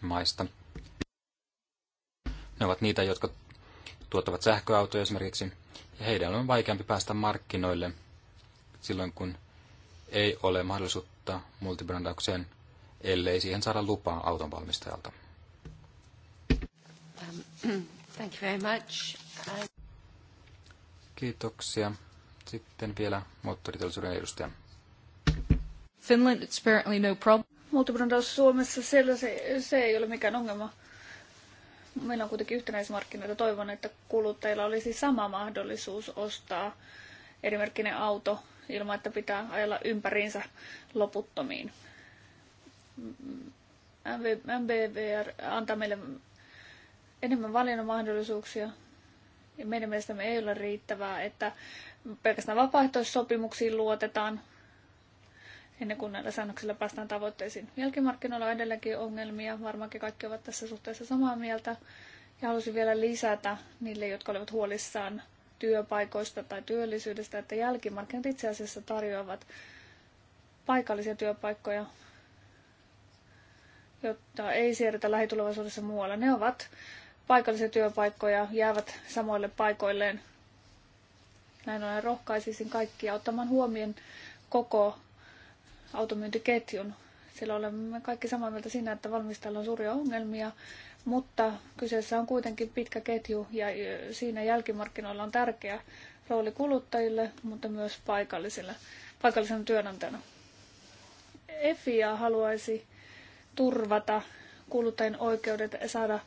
maista. Ne ovat niitä, jotka tuottavat sähköautoja esimerkiksi, ja heidän on vaikeampi päästä markkinoille silloin, kun ei ole mahdollisuutta multibrandaukseen, ellei siihen saada lupaa auton valmistajalta. Thank you very much. Kiitoksia. Sitten vielä moottoriteollisuuden edustaja. Finland, it's apparently no problem multibrandaus Suomessa, siellä se, se ei ole mikään ongelma. Meillä on kuitenkin yhtenäismarkkinoita. Toivon, että kuluttajilla olisi sama mahdollisuus ostaa erimerkkinen auto ilman, että pitää ajella ympäriinsä loputtomiin. MBVR antaa meille enemmän valinnan mahdollisuuksia. Ja meidän mielestämme ei ole riittävää, että pelkästään vapaaehtoissopimuksiin luotetaan, ennen kuin näillä säännöksillä päästään tavoitteisiin. Jälkimarkkinoilla on edelleenkin ongelmia, varmaankin kaikki ovat tässä suhteessa samaa mieltä. Ja halusin vielä lisätä niille, jotka olivat huolissaan työpaikoista tai työllisyydestä, että jälkimarkkinat itse asiassa tarjoavat paikallisia työpaikkoja, jotta ei siirrytä lähitulevaisuudessa muualle. Ne ovat paikallisia työpaikkoja, jäävät samoille paikoilleen. Näin ollen rohkaisisin kaikkia ottamaan huomioon koko automyyntiketjun. Sillä olemme kaikki samaa mieltä siinä, että valmistajalla on suuria ongelmia, mutta kyseessä on kuitenkin pitkä ketju ja siinä jälkimarkkinoilla on tärkeä rooli kuluttajille, mutta myös paikallisille, paikallisen työnantajana. EFIA haluaisi turvata kuluttajien oikeudet saada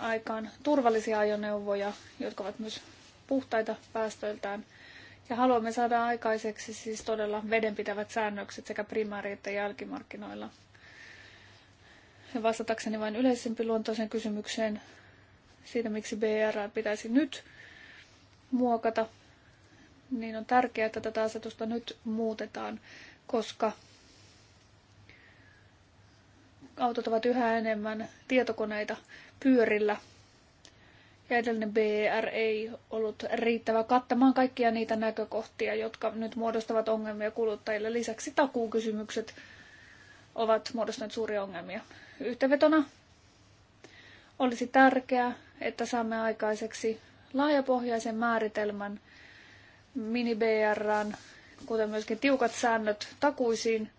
aikaan turvallisia ajoneuvoja, jotka ovat myös puhtaita päästöiltään – ja haluamme saada aikaiseksi siis todella vedenpitävät säännökset sekä primääri- että jälkimarkkinoilla. Ja vastatakseni vain yleisempi luontoisen kysymykseen siitä, miksi BR pitäisi nyt muokata, niin on tärkeää, että tätä asetusta nyt muutetaan, koska autot ovat yhä enemmän tietokoneita pyörillä – ja edellinen BR ei ollut riittävä kattamaan kaikkia niitä näkökohtia, jotka nyt muodostavat ongelmia kuluttajille. Lisäksi takuukysymykset ovat muodostaneet suuria ongelmia. Yhteenvetona olisi tärkeää, että saamme aikaiseksi laajapohjaisen määritelmän mini BRn, kuten myöskin tiukat säännöt takuisiin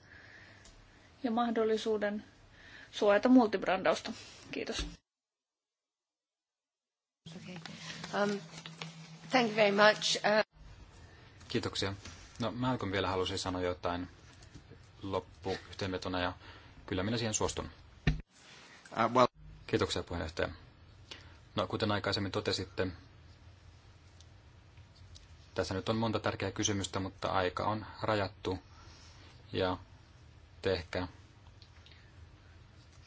ja mahdollisuuden suojata multibrandausta. Kiitos. Um, thank you very much. Uh... Kiitoksia. No Malcolm vielä halusi sanoa jotain loppuyhteenvetona ja kyllä minä siihen suostun. Uh, well... Kiitoksia puheenjohtaja. No kuten aikaisemmin totesitte, tässä nyt on monta tärkeää kysymystä, mutta aika on rajattu ja te ehkä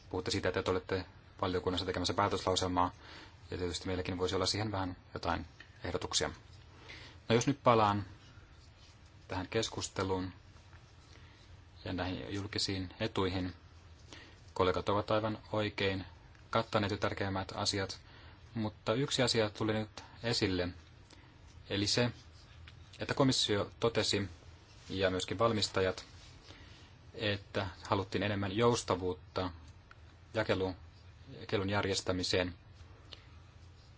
puhutte siitä, että te olette valiokunnassa tekemässä päätöslauselmaa, ja tietysti meilläkin voisi olla siihen vähän jotain ehdotuksia. No jos nyt palaan tähän keskusteluun ja näihin julkisiin etuihin. Kollegat ovat aivan oikein kattaneet jo tärkeimmät asiat, mutta yksi asia tuli nyt esille, eli se, että komissio totesi ja myöskin valmistajat, että haluttiin enemmän joustavuutta jakelun järjestämiseen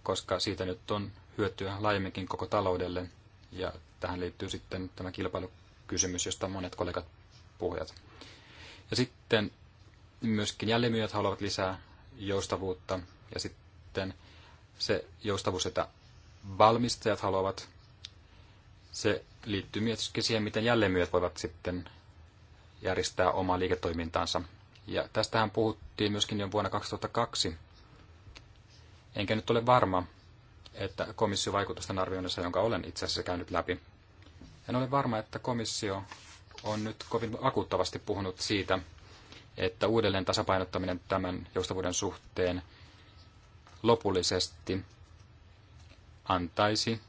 koska siitä nyt on hyötyä laajemminkin koko taloudelle. Ja tähän liittyy sitten tämä kilpailukysymys, josta monet kollegat puhujat. Ja sitten myöskin jälleenmyyjät haluavat lisää joustavuutta ja sitten se joustavuus, että valmistajat haluavat, se liittyy myöskin siihen, miten jälleenmyyjät voivat sitten järjestää omaa liiketoimintaansa. Ja tästähän puhuttiin myöskin jo vuonna 2002 Enkä nyt ole varma, että komissio vaikutusten arvioinnissa, jonka olen itse asiassa käynyt läpi, en ole varma, että komissio on nyt kovin akuuttavasti puhunut siitä, että uudelleen tasapainottaminen tämän joustavuuden suhteen lopullisesti antaisi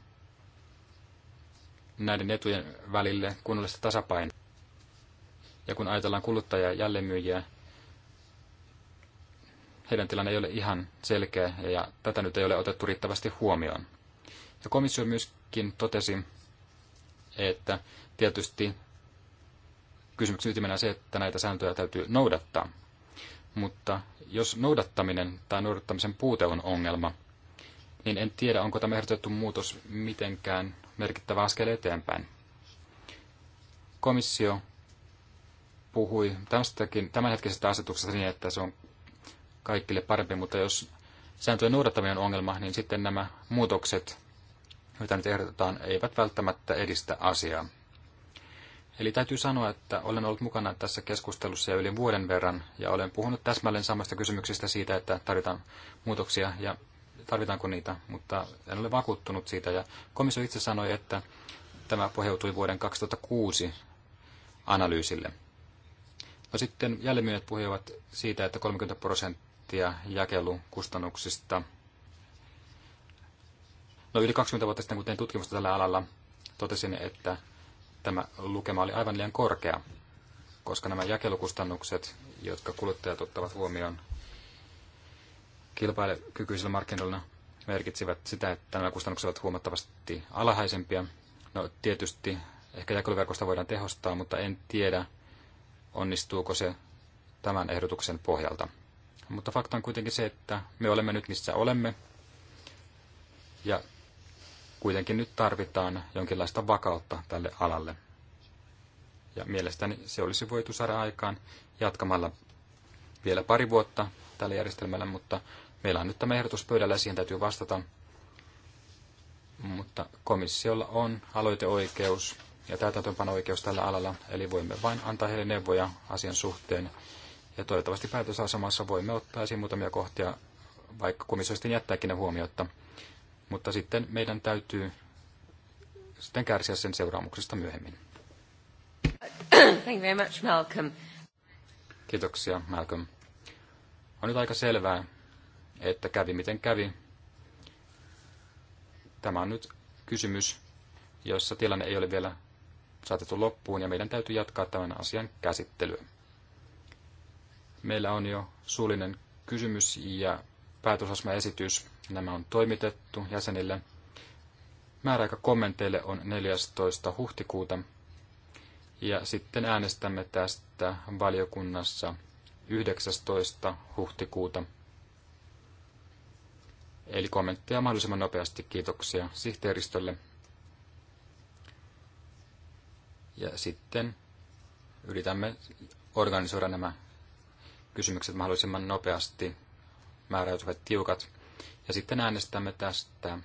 näiden etujen välille kunnollista tasapainoa. Ja kun ajatellaan kuluttajia ja jälleenmyyjiä, heidän tilanne ei ole ihan selkeä ja tätä nyt ei ole otettu riittävästi huomioon. Ja komissio myöskin totesi, että tietysti kysymyksen ytimenä on se, että näitä sääntöjä täytyy noudattaa. Mutta jos noudattaminen tai noudattamisen puute on ongelma, niin en tiedä, onko tämä ehdotettu muutos mitenkään merkittävä askel eteenpäin. Komissio puhui tämänhetkisestä asetuksesta niin, että se on kaikille parempi, mutta jos sääntöjen noudattaminen on ongelma, niin sitten nämä muutokset, joita nyt ehdotetaan, eivät välttämättä edistä asiaa. Eli täytyy sanoa, että olen ollut mukana tässä keskustelussa jo yli vuoden verran, ja olen puhunut täsmälleen samasta kysymyksestä siitä, että tarvitaan muutoksia ja tarvitaanko niitä, mutta en ole vakuuttunut siitä. Ja komissio itse sanoi, että tämä pohjautui vuoden 2006 analyysille. No sitten jälleenmyyjät puhuivat siitä, että 30 prosenttia prosenttia jakelukustannuksista. No yli 20 vuotta sitten, kun tein tutkimusta tällä alalla, totesin, että tämä lukema oli aivan liian korkea, koska nämä jakelukustannukset, jotka kuluttajat ottavat huomioon kilpailukykyisillä markkinoilla, merkitsivät sitä, että nämä kustannukset ovat huomattavasti alhaisempia. No tietysti ehkä jakeluverkosta voidaan tehostaa, mutta en tiedä, onnistuuko se tämän ehdotuksen pohjalta. Mutta fakta on kuitenkin se, että me olemme nyt missä olemme. Ja kuitenkin nyt tarvitaan jonkinlaista vakautta tälle alalle. Ja mielestäni se olisi voitu saada aikaan jatkamalla vielä pari vuotta tällä järjestelmällä, mutta meillä on nyt tämä ehdotus pöydällä ja siihen täytyy vastata. Mutta komissiolla on aloiteoikeus ja täytäntöönpano-oikeus tällä alalla, eli voimme vain antaa heille neuvoja asian suhteen ja toivottavasti päätösasemassa voimme ottaa esiin muutamia kohtia, vaikka komissio sitten jättääkin ne huomiotta. Mutta sitten meidän täytyy sitten kärsiä sen seuraamuksesta myöhemmin. Thank you very much, Malcolm. Kiitoksia, Malcolm. On nyt aika selvää, että kävi miten kävi. Tämä on nyt kysymys, jossa tilanne ei ole vielä saatettu loppuun ja meidän täytyy jatkaa tämän asian käsittelyä. Meillä on jo suullinen kysymys ja päätösasmaesitys. Nämä on toimitettu jäsenille. Määräaika kommenteille on 14. huhtikuuta. Ja sitten äänestämme tästä valiokunnassa 19. huhtikuuta. Eli kommentteja mahdollisimman nopeasti. Kiitoksia sihteeristölle. Ja sitten yritämme organisoida nämä kysymykset mahdollisimman nopeasti määräytyvät tiukat. Ja sitten äänestämme tästä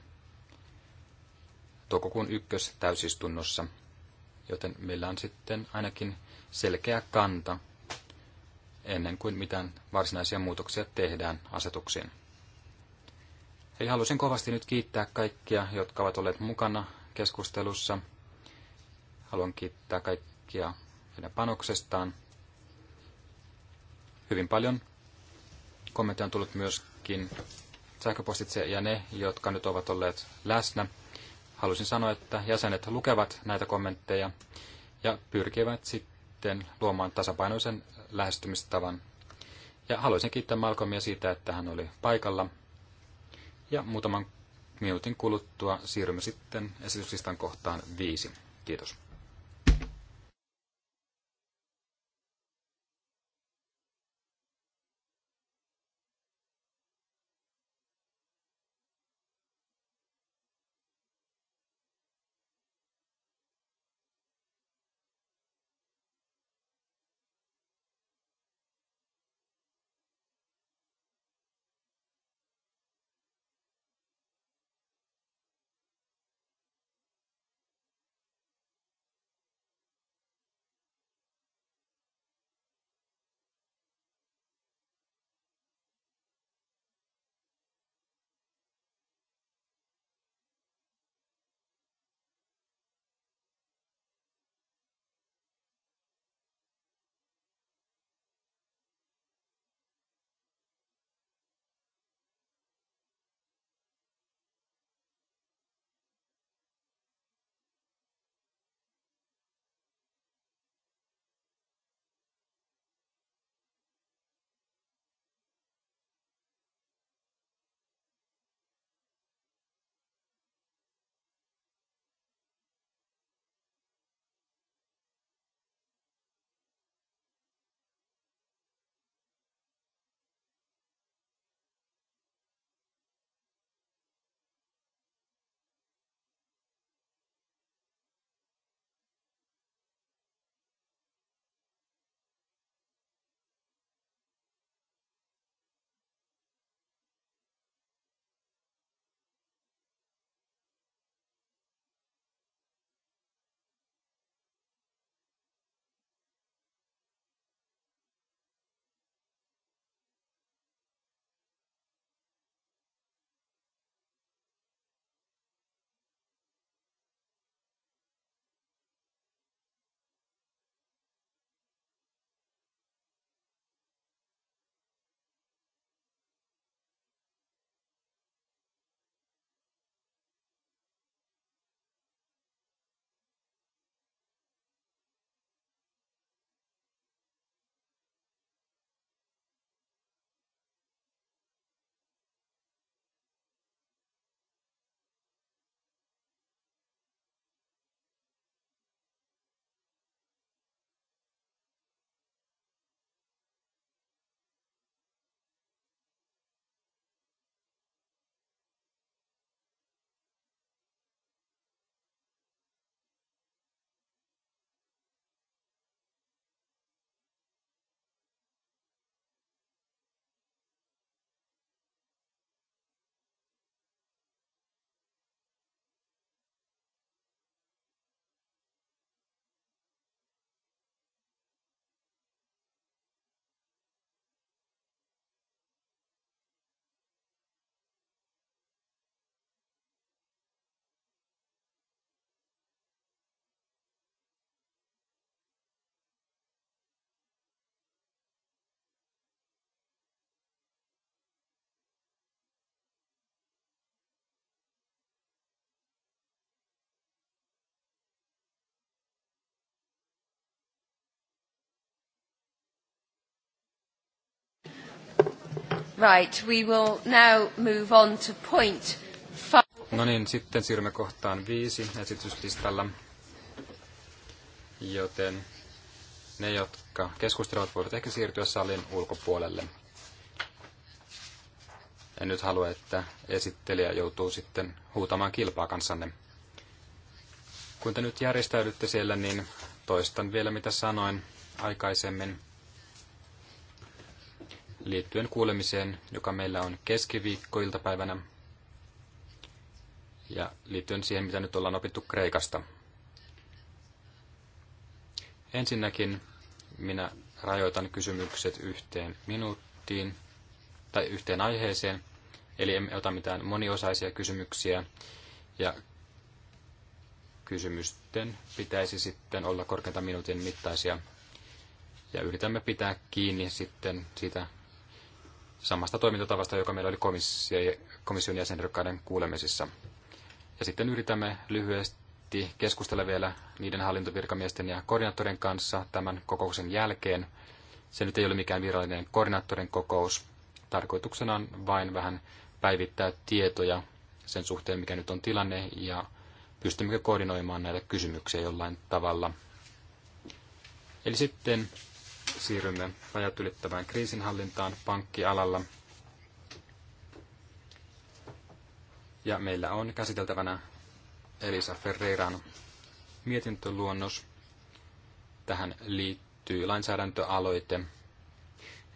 toukokuun ykkös täysistunnossa, joten meillä on sitten ainakin selkeä kanta ennen kuin mitään varsinaisia muutoksia tehdään asetuksiin. Eli halusin kovasti nyt kiittää kaikkia, jotka ovat olleet mukana keskustelussa. Haluan kiittää kaikkia heidän panoksestaan hyvin paljon. Kommentteja on tullut myöskin sähköpostitse ja ne, jotka nyt ovat olleet läsnä. Halusin sanoa, että jäsenet lukevat näitä kommentteja ja pyrkivät sitten luomaan tasapainoisen lähestymistavan. Ja haluaisin kiittää Malcolmia siitä, että hän oli paikalla. Ja muutaman minuutin kuluttua siirrymme sitten esityslistan kohtaan viisi. Kiitos. Right, we will now move on to point five. No niin, sitten siirrymme kohtaan viisi esityslistalla. Joten ne, jotka keskustelevat, voivat ehkä siirtyä salin ulkopuolelle. En nyt halua, että esittelijä joutuu sitten huutamaan kilpaa kanssanne. Kun te nyt järjestäydytte siellä, niin toistan vielä mitä sanoin aikaisemmin liittyen kuulemiseen, joka meillä on keskiviikkoiltapäivänä ja liittyen siihen, mitä nyt ollaan opittu Kreikasta. Ensinnäkin minä rajoitan kysymykset yhteen minuuttiin tai yhteen aiheeseen, eli emme ota mitään moniosaisia kysymyksiä ja kysymysten pitäisi sitten olla korkeinta minuutin mittaisia. Ja yritämme pitää kiinni sitten siitä samasta toimintatavasta, joka meillä oli komission jäsenrykkaiden kuulemisissa. Ja sitten yritämme lyhyesti keskustella vielä niiden hallintovirkamiesten ja koordinaattorien kanssa tämän kokouksen jälkeen. Se nyt ei ole mikään virallinen koordinaattorin kokous. Tarkoituksena on vain vähän päivittää tietoja sen suhteen, mikä nyt on tilanne ja pystymmekö koordinoimaan näitä kysymyksiä jollain tavalla. Eli sitten siirrymme rajat ylittävään kriisinhallintaan pankkialalla. Ja meillä on käsiteltävänä Elisa Ferreiran mietintöluonnos. Tähän liittyy lainsäädäntöaloite.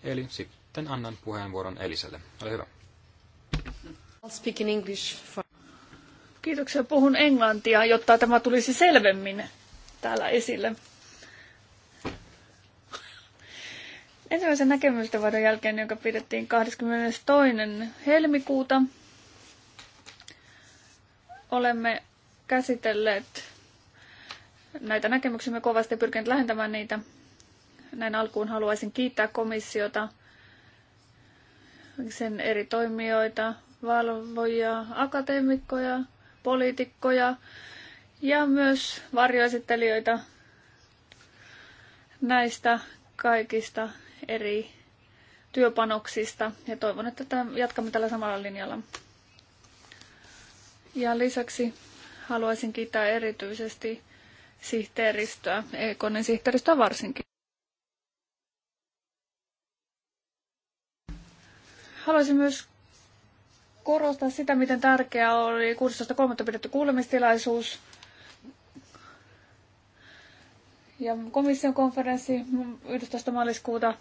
Eli sitten annan puheenvuoron Eliselle. Ole hyvä. I'll speak in English for... Kiitoksia. Puhun englantia, jotta tämä tulisi selvemmin täällä esille. ensimmäisen näkemystä jälkeen, joka pidettiin 22. helmikuuta, olemme käsitelleet näitä näkemyksiä kovasti ja pyrkineet lähentämään niitä. Näin alkuun haluaisin kiittää komissiota, sen eri toimijoita, valvojia, akateemikkoja, poliitikkoja ja myös varjoesittelijöitä näistä kaikista eri työpanoksista ja toivon, että jatkamme tällä samalla linjalla. Ja lisäksi haluaisin kiittää erityisesti sihteeristöä, ekonen sihteeristöä varsinkin. Haluaisin myös korostaa sitä, miten tärkeää oli 16.3. pidetty kuulemistilaisuus ja komission konferenssi 11. maaliskuuta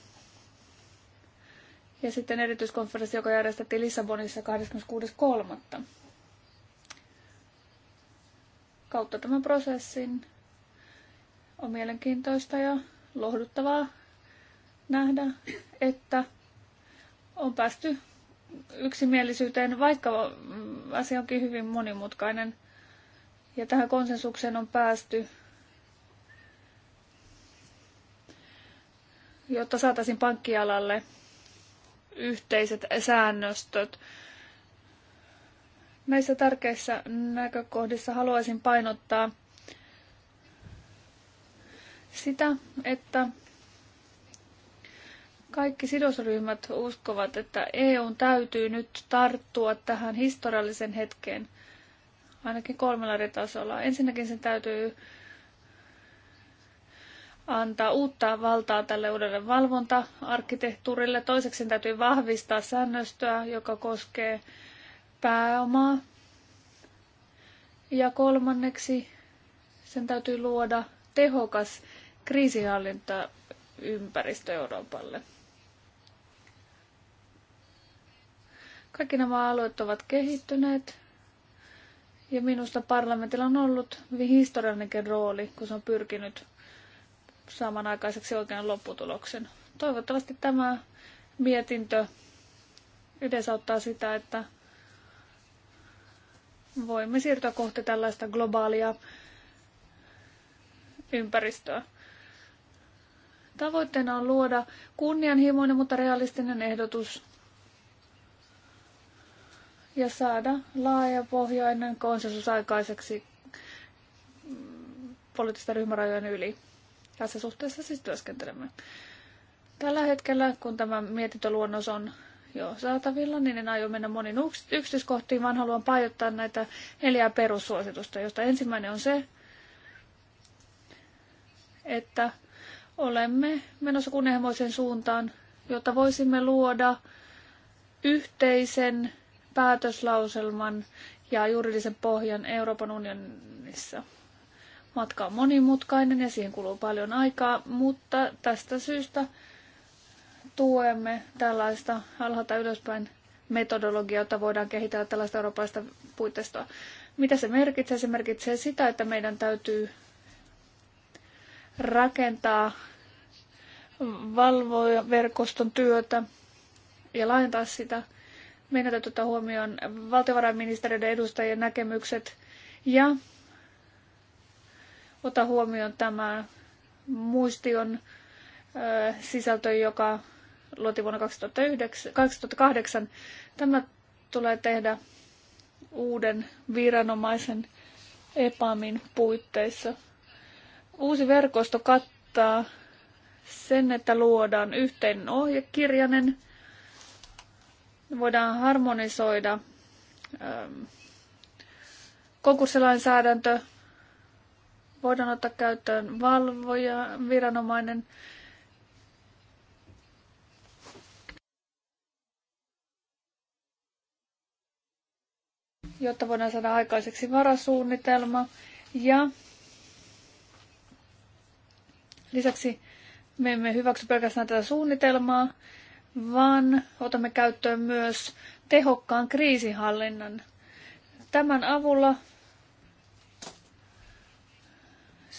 ja sitten erityiskonferenssi, joka järjestettiin Lissabonissa 26.3. Kautta tämän prosessin on mielenkiintoista ja lohduttavaa nähdä, että on päästy yksimielisyyteen, vaikka asia onkin hyvin monimutkainen. Ja tähän konsensukseen on päästy, jotta saataisiin pankkialalle yhteiset säännöstöt. Näissä tärkeissä näkökohdissa haluaisin painottaa sitä, että kaikki sidosryhmät uskovat, että EUn täytyy nyt tarttua tähän historiallisen hetkeen ainakin kolmella eri tasolla. Ensinnäkin sen täytyy antaa uutta valtaa tälle uudelle valvonta-arkkitehtuurille. Toiseksi täytyy vahvistaa säännöstöä, joka koskee pääomaa. Ja kolmanneksi sen täytyy luoda tehokas kriisihallintaympäristö Euroopalle. Kaikki nämä alueet ovat kehittyneet ja minusta parlamentilla on ollut hyvin historiallinenkin rooli, kun se on pyrkinyt samanaikaiseksi oikean lopputuloksen. Toivottavasti tämä mietintö edesauttaa sitä, että voimme siirtyä kohti tällaista globaalia ympäristöä. Tavoitteena on luoda kunnianhimoinen, mutta realistinen ehdotus ja saada laaja pohjainen konsensus aikaiseksi poliittisten ryhmärajojen yli. Tässä suhteessa siis työskentelemään. Tällä hetkellä, kun tämä mietintöluonnos on jo saatavilla, niin en aio mennä moniin yksityiskohtiin, vaan haluan painottaa näitä neljää perussuositusta, josta ensimmäinen on se, että olemme menossa kunnianhimoiseen suuntaan, jotta voisimme luoda yhteisen päätöslauselman ja juridisen pohjan Euroopan unionissa – Matka on monimutkainen ja siihen kuluu paljon aikaa, mutta tästä syystä tuemme tällaista alhaalta ylöspäin metodologiaa, jota voidaan kehitellä tällaista eurooppalaista puitteistoa. Mitä se merkitsee? Se merkitsee sitä, että meidän täytyy rakentaa valvoja verkoston työtä ja laajentaa sitä. Meidän täytyy ottaa huomioon valtiovarainministeriöiden edustajien näkemykset ja ota huomioon tämä muistion sisältö, joka luotiin vuonna 2009, 2008. Tämä tulee tehdä uuden viranomaisen EPAMin puitteissa. Uusi verkosto kattaa sen, että luodaan yhteinen ohjekirjainen. Voidaan harmonisoida konkurssilainsäädäntö, voidaan ottaa käyttöön valvoja, viranomainen, jotta voidaan saada aikaiseksi varasuunnitelma. Ja lisäksi me emme hyväksy pelkästään tätä suunnitelmaa, vaan otamme käyttöön myös tehokkaan kriisihallinnan. Tämän avulla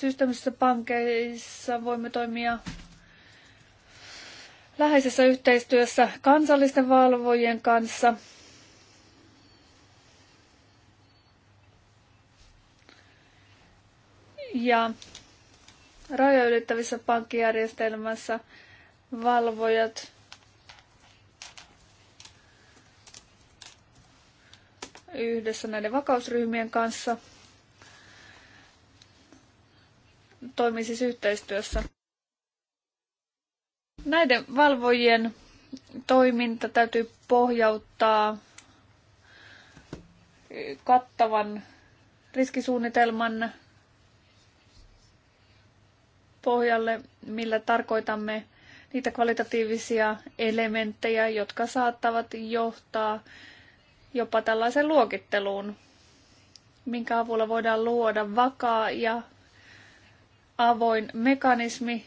systeemisissä pankeissa voimme toimia läheisessä yhteistyössä kansallisten valvojien kanssa. Ja rajoja ylittävissä pankkijärjestelmässä valvojat yhdessä näiden vakausryhmien kanssa – toimii siis yhteistyössä. Näiden valvojien toiminta täytyy pohjauttaa kattavan riskisuunnitelman pohjalle, millä tarkoitamme niitä kvalitatiivisia elementtejä, jotka saattavat johtaa jopa tällaiseen luokitteluun, minkä avulla voidaan luoda vakaa ja avoin mekanismi.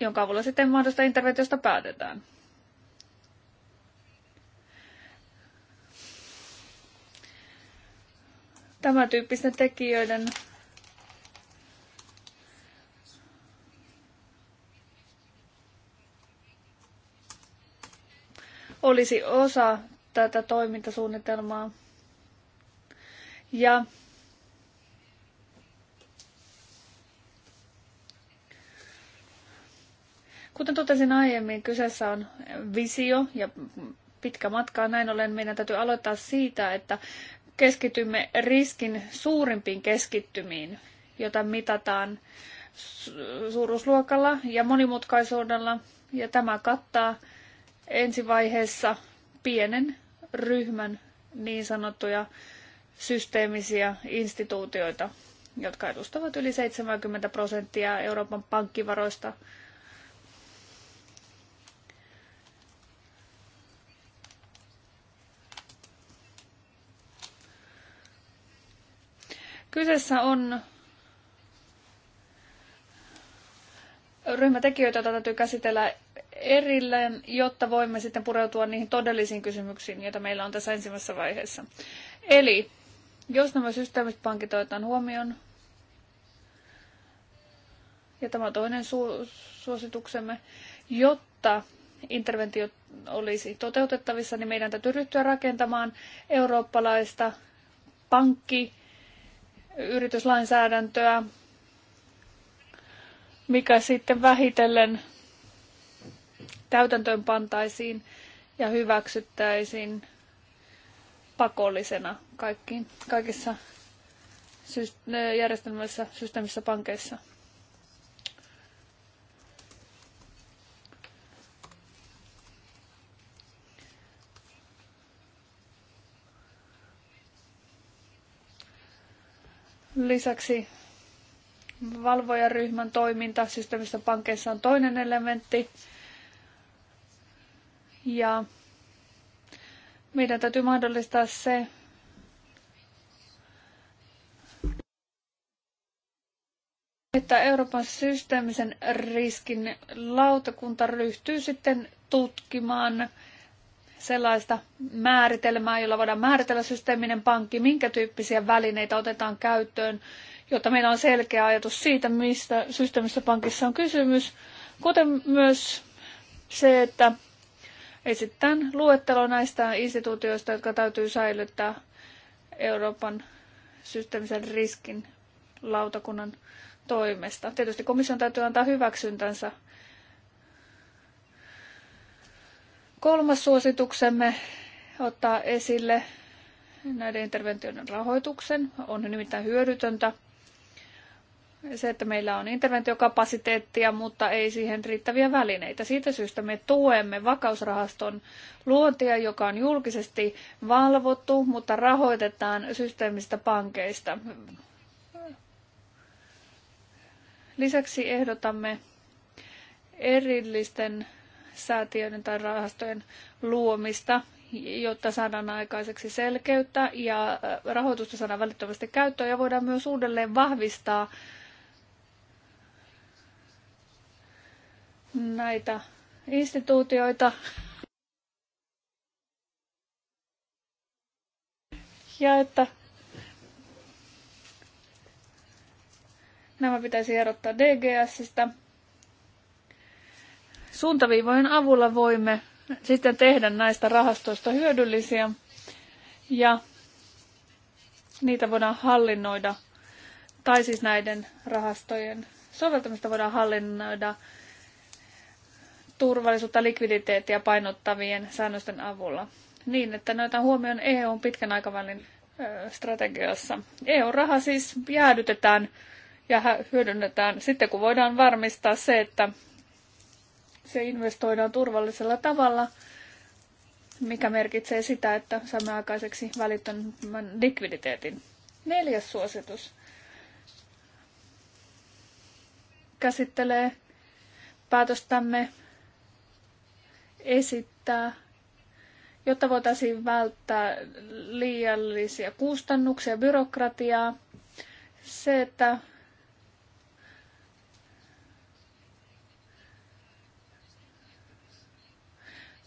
jonka avulla sitten mahdollista interventiosta päätetään. Tämä tyyppisten tekijöiden olisi osa tätä toimintasuunnitelmaa. Ja Kuten totesin aiemmin, kyseessä on visio ja pitkä matka. Näin ollen meidän täytyy aloittaa siitä, että keskitymme riskin suurimpiin keskittymiin, jota mitataan suuruusluokalla ja monimutkaisuudella. Ja tämä kattaa ensivaiheessa pienen ryhmän niin sanottuja systeemisiä instituutioita, jotka edustavat yli 70 prosenttia Euroopan pankkivaroista. Kyseessä on ryhmätekijöitä, joita täytyy käsitellä erillään, jotta voimme sitten pureutua niihin todellisiin kysymyksiin, joita meillä on tässä ensimmäisessä vaiheessa. Eli jos nämä systeemit pankit otetaan huomioon, ja tämä toinen su- suosituksemme, jotta interventio olisi toteutettavissa, niin meidän täytyy ryhtyä rakentamaan eurooppalaista pankkiyrityslainsäädäntöä, mikä sitten vähitellen täytäntöön pantaisiin ja hyväksyttäisiin pakollisena kaikkiin, kaikissa syste- systeemissä, pankeissa. Lisäksi valvojaryhmän toiminta systeemissä pankeissa on toinen elementti. Ja meidän täytyy mahdollistaa se, että Euroopan systeemisen riskin lautakunta ryhtyy sitten tutkimaan sellaista määritelmää, jolla voidaan määritellä systeeminen pankki, minkä tyyppisiä välineitä otetaan käyttöön, jotta meillä on selkeä ajatus siitä, mistä systeemistä pankissa on kysymys, kuten myös se, että esitän luettelo näistä instituutioista, jotka täytyy säilyttää Euroopan systeemisen riskin lautakunnan toimesta. Tietysti komission täytyy antaa hyväksyntänsä. Kolmas suosituksemme ottaa esille näiden interventioiden rahoituksen. On nimittäin hyödytöntä se, että meillä on interventiokapasiteettia, mutta ei siihen riittäviä välineitä. Siitä syystä me tuemme vakausrahaston luontia, joka on julkisesti valvottu, mutta rahoitetaan systeemistä pankeista. Lisäksi ehdotamme erillisten säätiöiden tai rahastojen luomista, jotta saadaan aikaiseksi selkeyttä ja rahoitusta saadaan välittömästi käyttöön ja voidaan myös uudelleen vahvistaa näitä instituutioita. Ja että nämä pitäisi erottaa DGSistä. Suuntaviivojen avulla voimme sitten tehdä näistä rahastoista hyödyllisiä ja niitä voidaan hallinnoida, tai siis näiden rahastojen soveltamista voidaan hallinnoida turvallisuutta, likviditeettiä painottavien säännösten avulla niin, että noita huomioon EUn pitkän aikavälin strategiassa. EU-raha siis jäädytetään ja hyödynnetään sitten, kun voidaan varmistaa se, että se investoidaan turvallisella tavalla, mikä merkitsee sitä, että saamme aikaiseksi välittömän likviditeetin. Neljäs suositus käsittelee päätöstämme esittää, jotta voitaisiin välttää liiallisia kustannuksia, byrokratiaa. Se, että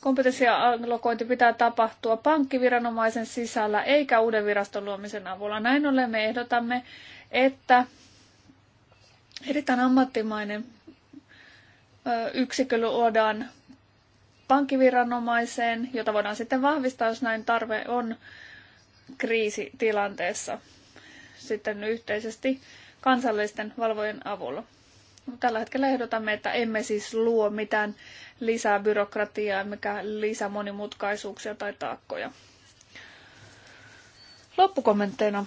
Kompetenssien allokointi pitää tapahtua pankkiviranomaisen sisällä eikä uuden viraston luomisen avulla. Näin ollen me ehdotamme, että erittäin ammattimainen yksikkö luodaan pankkiviranomaiseen, jota voidaan sitten vahvistaa, jos näin tarve on kriisitilanteessa sitten yhteisesti kansallisten valvojen avulla. Tällä hetkellä ehdotamme, että emme siis luo mitään lisää byrokratiaa, mikä lisää monimutkaisuuksia tai taakkoja. Loppukommentteina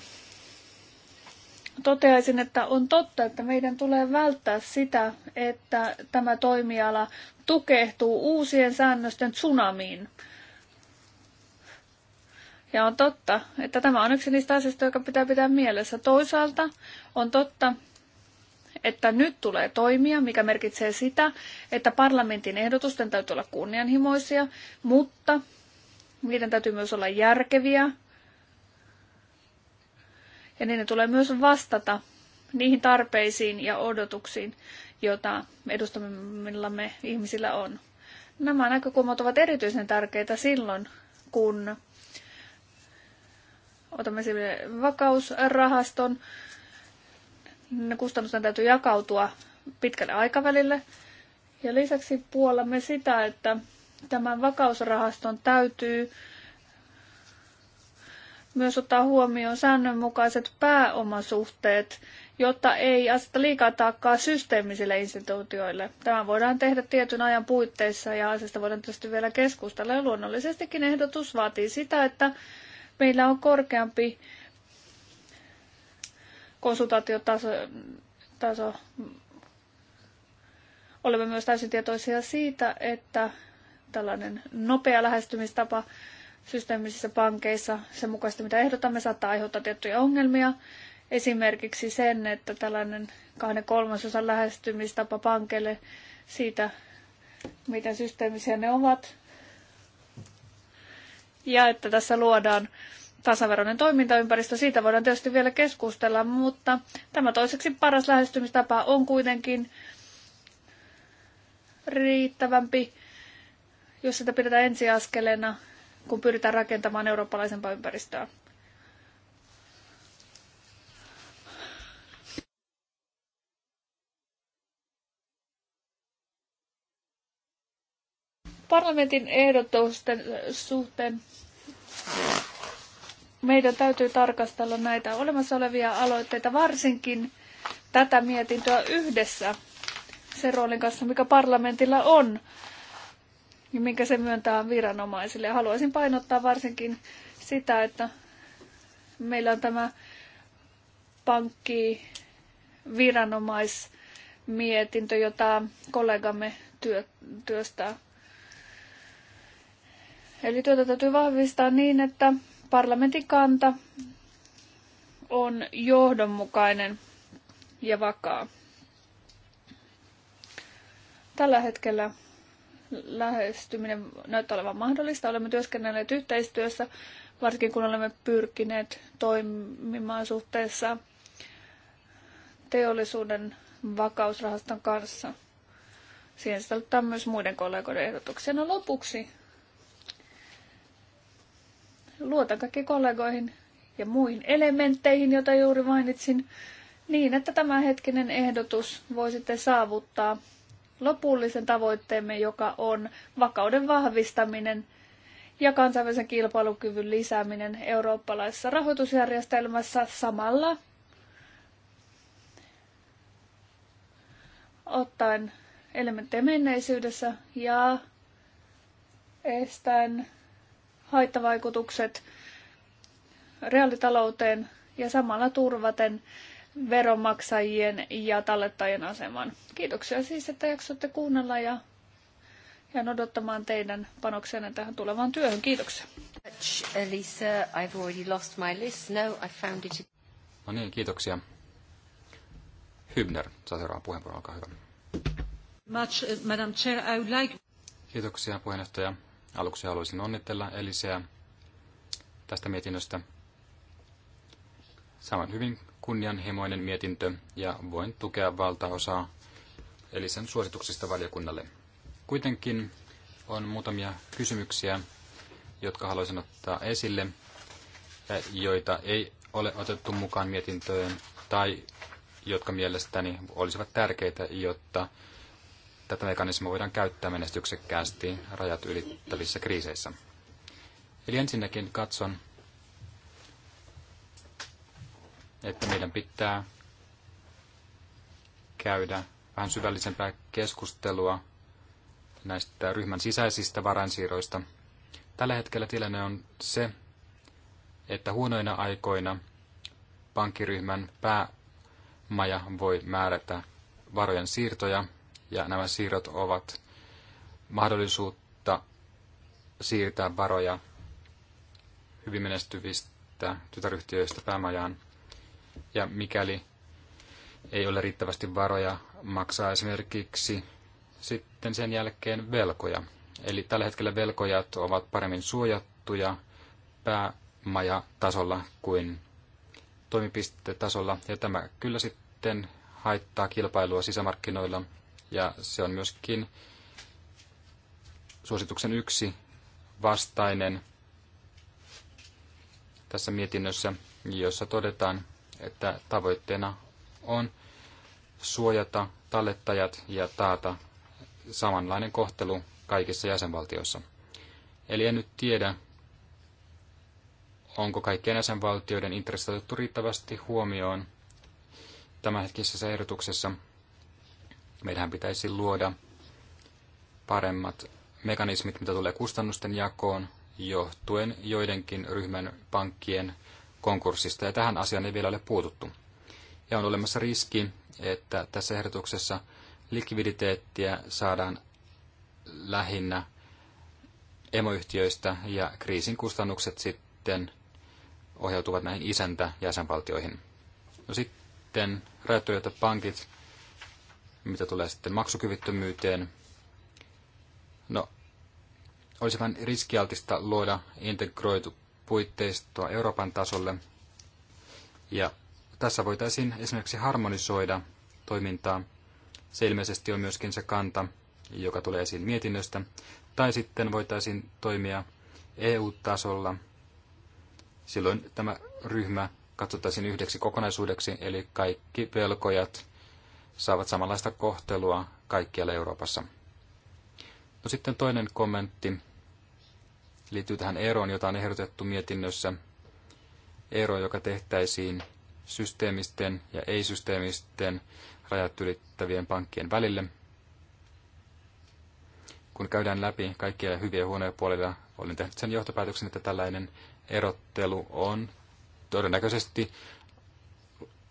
toteaisin, että on totta, että meidän tulee välttää sitä, että tämä toimiala tukehtuu uusien säännösten tsunamiin. Ja on totta, että tämä on yksi niistä asioista, joka pitää pitää mielessä. Toisaalta on totta, että nyt tulee toimia, mikä merkitsee sitä, että parlamentin ehdotusten täytyy olla kunnianhimoisia, mutta niiden täytyy myös olla järkeviä ja niiden tulee myös vastata niihin tarpeisiin ja odotuksiin, joita edustamillamme ihmisillä on. Nämä näkökulmat ovat erityisen tärkeitä silloin, kun otamme sille vakausrahaston. Kustannusten täytyy jakautua pitkälle aikavälille. Ja lisäksi puolamme sitä, että tämän vakausrahaston täytyy myös ottaa huomioon säännönmukaiset pääomasuhteet, jotta ei aseta liikaa taakkaa systeemisille instituutioille. Tämä voidaan tehdä tietyn ajan puitteissa ja asiasta voidaan tietysti vielä keskustella. Ja luonnollisestikin ehdotus vaatii sitä, että meillä on korkeampi konsultaatiotaso. Taso. Olemme myös täysin tietoisia siitä, että tällainen nopea lähestymistapa systeemisissä pankeissa sen mukaista, mitä ehdotamme, saattaa aiheuttaa tiettyjä ongelmia. Esimerkiksi sen, että tällainen kahden kolmasosan lähestymistapa pankeille siitä, miten systeemisiä ne ovat. Ja että tässä luodaan tasaveroinen toimintaympäristö. Siitä voidaan tietysti vielä keskustella, mutta tämä toiseksi paras lähestymistapa on kuitenkin riittävämpi, jos sitä pidetään ensiaskeleena kun pyritään rakentamaan eurooppalaisempaa ympäristöä. Parlamentin ehdotusten suhteen meidän täytyy tarkastella näitä olemassa olevia aloitteita, varsinkin tätä mietintöä yhdessä sen roolin kanssa, mikä parlamentilla on minkä se myöntää viranomaisille. Ja haluaisin painottaa varsinkin sitä, että meillä on tämä pankki viranomaismietintö, jota kollegamme työ, työstää. Eli työtä tuota täytyy vahvistaa niin, että parlamentin kanta on johdonmukainen ja vakaa. Tällä hetkellä lähestyminen näyttää olevan mahdollista. Olemme työskennelleet yhteistyössä, varsinkin kun olemme pyrkineet toimimaan suhteessa teollisuuden vakausrahaston kanssa. Siihen sisältää myös muiden kollegoiden ehdotuksena No lopuksi luotan kaikki kollegoihin ja muihin elementteihin, joita juuri mainitsin, niin että tämä hetkinen ehdotus voi sitten saavuttaa lopullisen tavoitteemme, joka on vakauden vahvistaminen ja kansainvälisen kilpailukyvyn lisääminen eurooppalaisessa rahoitusjärjestelmässä samalla ottaen elementtejä menneisyydessä ja estäen haittavaikutukset reaalitalouteen ja samalla turvaten veronmaksajien ja tallettajien aseman. Kiitoksia siis, että jaksoitte kuunnella ja jään odottamaan teidän panoksenne tähän tulevaan työhön. Kiitoksia. Elisa, I've already lost my list. No, I found it. No niin, kiitoksia. Hybner, saa seuraavan puheenvuoron, olkaa hyvä. Much, uh, Madam Chair, I would like... Kiitoksia puheenjohtaja. Aluksi haluaisin onnitella Eliseä tästä mietinnöstä. Saman hyvin kunnianhimoinen mietintö ja voin tukea valtaosaa eli sen suosituksista valiokunnalle. Kuitenkin on muutamia kysymyksiä, jotka haluaisin ottaa esille, joita ei ole otettu mukaan mietintöön tai jotka mielestäni olisivat tärkeitä, jotta tätä mekanismia voidaan käyttää menestyksekkäästi rajat ylittävissä kriiseissä. Eli ensinnäkin katson, että meidän pitää käydä vähän syvällisempää keskustelua näistä ryhmän sisäisistä varansiirroista. Tällä hetkellä tilanne on se, että huonoina aikoina pankkiryhmän päämaja voi määrätä varojen siirtoja, ja nämä siirrot ovat mahdollisuutta siirtää varoja hyvin menestyvistä tytäryhtiöistä päämajaan – ja mikäli ei ole riittävästi varoja maksaa esimerkiksi sitten sen jälkeen velkoja. Eli tällä hetkellä velkojat ovat paremmin suojattuja päämajatasolla kuin toimipistetasolla, ja tämä kyllä sitten haittaa kilpailua sisämarkkinoilla, ja se on myöskin suosituksen yksi vastainen tässä mietinnössä, jossa todetaan, että tavoitteena on suojata tallettajat ja taata samanlainen kohtelu kaikissa jäsenvaltioissa. Eli en nyt tiedä, onko kaikkien jäsenvaltioiden intressit otettu riittävästi huomioon tämänhetkisessä ehdotuksessa. Meidän pitäisi luoda paremmat mekanismit, mitä tulee kustannusten jakoon, johtuen joidenkin ryhmän pankkien konkurssista, ja tähän asiaan ei vielä ole puututtu. Ja on olemassa riski, että tässä ehdotuksessa likviditeettiä saadaan lähinnä emoyhtiöistä, ja kriisin kustannukset sitten ohjautuvat näihin isäntä jäsenvaltioihin. No sitten räätälöityvät pankit, mitä tulee sitten maksukyvyttömyyteen. No, olisi vähän riskialtista luoda integroitu puitteistoa Euroopan tasolle. Ja tässä voitaisiin esimerkiksi harmonisoida toimintaa. Se ilmeisesti on myöskin se kanta, joka tulee esiin mietinnöstä. Tai sitten voitaisiin toimia EU-tasolla. Silloin tämä ryhmä katsottaisiin yhdeksi kokonaisuudeksi, eli kaikki velkojat saavat samanlaista kohtelua kaikkialla Euroopassa. No sitten toinen kommentti liittyy tähän eroon, jota on ehdotettu mietinnössä. Ero, joka tehtäisiin systeemisten ja ei-systeemisten rajat ylittävien pankkien välille. Kun käydään läpi kaikkia hyviä ja huonoja puolia, olen tehnyt sen johtopäätöksen, että tällainen erottelu on todennäköisesti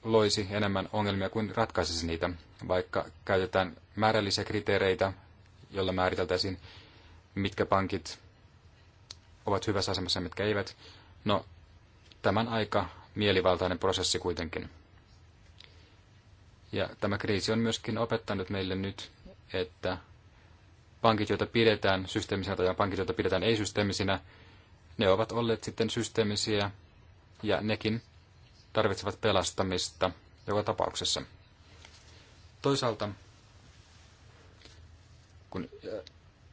loisi enemmän ongelmia kuin ratkaisisi niitä, vaikka käytetään määrällisiä kriteereitä, joilla määriteltäisiin, mitkä pankit ovat hyvässä asemassa ja mitkä eivät. No, tämän aika mielivaltainen prosessi kuitenkin. Ja tämä kriisi on myöskin opettanut meille nyt, että pankit, joita pidetään systeemisinä tai pankit, joita pidetään ei-systeemisinä, ne ovat olleet sitten systeemisiä ja nekin tarvitsevat pelastamista joka tapauksessa. Toisaalta, kun äh,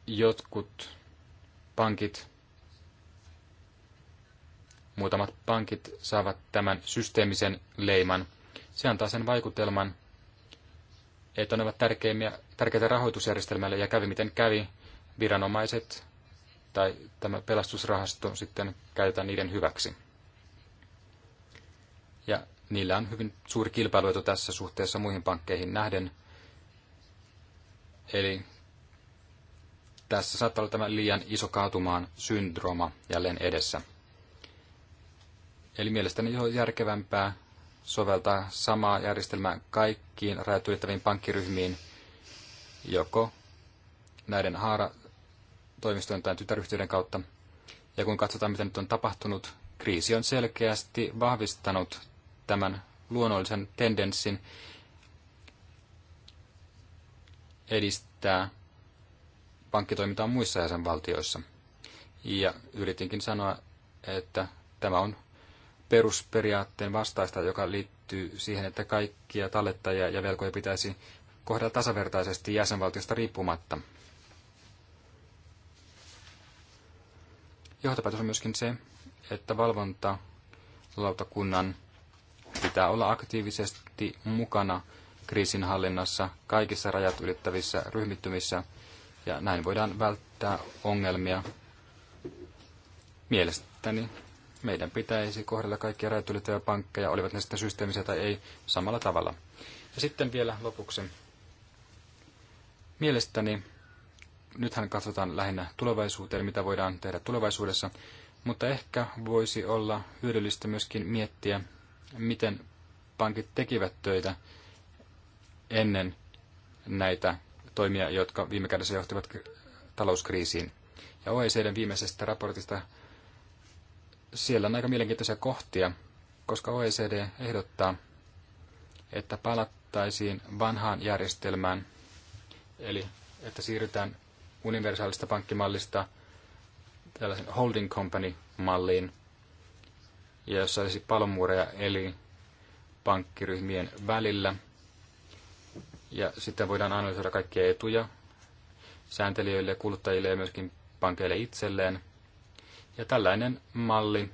jotkut pankit Muutamat pankit saavat tämän systeemisen leiman. Se antaa sen vaikutelman, että ne ovat tärkeitä rahoitusjärjestelmälle ja kävi miten kävi, viranomaiset tai tämä pelastusrahasto sitten käytetään niiden hyväksi. Ja niillä on hyvin suuri kilpailuetu tässä suhteessa muihin pankkeihin nähden. Eli tässä saattaa olla tämä liian iso kaatumaan syndrooma jälleen edessä. Eli mielestäni on järkevämpää soveltaa samaa järjestelmää kaikkiin rajat ylittäviin pankkiryhmiin, joko näiden haaratoimistojen tai tytäryhtiöiden kautta. Ja kun katsotaan, mitä nyt on tapahtunut, kriisi on selkeästi vahvistanut tämän luonnollisen tendenssin edistää pankkitoimintaa muissa jäsenvaltioissa. Ja yritinkin sanoa, että tämä on perusperiaatteen vastaista, joka liittyy siihen, että kaikkia tallettajia ja velkoja pitäisi kohdella tasavertaisesti jäsenvaltiosta riippumatta. Johtopäätös on myöskin se, että valvontalautakunnan pitää olla aktiivisesti mukana kriisinhallinnassa kaikissa rajat ylittävissä ryhmittymissä, ja näin voidaan välttää ongelmia. Mielestäni meidän pitäisi kohdella kaikkia rajatylittäviä pankkeja, olivat ne sitten systeemisiä tai ei, samalla tavalla. Ja sitten vielä lopuksi. Mielestäni nythän katsotaan lähinnä tulevaisuuteen, mitä voidaan tehdä tulevaisuudessa, mutta ehkä voisi olla hyödyllistä myöskin miettiä, miten pankit tekivät töitä ennen näitä toimia, jotka viime kädessä johtivat talouskriisiin. Ja OECDn viimeisestä raportista siellä on aika mielenkiintoisia kohtia, koska OECD ehdottaa, että palattaisiin vanhaan järjestelmään, eli että siirrytään universaalista pankkimallista tällaisen holding company-malliin, ja jossa olisi palomuureja eli pankkiryhmien välillä. Ja sitten voidaan analysoida kaikkia etuja sääntelijöille, kuluttajille ja myöskin pankeille itselleen – ja tällainen malli,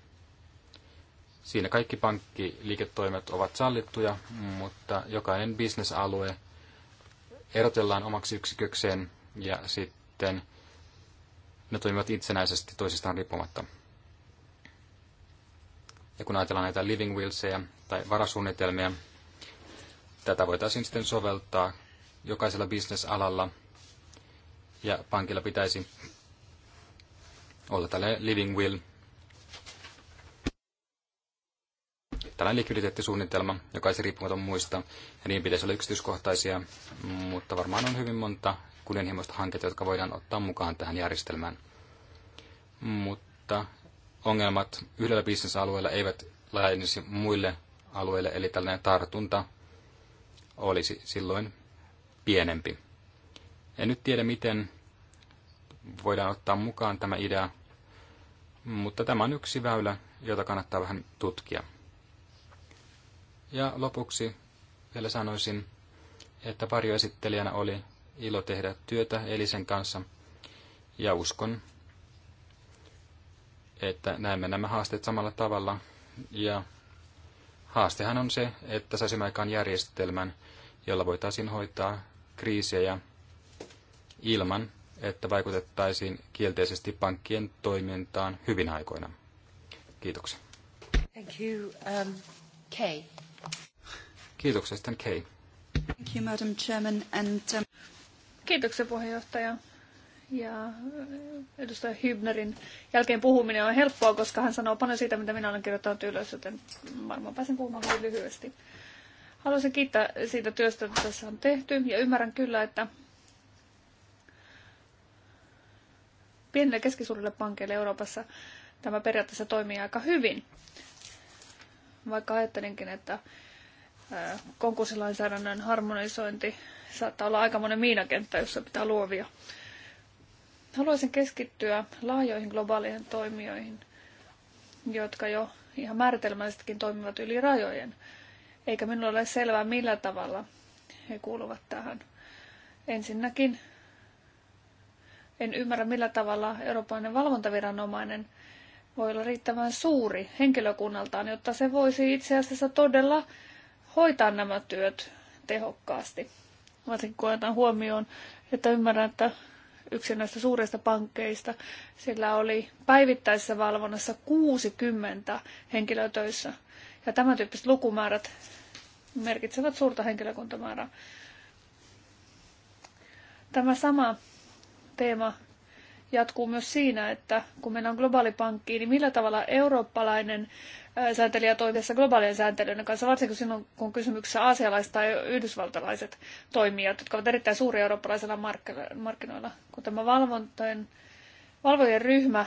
siinä kaikki pankkiliiketoimet ovat sallittuja, mutta jokainen bisnesalue erotellaan omaksi yksikökseen ja sitten ne toimivat itsenäisesti toisistaan riippumatta. Ja kun ajatellaan näitä living willsejä tai varasuunnitelmia, tätä voitaisiin sitten soveltaa jokaisella bisnesalalla ja pankilla pitäisi olla tällainen living will, tällainen likviditeettisuunnitelma, joka olisi riippumaton muista, ja niin pitäisi olla yksityiskohtaisia, mutta varmaan on hyvin monta kunnianhimoista hanketta, jotka voidaan ottaa mukaan tähän järjestelmään. Mutta ongelmat yhdellä bisnesalueella eivät laajenisi muille alueille, eli tällainen tartunta olisi silloin pienempi. En nyt tiedä, miten voidaan ottaa mukaan tämä idea, mutta tämä on yksi väylä, jota kannattaa vähän tutkia. Ja lopuksi vielä sanoisin, että varjoesittelijänä oli ilo tehdä työtä Elisen kanssa, ja uskon, että näemme nämä haasteet samalla tavalla, ja haastehan on se, että saisimme aikaan järjestelmän, jolla voitaisiin hoitaa kriisejä ilman, että vaikutettaisiin kielteisesti pankkien toimintaan hyvin aikoina. Kiitoksia. Thank you, um, Kay. Kiitoksia sitten Kay. Thank you, Madam Chairman, and, um... Kiitoksia puheenjohtaja. Ja äh, edustaja Hybnerin jälkeen puhuminen on helppoa, koska hän sanoo paljon siitä, mitä minä olen kirjoittanut ylös, joten varmaan pääsen puhumaan hyvin lyhyesti. Haluaisin kiittää siitä työstä, jota tässä on tehty, ja ymmärrän kyllä, että pienille ja keskisuurille pankeille Euroopassa tämä periaatteessa toimii aika hyvin. Vaikka ajattelinkin, että konkurssilainsäädännön harmonisointi saattaa olla monen miinakenttä, jossa pitää luovia. Haluaisin keskittyä laajoihin globaaleihin toimijoihin, jotka jo ihan määritelmällisestikin toimivat yli rajojen, eikä minulla ole selvää millä tavalla he kuuluvat tähän. Ensinnäkin en ymmärrä, millä tavalla eurooppalainen valvontaviranomainen voi olla riittävän suuri henkilökunnaltaan, jotta se voisi itse asiassa todella hoitaa nämä työt tehokkaasti. Varsinkin kun otetaan huomioon, että ymmärrän, että yksi näistä suurista pankkeista, sillä oli päivittäisessä valvonnassa 60 henkilöä töissä. Ja tämän tyyppiset lukumäärät merkitsevät suurta henkilökuntamäärää. Tämä sama teema jatkuu myös siinä, että kun mennään globaalipankkiin, niin millä tavalla eurooppalainen sääntelijä tässä globaalien sääntelyiden kanssa, varsinkin silloin, kun kysymyksessä aasialaiset tai yhdysvaltalaiset toimijat, jotka ovat erittäin suuria eurooppalaisilla markkinoilla. Kun tämä valvontojen, valvojen ryhmä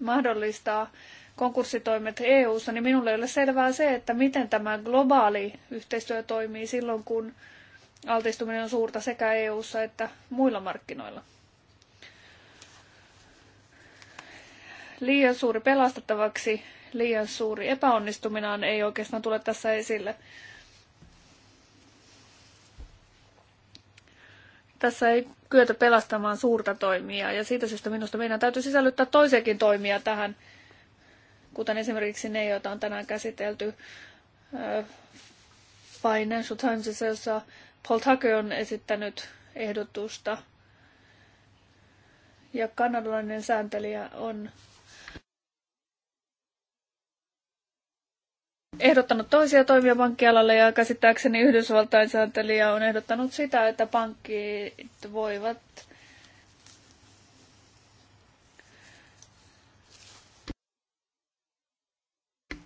mahdollistaa konkurssitoimet EU-ssa, niin minulle ei ole selvää se, että miten tämä globaali yhteistyö toimii silloin, kun altistuminen on suurta sekä EU-ssa että muilla markkinoilla. liian suuri pelastettavaksi, liian suuri epäonnistuminen ei oikeastaan tule tässä esille. Tässä ei kyetä pelastamaan suurta toimia ja siitä syystä minusta meidän täytyy sisällyttää toisiakin toimia tähän, kuten esimerkiksi ne, joita on tänään käsitelty Financial Timesissa, jossa Paul Tucker on esittänyt ehdotusta ja kanadalainen sääntelijä on ehdottanut toisia toimia pankkialalle ja käsittääkseni Yhdysvaltain sääntelijä on ehdottanut sitä, että pankkit voivat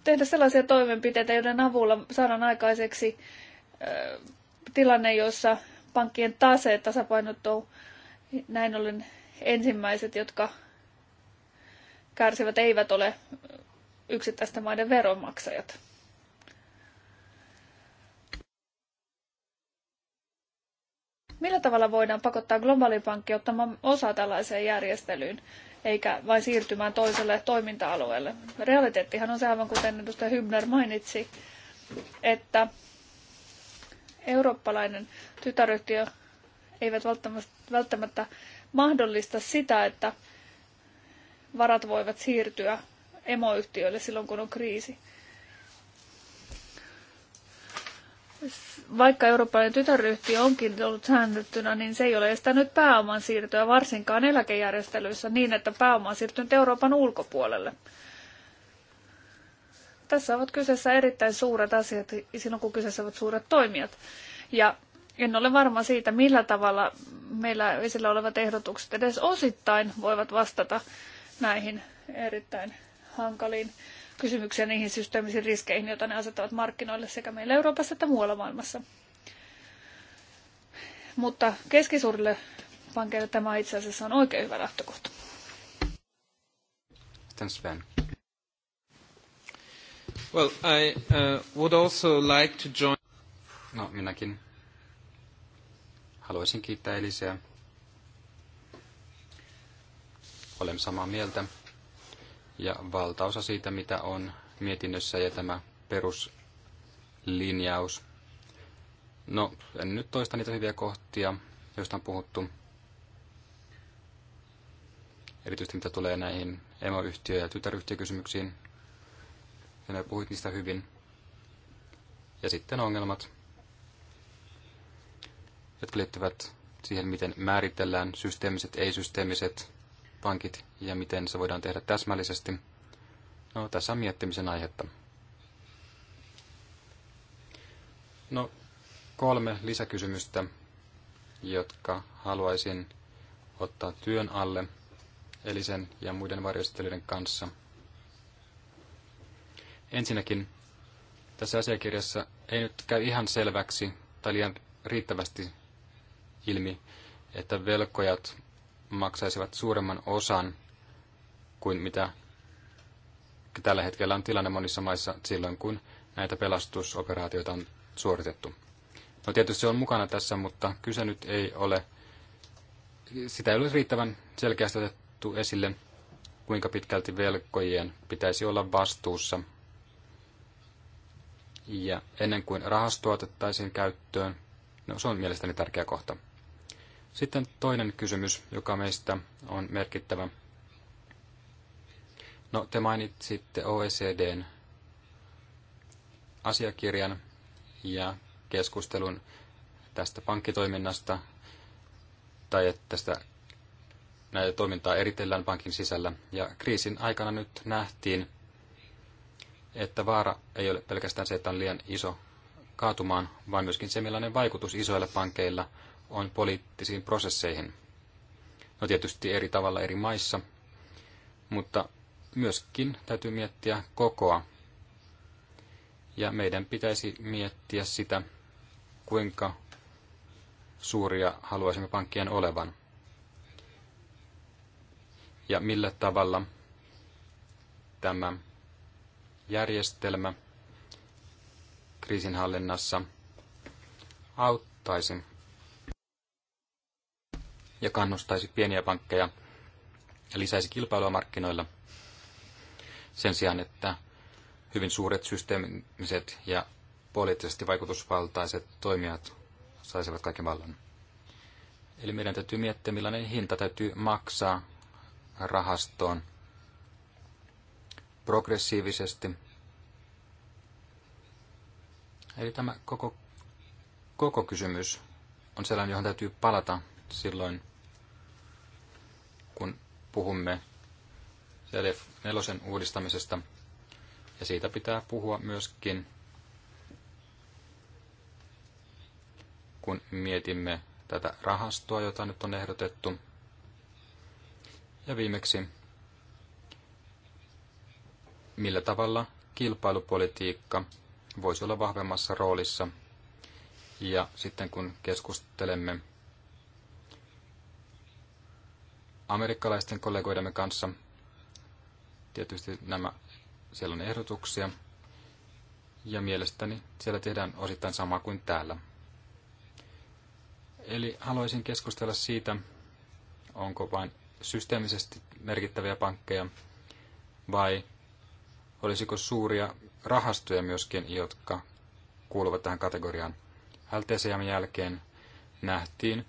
tehdä sellaisia toimenpiteitä, joiden avulla saadaan aikaiseksi tilanne, jossa pankkien taseet tasapainottuu. Näin ollen ensimmäiset, jotka kärsivät, eivät ole yksittäisten maiden veronmaksajat. Millä tavalla voidaan pakottaa globaalipankki ottamaan osa tällaiseen järjestelyyn, eikä vain siirtymään toiselle toiminta-alueelle? Realiteettihan on se, aivan kuten edustaja Hybner mainitsi, että eurooppalainen tytäryhtiö eivät välttämättä mahdollista sitä, että varat voivat siirtyä emoyhtiöille silloin, kun on kriisi. vaikka eurooppalainen tytäryhtiö onkin ollut säännettynä, niin se ei ole estänyt pääoman siirtoa varsinkaan eläkejärjestelyissä niin, että pääoma on siirtynyt Euroopan ulkopuolelle. Tässä ovat kyseessä erittäin suuret asiat, silloin kun kyseessä ovat suuret toimijat. Ja en ole varma siitä, millä tavalla meillä esillä olevat ehdotukset edes osittain voivat vastata näihin erittäin hankaliin kysymyksiä niihin systeemisiin riskeihin, joita ne asettavat markkinoille sekä meillä Euroopassa että muualla maailmassa. Mutta keskisuurille pankeille tämä itse asiassa on oikein hyvä lähtökohta. Sitten Sven. Well, I uh, would also like to join... No, minäkin haluaisin kiittää Elisiä. Olen samaa mieltä ja valtaosa siitä, mitä on mietinnössä ja tämä peruslinjaus. No, en nyt toista niitä hyviä kohtia, joista on puhuttu. Erityisesti mitä tulee näihin emoyhtiö- ja tytäryhtiökysymyksiin. Ja puhuit niistä hyvin. Ja sitten ongelmat, jotka liittyvät siihen, miten määritellään systeemiset, ei-systeemiset pankit ja miten se voidaan tehdä täsmällisesti. No, tässä on miettimisen aihetta. No, kolme lisäkysymystä, jotka haluaisin ottaa työn alle Elisen ja muiden varjostelijoiden kanssa. Ensinnäkin tässä asiakirjassa ei nyt käy ihan selväksi tai liian riittävästi ilmi, että velkojat maksaisivat suuremman osan kuin mitä tällä hetkellä on tilanne monissa maissa silloin, kun näitä pelastusoperaatioita on suoritettu. No tietysti se on mukana tässä, mutta kyse nyt ei ole, sitä ei ole riittävän selkeästi otettu esille, kuinka pitkälti velkojien pitäisi olla vastuussa. Ja ennen kuin rahastoa otettaisiin käyttöön, no se on mielestäni tärkeä kohta. Sitten toinen kysymys, joka meistä on merkittävä. No, te mainitsitte OECDn asiakirjan ja keskustelun tästä pankkitoiminnasta tai että tästä näitä toimintaa eritellään pankin sisällä. Ja kriisin aikana nyt nähtiin, että vaara ei ole pelkästään se, että on liian iso kaatumaan, vaan myöskin se, millainen vaikutus isoilla pankeilla on poliittisiin prosesseihin. No tietysti eri tavalla eri maissa, mutta myöskin täytyy miettiä kokoa. Ja meidän pitäisi miettiä sitä, kuinka suuria haluaisimme pankkien olevan. Ja millä tavalla tämä järjestelmä kriisinhallinnassa auttaisi ja kannustaisi pieniä pankkeja ja lisäisi kilpailua markkinoilla sen sijaan, että hyvin suuret systeemiset ja poliittisesti vaikutusvaltaiset toimijat saisivat kaiken vallan. Eli meidän täytyy miettiä, millainen hinta täytyy maksaa rahastoon progressiivisesti. Eli tämä koko, koko kysymys on sellainen, johon täytyy palata silloin, kun puhumme CDF nelosen uudistamisesta. Ja siitä pitää puhua myöskin, kun mietimme tätä rahastoa, jota nyt on ehdotettu. Ja viimeksi, millä tavalla kilpailupolitiikka voisi olla vahvemmassa roolissa. Ja sitten kun keskustelemme amerikkalaisten kollegoidemme kanssa. Tietysti nämä, siellä on ehdotuksia. Ja mielestäni siellä tehdään osittain sama kuin täällä. Eli haluaisin keskustella siitä, onko vain systeemisesti merkittäviä pankkeja vai olisiko suuria rahastoja myöskin, jotka kuuluvat tähän kategoriaan. LTCM jälkeen nähtiin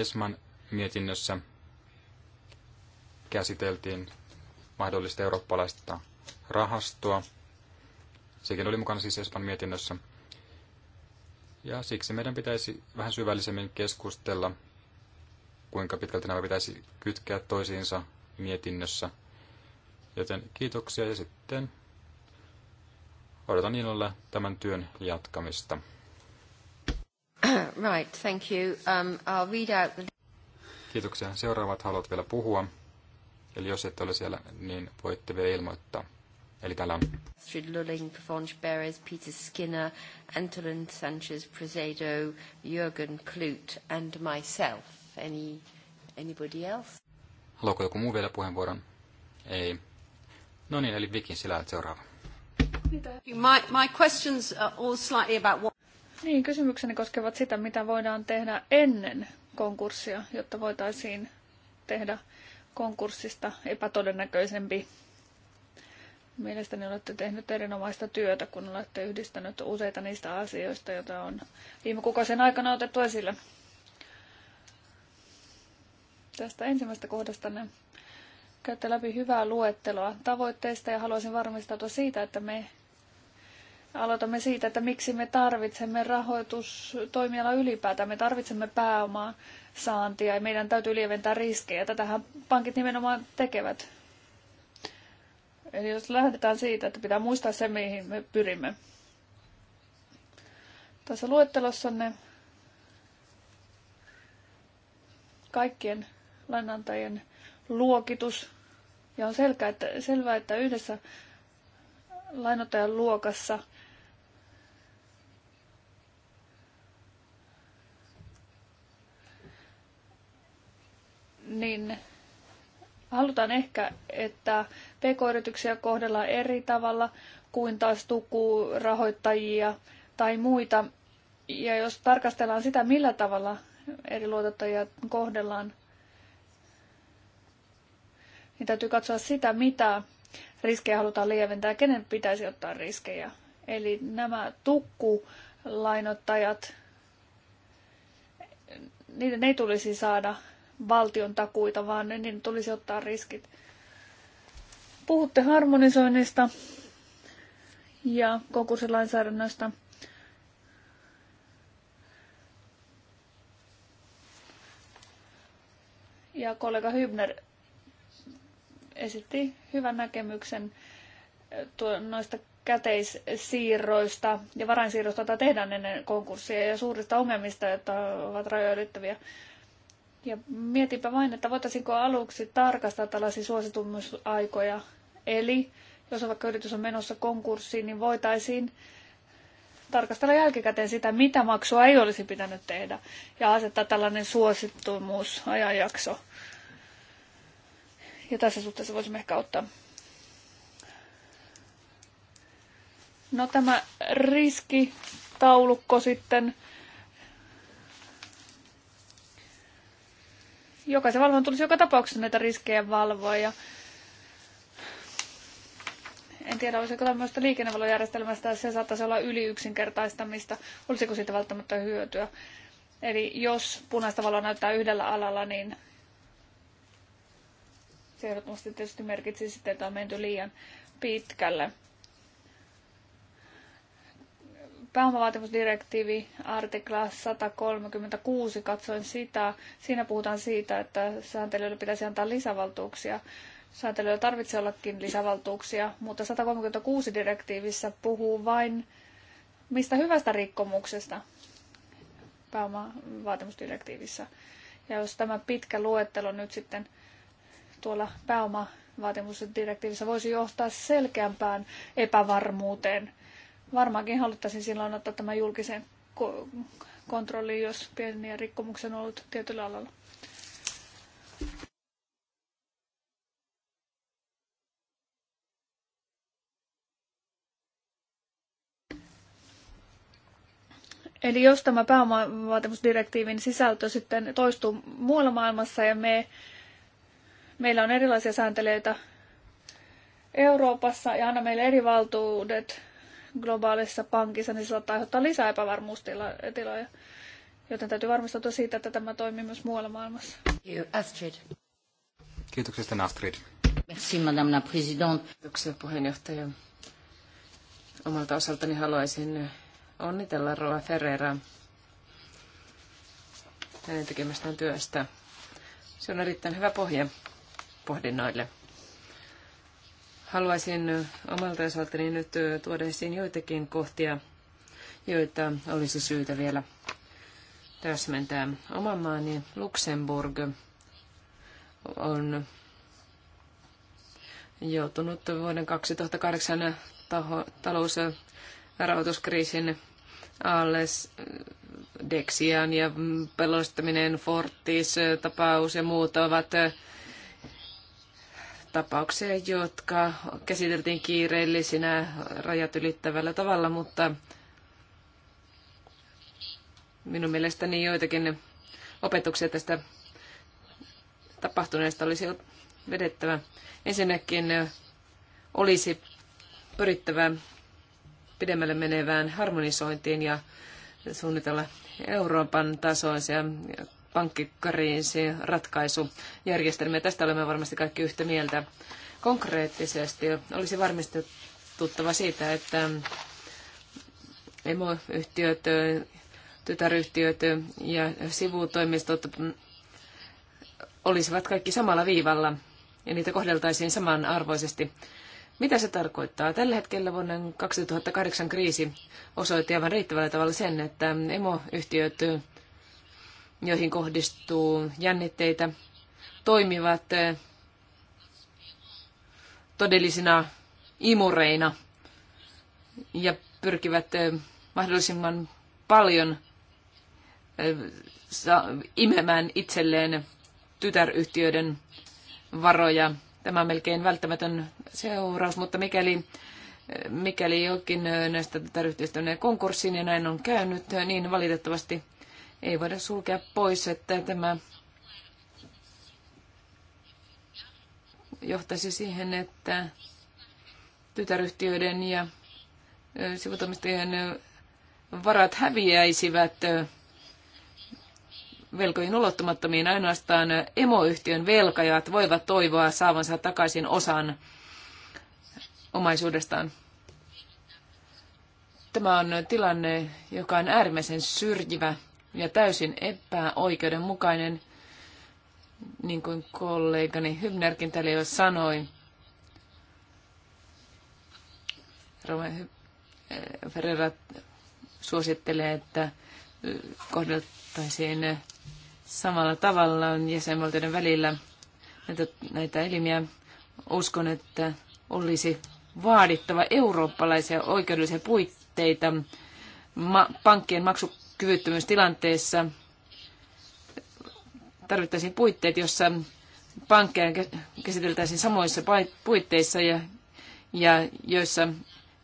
ESMAN mietinnössä käsiteltiin mahdollista eurooppalaista rahastoa. Sekin oli mukana siis espan mietinnössä. Ja siksi meidän pitäisi vähän syvällisemmin keskustella, kuinka pitkälti nämä pitäisi kytkeä toisiinsa mietinnössä. Joten kiitoksia ja sitten odotan innolla tämän työn jatkamista. right, thank you. Um, I'll read out the... Kiitoksia. Seuraavat haluat vielä puhua. Eli jos et ole siellä, niin voitte vielä ilmoittaa. Eli täällä on... Astrid Lulling, Provence Beres, Peter Skinner, Antolin Sanchez, Prezado, Jürgen Klut and myself. Any, anybody else? Haluatko joku muu vielä puheenvuoron? Ei. No niin, eli Vikin sillä seuraava. My, my questions are all slightly about what... Niin, kysymykseni koskevat sitä, mitä voidaan tehdä ennen konkurssia, jotta voitaisiin tehdä konkurssista epätodennäköisempi. Mielestäni olette tehnyt erinomaista työtä, kun olette yhdistänyt useita niistä asioista, joita on viime kuukausien aikana otettu esille. Tästä ensimmäisestä kohdasta ne käytte läpi hyvää luetteloa tavoitteista ja haluaisin varmistautua siitä, että me Aloitamme siitä, että miksi me tarvitsemme rahoitustoimiala ylipäätään. Me tarvitsemme pääomaa saantia ja meidän täytyy lieventää riskejä. Tätähän pankit nimenomaan tekevät. Eli jos lähdetään siitä, että pitää muistaa se, mihin me pyrimme. Tässä ne kaikkien lainantajien luokitus. Ja on selkeä, että, selvää, että yhdessä lainottajan luokassa – niin halutaan ehkä, että pk-yrityksiä kohdellaan eri tavalla kuin taas tukurahoittajia tai muita. Ja jos tarkastellaan sitä, millä tavalla eri luotettajia kohdellaan, niin täytyy katsoa sitä, mitä riskejä halutaan lieventää ja kenen pitäisi ottaa riskejä. Eli nämä tukkulainottajat, niiden ei tulisi saada valtion takuita, vaan niin tulisi ottaa riskit. Puhutte harmonisoinnista ja konkurssilainsäädännöstä. Ja kollega Hybner esitti hyvän näkemyksen eh, noista käteissiirroista ja varainsiirroista, joita tehdään ennen konkurssia ja suurista ongelmista, jotka ovat rajoja ylittäviä. Ja mietinpä vain, että voitaisiinko aluksi tarkastaa tällaisia suositumusaikoja. Eli jos vaikka yritys on menossa konkurssiin, niin voitaisiin tarkastella jälkikäteen sitä, mitä maksua ei olisi pitänyt tehdä ja asettaa tällainen suositumusajanjakso. Ja tässä suhteessa voisimme ehkä ottaa. No tämä riskitaulukko sitten jokaisen valvon tulisi joka tapauksessa näitä riskejä valvoa. Ja en tiedä, olisiko tämmöistä liikennevalojärjestelmästä, se saattaisi olla yli yksinkertaistamista, olisiko siitä välttämättä hyötyä. Eli jos punaista valoa näyttää yhdellä alalla, niin se ehdottomasti tietysti merkitsisi, että on menty liian pitkälle. pääomavaatimusdirektiivi artikla 136, katsoin sitä, siinä puhutaan siitä, että sääntelyllä pitäisi antaa lisävaltuuksia. Sääntelyllä tarvitsee ollakin lisävaltuuksia, mutta 136 direktiivissä puhuu vain mistä hyvästä rikkomuksesta pääomavaatimusdirektiivissä. Ja jos tämä pitkä luettelo nyt sitten tuolla pääomavaatimusdirektiivissä voisi johtaa selkeämpään epävarmuuteen – Varmaankin haluttaisiin silloin ottaa tämä julkisen kontrolliin, jos pieniä rikkomuksia on ollut tietyllä alalla. Eli jos tämä pääomavaatimusdirektiivin sisältö sitten toistuu muualla maailmassa ja me, meillä on erilaisia sääntelyitä Euroopassa ja anna meille eri valtuudet globaalissa pankissa, niin se saattaa aiheuttaa lisää epävarmuustiloja. Joten täytyy varmistautua siitä, että tämä toimii myös muualla maailmassa. Kiitoksia, Astrid. Merci, Madame la Présidente. Kiitoksia, puheenjohtaja. Omalta osaltani haluaisin onnitella Roa Ferreira hänen tekemästään työstä. Se on erittäin hyvä pohja pohdinnoille. Haluaisin omalta osaltani nyt tuoda esiin joitakin kohtia, joita olisi syytä vielä täsmentää. Oma maani Luxemburg on joutunut vuoden 2008 taho, talous- ja rahoituskriisin alle Dexian ja pelostaminen, Fortis, tapaus ja muut ovat tapauksia, jotka käsiteltiin kiireellisinä rajat ylittävällä tavalla, mutta minun mielestäni joitakin opetuksia tästä tapahtuneesta olisi vedettävä. Ensinnäkin olisi pyrittävä pidemmälle menevään harmonisointiin ja suunnitella Euroopan tasoisia pankkikriisin ratkaisujärjestelmiä. Tästä olemme varmasti kaikki yhtä mieltä. Konkreettisesti olisi varmistuttava siitä, että emoyhtiöt, tytäryhtiöt ja sivutoimistot olisivat kaikki samalla viivalla ja niitä kohdeltaisiin samanarvoisesti. Mitä se tarkoittaa? Tällä hetkellä vuoden 2008 kriisi osoitti aivan riittävällä tavalla sen, että emoyhtiöt joihin kohdistuu jännitteitä, toimivat eh, todellisina imureina ja pyrkivät eh, mahdollisimman paljon eh, imemään itselleen tytäryhtiöiden varoja. Tämä on melkein välttämätön seuraus, mutta mikäli, mikäli jokin näistä tytäryhtiöistä menee konkurssiin ja näin on käynyt, niin valitettavasti ei voida sulkea pois, että tämä johtaisi siihen, että tytäryhtiöiden ja sivutoimistojen varat häviäisivät velkojen ulottumattomiin. Ainoastaan emoyhtiön velkajat voivat toivoa saavansa takaisin osan omaisuudestaan. Tämä on tilanne, joka on äärimmäisen syrjivä ja täysin epäoikeudenmukainen, niin kuin kollegani Hybnerkin täällä jo sanoi. Rome eh, Ferreira suosittelee, että kohdeltaisiin samalla tavalla jäsenvaltioiden välillä näitä, näitä elimiä. Uskon, että olisi vaadittava eurooppalaisia oikeudellisia puitteita ma- pankkien maksu- kyvyttömyystilanteessa tarvittaisiin puitteet, jossa pankkeja käsiteltäisiin samoissa puitteissa ja, ja joissa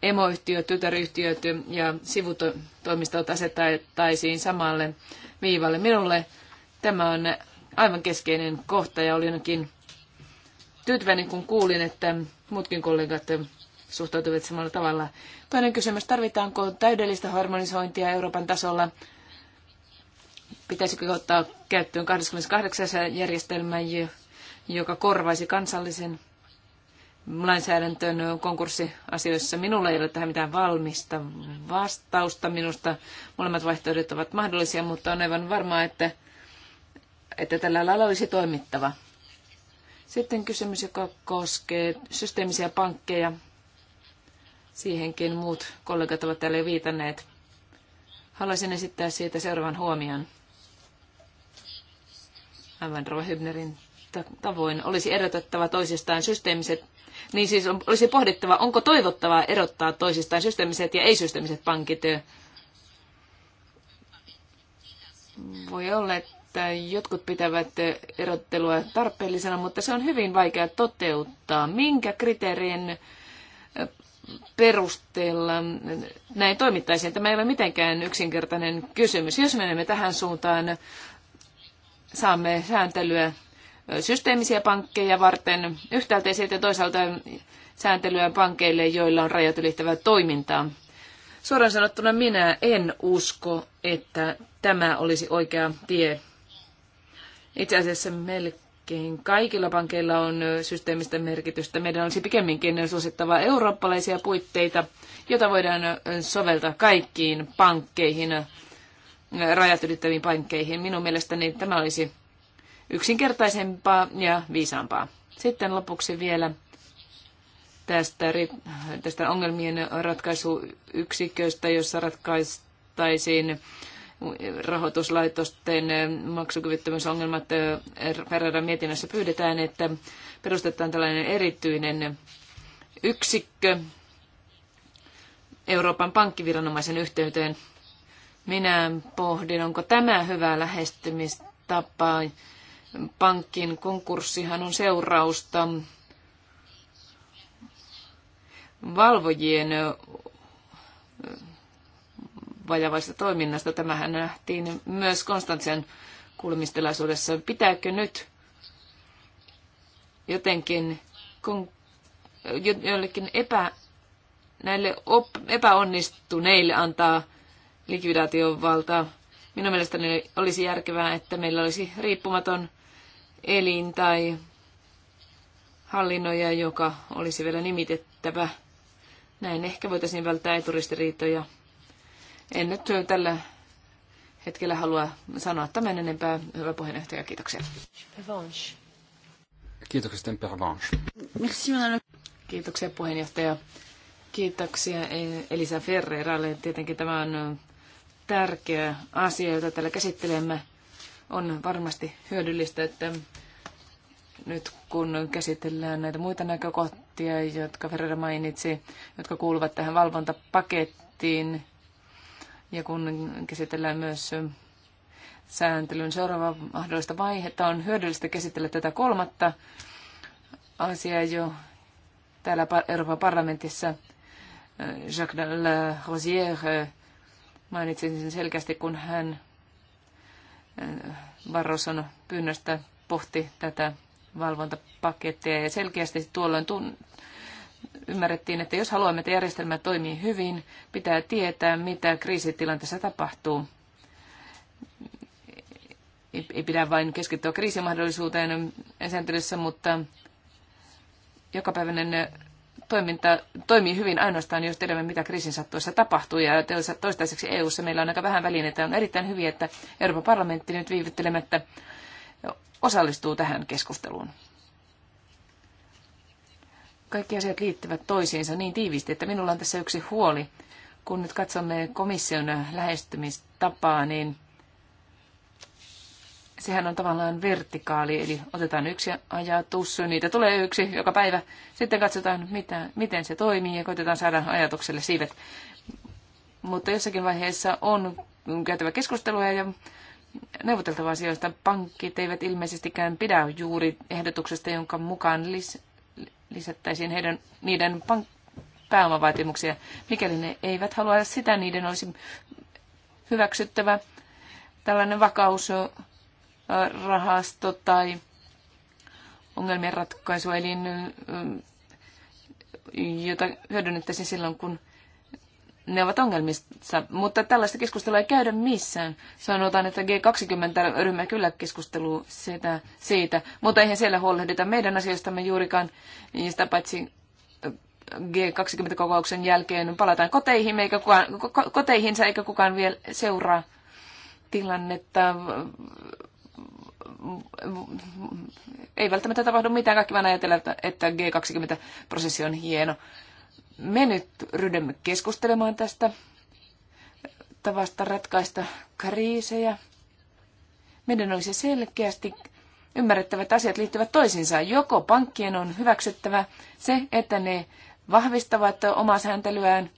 emoyhtiöt, tytäryhtiöt ja sivutoimistot asettaisiin samalle viivalle. Minulle tämä on aivan keskeinen kohta ja olinkin tyytyväinen, kun kuulin, että muutkin kollegat suhtautuvat samalla tavalla. Toinen kysymys, tarvitaanko täydellistä harmonisointia Euroopan tasolla? Pitäisikö ottaa käyttöön 28. järjestelmä, joka korvaisi kansallisen lainsäädäntöön konkurssiasioissa. Minulla ei ole tähän mitään valmista vastausta. Minusta molemmat vaihtoehdot ovat mahdollisia, mutta on aivan varmaa, että, että tällä lailla olisi toimittava. Sitten kysymys, joka koskee systeemisiä pankkeja. Siihenkin muut kollegat ovat täällä jo viitanneet. Haluaisin esittää siitä seuraavan huomion. Aivan Rova Hybnerin tavoin olisi erotettava toisistaan systeemiset, niin siis olisi pohdittava, onko toivottavaa erottaa toisistaan systeemiset ja ei-systeemiset pankit. Voi olla, että jotkut pitävät erottelua tarpeellisena, mutta se on hyvin vaikea toteuttaa. Minkä kriteerin perusteella näin toimittaisiin. Tämä ei ole mitenkään yksinkertainen kysymys. Jos menemme tähän suuntaan, saamme sääntelyä systeemisiä pankkeja varten yhtäältä ja sitten toisaalta sääntelyä pankeille, joilla on rajat ylittävää toimintaa. Suoraan sanottuna minä en usko, että tämä olisi oikea tie. Itse asiassa melkein pankkeihin. kaikilla pankeilla on systeemistä merkitystä. Meidän olisi pikemminkin suosittava eurooppalaisia puitteita, joita voidaan soveltaa kaikkiin pankkeihin, rajat ylittäviin pankkeihin. Minun mielestäni tämä olisi yksinkertaisempaa ja viisaampaa. Sitten lopuksi vielä tästä, tästä ongelmien ratkaisuyksiköstä, jossa ratkaistaisiin rahoituslaitosten maksukyvyttömyysongelmat er- Ferraran mietinnössä pyydetään, että perustetaan tällainen erityinen yksikkö Euroopan pankkiviranomaisen yhteyteen. Minä pohdin, onko tämä hyvä lähestymistapa. Pankin konkurssihan on seurausta valvojien vajavaista toiminnasta. Tämähän nähtiin myös Konstantsen kuulemistilaisuudessa. Pitääkö nyt jotenkin kun jollekin epä, näille op, epäonnistuneille antaa likvidaation valtaa? Minun mielestäni olisi järkevää, että meillä olisi riippumaton elin tai hallinnoija, joka olisi vielä nimitettävä. Näin ehkä voitaisiin välttää eturistiriitoja en nyt tällä hetkellä halua sanoa tämän enempää. Hyvä puheenjohtaja, kiitoksia. Kiitoksia, sitten Kiitoksia puheenjohtaja. Kiitoksia e- Elisa Ferreiralle. Tietenkin tämä on tärkeä asia, jota täällä käsittelemme. On varmasti hyödyllistä, että nyt kun käsitellään näitä muita näkökohtia, jotka Ferreira mainitsi, jotka kuuluvat tähän valvontapakettiin, ja kun käsitellään myös sääntelyn seuraava mahdollista vaihetta, on hyödyllistä käsitellä tätä kolmatta asiaa jo täällä Euroopan parlamentissa. Jacques de la Rosière mainitsi sen selkeästi, kun hän Barroson pyynnöstä pohti tätä valvontapakettia ja selkeästi tuolloin tun- ymmärrettiin, että jos haluamme, että järjestelmä toimii hyvin, pitää tietää, mitä kriisitilanteessa tapahtuu. Ei pidä vain keskittyä kriisimahdollisuuteen sääntelyssä, mutta jokapäiväinen toiminta toimii hyvin ainoastaan, jos tiedämme, mitä kriisin sattuessa tapahtuu. Ja toistaiseksi EU-ssa meillä on aika vähän välineitä. On erittäin hyviä, että Euroopan parlamentti nyt viivyttelemättä osallistuu tähän keskusteluun kaikki asiat liittyvät toisiinsa niin tiiviisti, että minulla on tässä yksi huoli. Kun nyt katsomme komission lähestymistapaa, niin sehän on tavallaan vertikaali, eli otetaan yksi ajatus, niitä tulee yksi joka päivä, sitten katsotaan, mitä, miten se toimii ja koitetaan saada ajatukselle siivet. Mutta jossakin vaiheessa on käytävä keskustelua ja neuvoteltava asioista. Pankit eivät ilmeisestikään pidä juuri ehdotuksesta, jonka mukaan lis- lisättäisiin heidän, niiden pank- pääomavaatimuksia. Mikäli ne eivät halua sitä, niiden olisi hyväksyttävä tällainen vakausrahasto tai ongelmien eli jota hyödynnettäisiin silloin, kun ne ovat ongelmissa, mutta tällaista keskustelua ei käydä missään. Sanotaan, että G20-ryhmä kyllä keskustelu siitä, siitä, mutta eihän siellä huolehdita meidän asioistamme juurikaan. Ja sitä paitsi G20-kokouksen jälkeen palataan koteihin, eikä kukaan, koteihinsa eikä kukaan vielä seuraa tilannetta. Ei välttämättä tapahdu mitään, kaikki vaan ajatella, että G20-prosessi on hieno me nyt ryhdymme keskustelemaan tästä tavasta ratkaista kriisejä. Meidän olisi selkeästi ymmärrettävät asiat liittyvät toisiinsa. Joko pankkien on hyväksyttävä se, että ne vahvistavat omaa sääntelyään,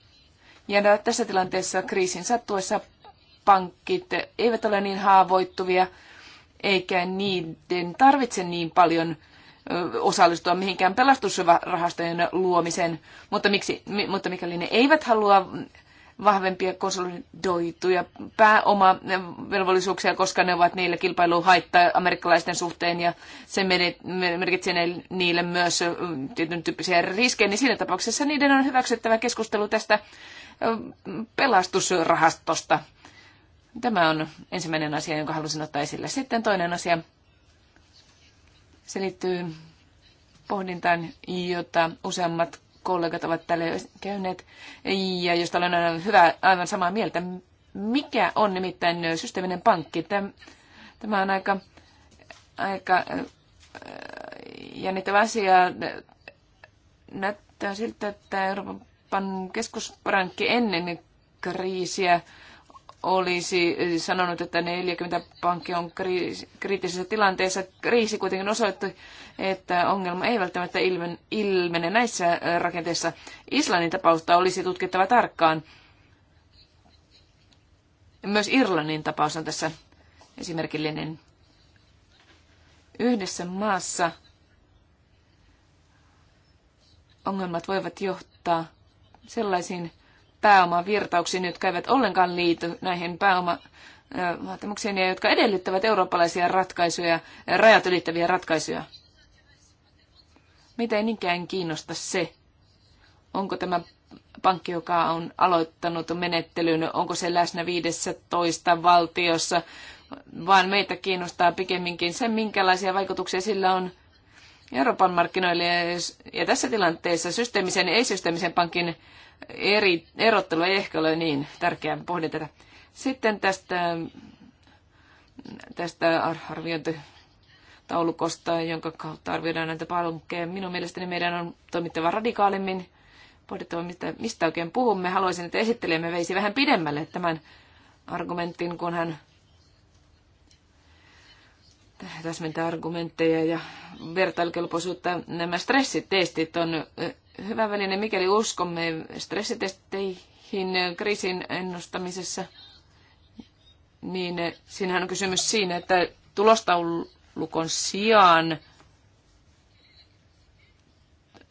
ja tässä tilanteessa kriisin sattuessa pankit eivät ole niin haavoittuvia, eikä niiden tarvitse niin paljon osallistua mihinkään pelastusrahastojen luomiseen, mutta, miksi, mutta mikäli ne eivät halua vahvempia konsolidoituja pääomavelvollisuuksia, koska ne ovat niille kilpailu haittaa amerikkalaisten suhteen ja se merkitsee niille myös tietyn tyyppisiä riskejä, niin siinä tapauksessa niiden on hyväksyttävä keskustelu tästä pelastusrahastosta. Tämä on ensimmäinen asia, jonka halusin ottaa esille. Sitten toinen asia se liittyy pohdintaan, jota useammat kollegat ovat tälle käyneet, ja josta olen aivan hyvä, aivan samaa mieltä. Mikä on nimittäin systeeminen pankki? Tämä on aika, aika äh, jännittävä asia. Näyttää siltä, että Euroopan keskuspankki ennen kriisiä olisi sanonut, että 40 pankkia on kriittisessä tilanteessa. Kriisi kuitenkin osoitti, että ongelma ei välttämättä ilmen, ilmene näissä rakenteissa. Islannin tapausta olisi tutkittava tarkkaan. Myös Irlannin tapaus on tässä esimerkillinen. Yhdessä maassa ongelmat voivat johtaa sellaisiin pääomavirtauksiin, jotka eivät ollenkaan liity näihin pääomavaatimuksiin ja jotka edellyttävät eurooppalaisia ratkaisuja, rajat ylittäviä ratkaisuja. Mitä ei niinkään kiinnosta se, onko tämä pankki, joka on aloittanut menettelyn, onko se läsnä 15 valtiossa, vaan meitä kiinnostaa pikemminkin se, minkälaisia vaikutuksia sillä on Euroopan markkinoille ja tässä tilanteessa systeemisen ja ei-systeemisen pankin eri, erottelu ei ehkä ole niin tärkeää pohdin tätä. Sitten tästä, tästä arviointitaulukosta, jonka kautta arvioidaan näitä palkkeja. Minun mielestäni meidän on toimittava radikaalimmin, pohdittava mistä, mistä oikein puhumme. Haluaisin, että esittelijämme veisi vähän pidemmälle tämän argumentin, kun hän täsmentää argumentteja ja vertailukelpoisuutta. Nämä stressitestit on hyvä väline, mikäli uskomme stressitesteihin kriisin ennustamisessa, niin siinähän on kysymys siinä, että tulostaulukon sijaan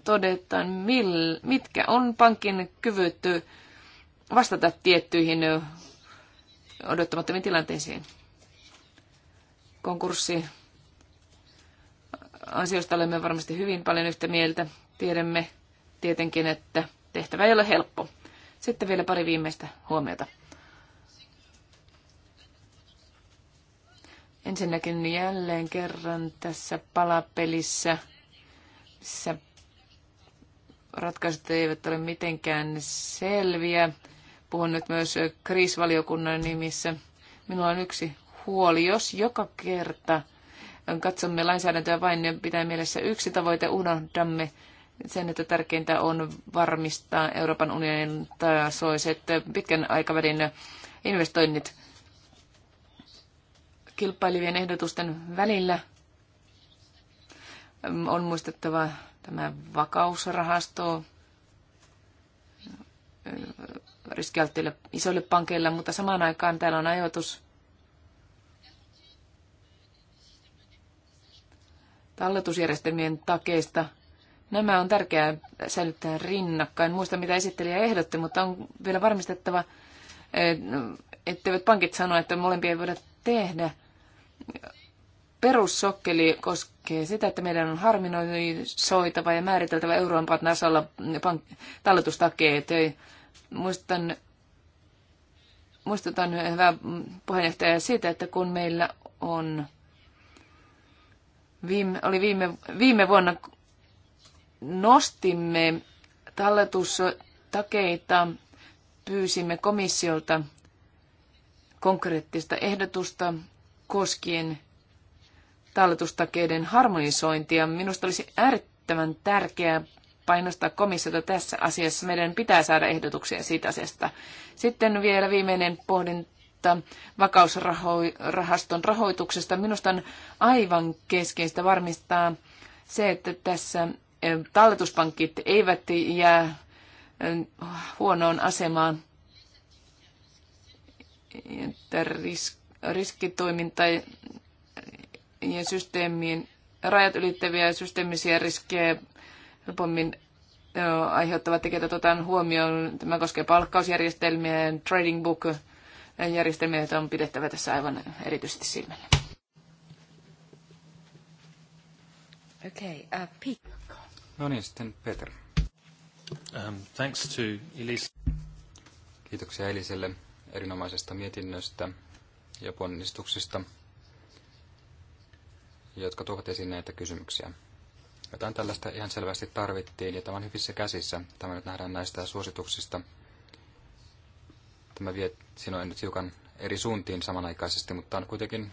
todetaan, mill, mitkä on pankin kyvyt vastata tiettyihin odottamattomiin tilanteisiin. Konkurssi asioista olemme varmasti hyvin paljon yhtä mieltä. Tiedämme, tietenkin, että tehtävä ei ole helppo. Sitten vielä pari viimeistä huomiota. Ensinnäkin jälleen kerran tässä palapelissä, missä ratkaisut eivät ole mitenkään selviä. Puhun nyt myös kriisvaliokunnan nimissä. Minulla on yksi huoli. Jos joka kerta katsomme lainsäädäntöä vain, niin pitää mielessä yksi tavoite, unohdamme sen, että tärkeintä on varmistaa Euroopan unionin tasoiset pitkän aikavälin investoinnit kilpailivien ehdotusten välillä. On muistettava tämä vakausrahasto riskialttiille isoille pankeille, mutta samaan aikaan täällä on ajoitus talletusjärjestelmien takeista – Nämä on tärkeää säilyttää rinnakkain. Muista, mitä esittelijä ehdotti, mutta on vielä varmistettava, etteivät pankit sano, että molempia ei voida tehdä. Perussokkeli koskee sitä, että meidän on harminoisoitava ja määriteltävä Euroopan tasolla pank- talletustakeet. Muistan, muistutan hyvä puheenjohtaja siitä, että kun meillä on viime, oli viime, viime vuonna nostimme talletustakeita, pyysimme komissiolta konkreettista ehdotusta koskien talletustakeiden harmonisointia. Minusta olisi äärettömän tärkeää painostaa komissiota tässä asiassa. Meidän pitää saada ehdotuksia siitä asiasta. Sitten vielä viimeinen pohdinta vakausrahaston rahoituksesta. Minusta on aivan keskeistä varmistaa se, että tässä talletuspankit eivät jää huonoon asemaan. Että riskitoiminta ja systeemien, rajat ylittäviä systeemisiä riskejä helpommin aiheuttavat tekijät otetaan huomioon. Tämä koskee palkkausjärjestelmiä ja trading book järjestelmiä, joita on pidettävä tässä aivan erityisesti silmällä. Okay, uh, Pete. No niin, sitten Peter. Um, thanks to Elise. Kiitoksia Eliselle erinomaisesta mietinnöstä ja ponnistuksista, jotka tuovat esiin näitä kysymyksiä. Jotain tällaista ihan selvästi tarvittiin ja tämä on hyvissä käsissä. Tämä nyt nähdään näistä suosituksista. Tämä vie sinua nyt hiukan eri suuntiin samanaikaisesti, mutta on kuitenkin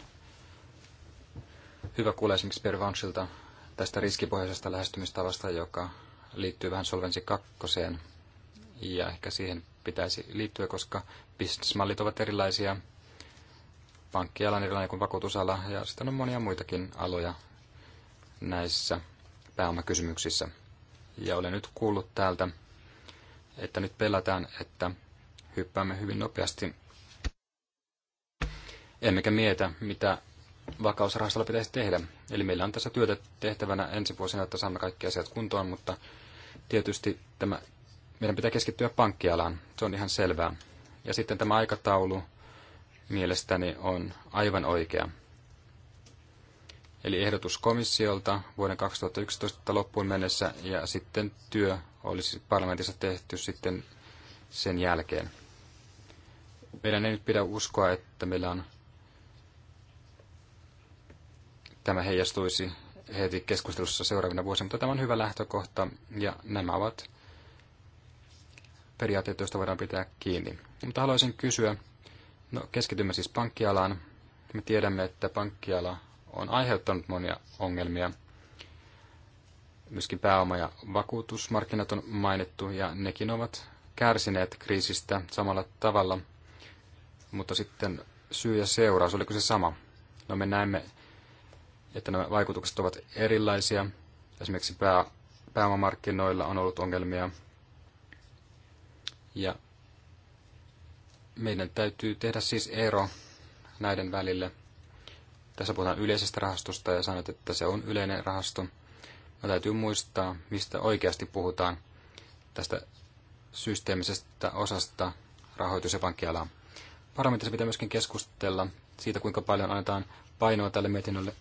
hyvä kuulla esimerkiksi Pervanchilta tästä riskipohjaisesta lähestymistavasta, joka liittyy vähän Solvensi kakkoseen. Ja ehkä siihen pitäisi liittyä, koska bisnesmallit ovat erilaisia. Pankkiala on erilainen kuin vakuutusala ja sitten on monia muitakin aloja näissä pääomakysymyksissä. Ja olen nyt kuullut täältä, että nyt pelätään, että hyppäämme hyvin nopeasti. Emmekä mietä, mitä vakausrahastolla pitäisi tehdä. Eli meillä on tässä työtä tehtävänä ensi vuosina, että saamme kaikki asiat kuntoon, mutta tietysti tämä, meidän pitää keskittyä pankkialaan. Se on ihan selvää. Ja sitten tämä aikataulu mielestäni on aivan oikea. Eli ehdotus komissiolta vuoden 2011 loppuun mennessä ja sitten työ olisi parlamentissa tehty sitten sen jälkeen. Meidän ei nyt pidä uskoa, että meillä on tämä heijastuisi heti keskustelussa seuraavina vuosina, mutta tämä on hyvä lähtökohta ja nämä ovat periaatteet, joista voidaan pitää kiinni. Mutta haluaisin kysyä, no keskitymme siis pankkialaan. Me tiedämme, että pankkiala on aiheuttanut monia ongelmia. Myöskin pääoma- ja vakuutusmarkkinat on mainittu ja nekin ovat kärsineet kriisistä samalla tavalla, mutta sitten syy ja seuraus, oliko se sama? No me näemme että nämä vaikutukset ovat erilaisia. Esimerkiksi pää, pääomamarkkinoilla on ollut ongelmia. Ja meidän täytyy tehdä siis ero näiden välille. Tässä puhutaan yleisestä rahastosta ja sanot, että se on yleinen rahasto. No, täytyy muistaa, mistä oikeasti puhutaan tästä systeemisestä osasta rahoitus- ja pankkialaa. Parlamentissa pitää myöskin keskustella siitä, kuinka paljon annetaan painoa tälle mietinnölle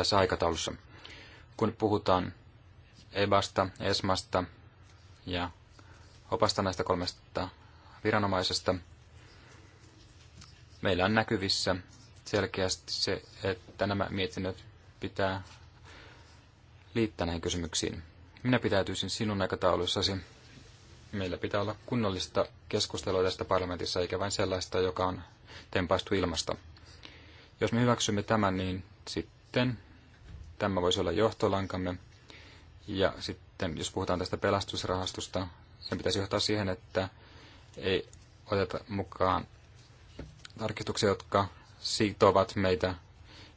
tässä aikataulussa. Kun puhutaan EBAsta, ESMasta ja opasta näistä kolmesta viranomaisesta, meillä on näkyvissä selkeästi se, että nämä mietinnöt pitää liittää näihin kysymyksiin. Minä pitäytyisin sinun aikataulussasi. Meillä pitää olla kunnollista keskustelua tästä parlamentissa, eikä vain sellaista, joka on tempaistu ilmasta. Jos me hyväksymme tämän, niin sitten Tämä voisi olla johtolankamme. Ja sitten, jos puhutaan tästä pelastusrahastosta, sen pitäisi johtaa siihen, että ei oteta mukaan tarkistuksia, jotka sitovat meitä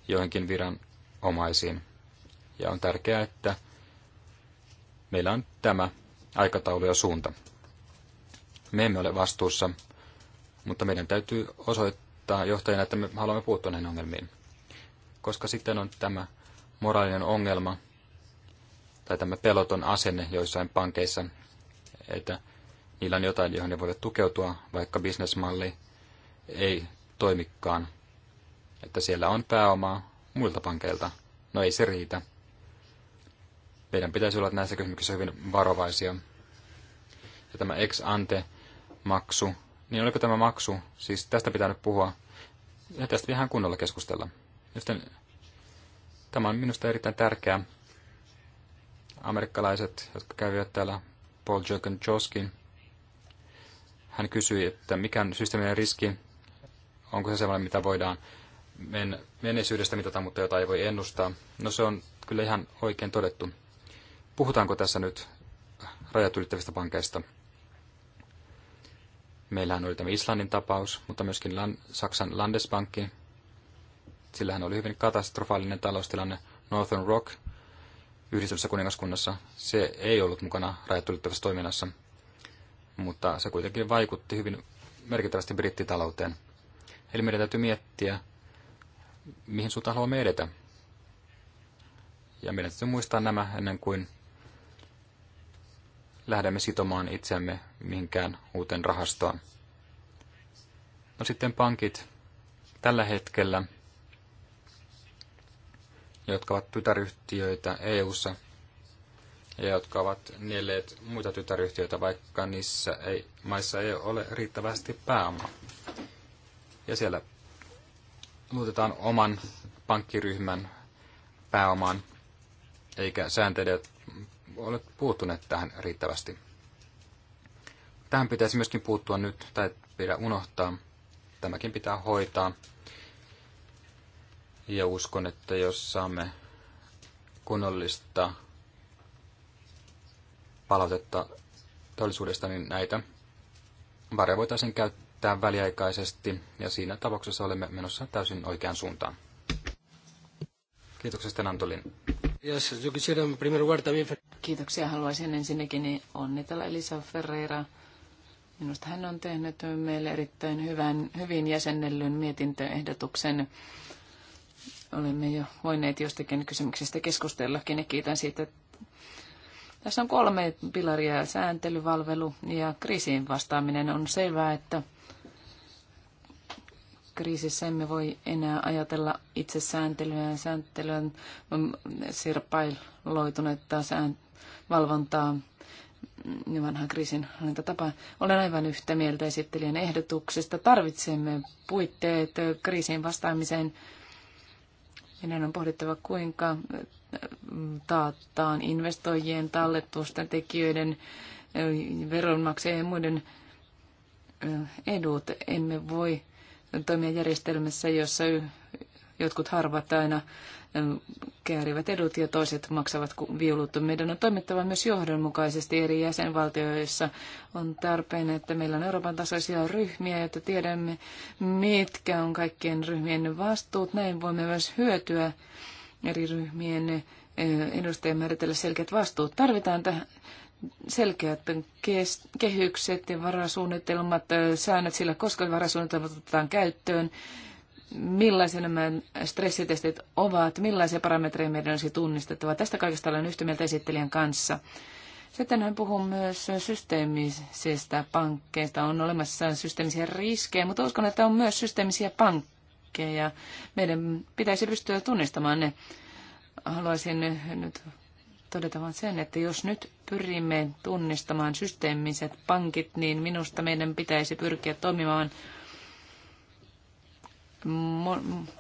joihinkin viranomaisiin. Ja on tärkeää, että meillä on tämä aikataulu ja suunta. Me emme ole vastuussa, mutta meidän täytyy osoittaa johtajana, että me haluamme puuttua näihin ongelmiin. Koska sitten on tämä moraalinen ongelma tai tämä peloton asenne joissain pankeissa, että niillä on jotain, johon ne voivat tukeutua, vaikka bisnesmalli ei toimikaan. Että siellä on pääomaa muilta pankeilta. No ei se riitä. Meidän pitäisi olla näissä kysymyksissä hyvin varovaisia. Ja tämä ex ante maksu, niin oliko tämä maksu, siis tästä pitää nyt puhua, ja tästä ihan kunnolla keskustella. Joten. sitten Tämä on minusta erittäin tärkeää. Amerikkalaiset, jotka kävivät täällä Paul Jokin Joskin, hän kysyi, että mikä on systeeminen riski, onko se sellainen, mitä voidaan men- menneisyydestä mitata, mutta jota ei voi ennustaa. No se on kyllä ihan oikein todettu. Puhutaanko tässä nyt rajat ylittävistä pankeista? Meillähän oli tämä Islannin tapaus, mutta myöskin Lan- Saksan Landesbankki, sillä hän oli hyvin katastrofaalinen taloustilanne Northern Rock yhdistyssä kuningaskunnassa. Se ei ollut mukana rajat ylittävässä toiminnassa, mutta se kuitenkin vaikutti hyvin merkittävästi brittitalouteen. Eli meidän täytyy miettiä, mihin suuntaan haluamme edetä. Ja meidän täytyy muistaa nämä ennen kuin lähdemme sitomaan itsemme mihinkään uuteen rahastoon. No sitten pankit. Tällä hetkellä jotka ovat tytäryhtiöitä EU:ssa ja jotka ovat nielleet muita tytäryhtiöitä, vaikka niissä ei, maissa ei ole riittävästi pääomaa. Ja siellä luotetaan oman pankkiryhmän pääomaan, eikä sääntelijät ole puuttuneet tähän riittävästi. Tähän pitäisi myöskin puuttua nyt, tai pidä unohtaa. Tämäkin pitää hoitaa ja uskon, että jos saamme kunnollista palautetta todellisuudesta, niin näitä varoja voitaisiin käyttää väliaikaisesti ja siinä tapauksessa olemme menossa täysin oikeaan suuntaan. Kiitoksesta Antolin. Kiitoksia. Haluaisin ensinnäkin onnitella Elisa Ferreira. Minusta hän on tehnyt meille erittäin hyvän, hyvin jäsennellyn mietintöehdotuksen. Olemme jo voineet jostakin kysymyksestä keskustellakin ja kiitän siitä. Tässä on kolme pilaria, sääntely, valvelu ja kriisiin vastaaminen. On selvää, että kriisissä emme voi enää ajatella itse sääntelyä ja mm, sääntelyä sirpailoitunutta sään, valvontaa vanhan kriisin hallintatapa. Olen aivan yhtä mieltä esittelijän ehdotuksesta. Tarvitsemme puitteet kriisiin vastaamiseen meidän on pohdittava, kuinka mm, taataan investoijien, talletusten tekijöiden, veronmaksajien ja muiden edut. Emme voi toimia järjestelmässä, jossa Jotkut harvat aina käärivät edut ja toiset maksavat viulut. Meidän on toimittava myös johdonmukaisesti eri jäsenvaltioissa. On tarpeen, että meillä on Euroopan tasoisia ryhmiä, jotta tiedämme, mitkä on kaikkien ryhmien vastuut. Näin voimme myös hyötyä eri ryhmien edustajien määritellä selkeät vastuut. Tarvitaan tähän selkeät kehykset ja varasuunnitelmat, säännöt sillä, koska varasuunnitelmat otetaan käyttöön millaisia nämä stressitestit ovat, millaisia parametreja meidän olisi tunnistettava. Tästä kaikesta olen yhtä mieltä esittelijän kanssa. Sitten hän puhuu myös systeemisistä pankkeista. On olemassa systeemisiä riskejä, mutta uskon, että on myös systeemisiä pankkeja. Meidän pitäisi pystyä tunnistamaan ne. Haluaisin nyt todeta vain sen, että jos nyt pyrimme tunnistamaan systeemiset pankit, niin minusta meidän pitäisi pyrkiä toimimaan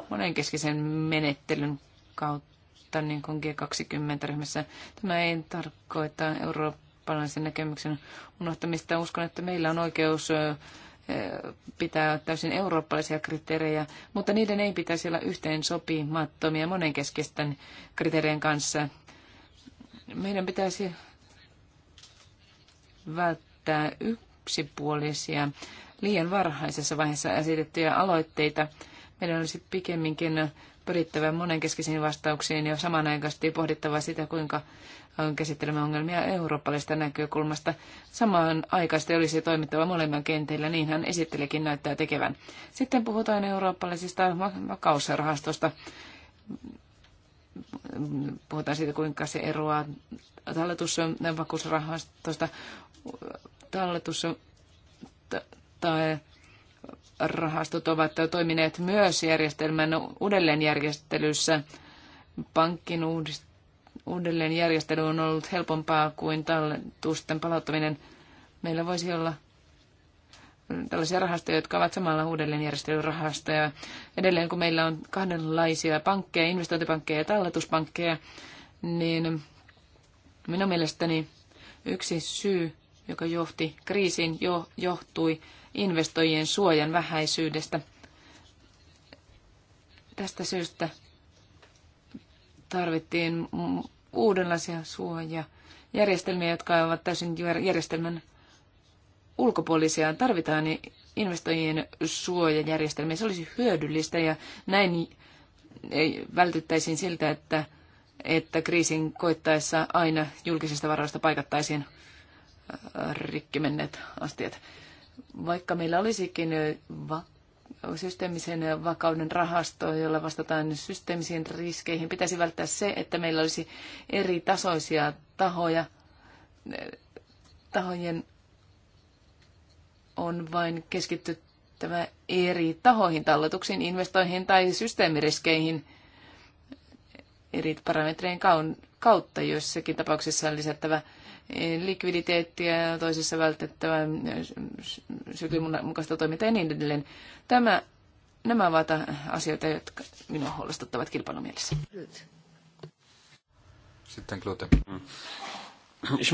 monenkeskisen menettelyn kautta niin kuin G20-ryhmässä. Tämä ei tarkoita eurooppalaisen näkemyksen unohtamista. Uskon, että meillä on oikeus pitää täysin eurooppalaisia kriteerejä, mutta niiden ei pitäisi olla yhteen sopimattomia monenkeskisten kriteerien kanssa. Meidän pitäisi välttää yksipuolisia, liian varhaisessa vaiheessa esitettyjä aloitteita, meidän olisi pikemminkin pyrittävä monenkeskisiin vastauksiin ja samanaikaisesti pohdittava sitä, kuinka käsittelemme ongelmia eurooppalaisesta näkökulmasta. Samaan aikaisesti olisi toimittava molemmilla kentillä, niin hän esittelikin näyttää tekevän. Sitten puhutaan eurooppalaisista vakausrahastosta. Puhutaan siitä, kuinka se eroaa talletusvakuusrahastosta. Talletus ta rahastot ovat toimineet myös järjestelmän uudelleenjärjestelyssä. Pankkin uudelleenjärjestely on ollut helpompaa kuin talletusten palauttaminen. Meillä voisi olla tällaisia rahastoja, jotka ovat samalla uudelleenjärjestelyrahastoja. Edelleen kun meillä on kahdenlaisia pankkeja, investointipankkeja ja talletuspankkeja, niin minun mielestäni yksi syy, joka johti kriisiin, jo, johtui investoijien suojan vähäisyydestä. Tästä syystä tarvittiin uudenlaisia suojaa järjestelmiä, jotka ovat täysin järjestelmän ulkopuolisia. Tarvitaan investoijien suojajärjestelmiä. Se olisi hyödyllistä ja näin vältyttäisiin siltä, että, että kriisin koittaessa aina julkisista varoista paikattaisiin äh, rikki menneet astiat. Vaikka meillä olisikin va- systeemisen vakauden rahasto, jolla vastataan systeemisiin riskeihin, pitäisi välttää se, että meillä olisi eri tasoisia tahoja. Tahojen on vain keskityttävä eri tahoihin, talletuksiin, investoihin tai systeemiriskeihin eri parametrien kautta, joissakin tapauksissa on lisättävä likviditeettiä, ja toisessa vältettävä syklin mukaista toimintaa ja niin edelleen. Tämä, nämä ovat asioita, jotka minua huolestuttavat kilpailumielessä. Sitten Klute. Mm. Ich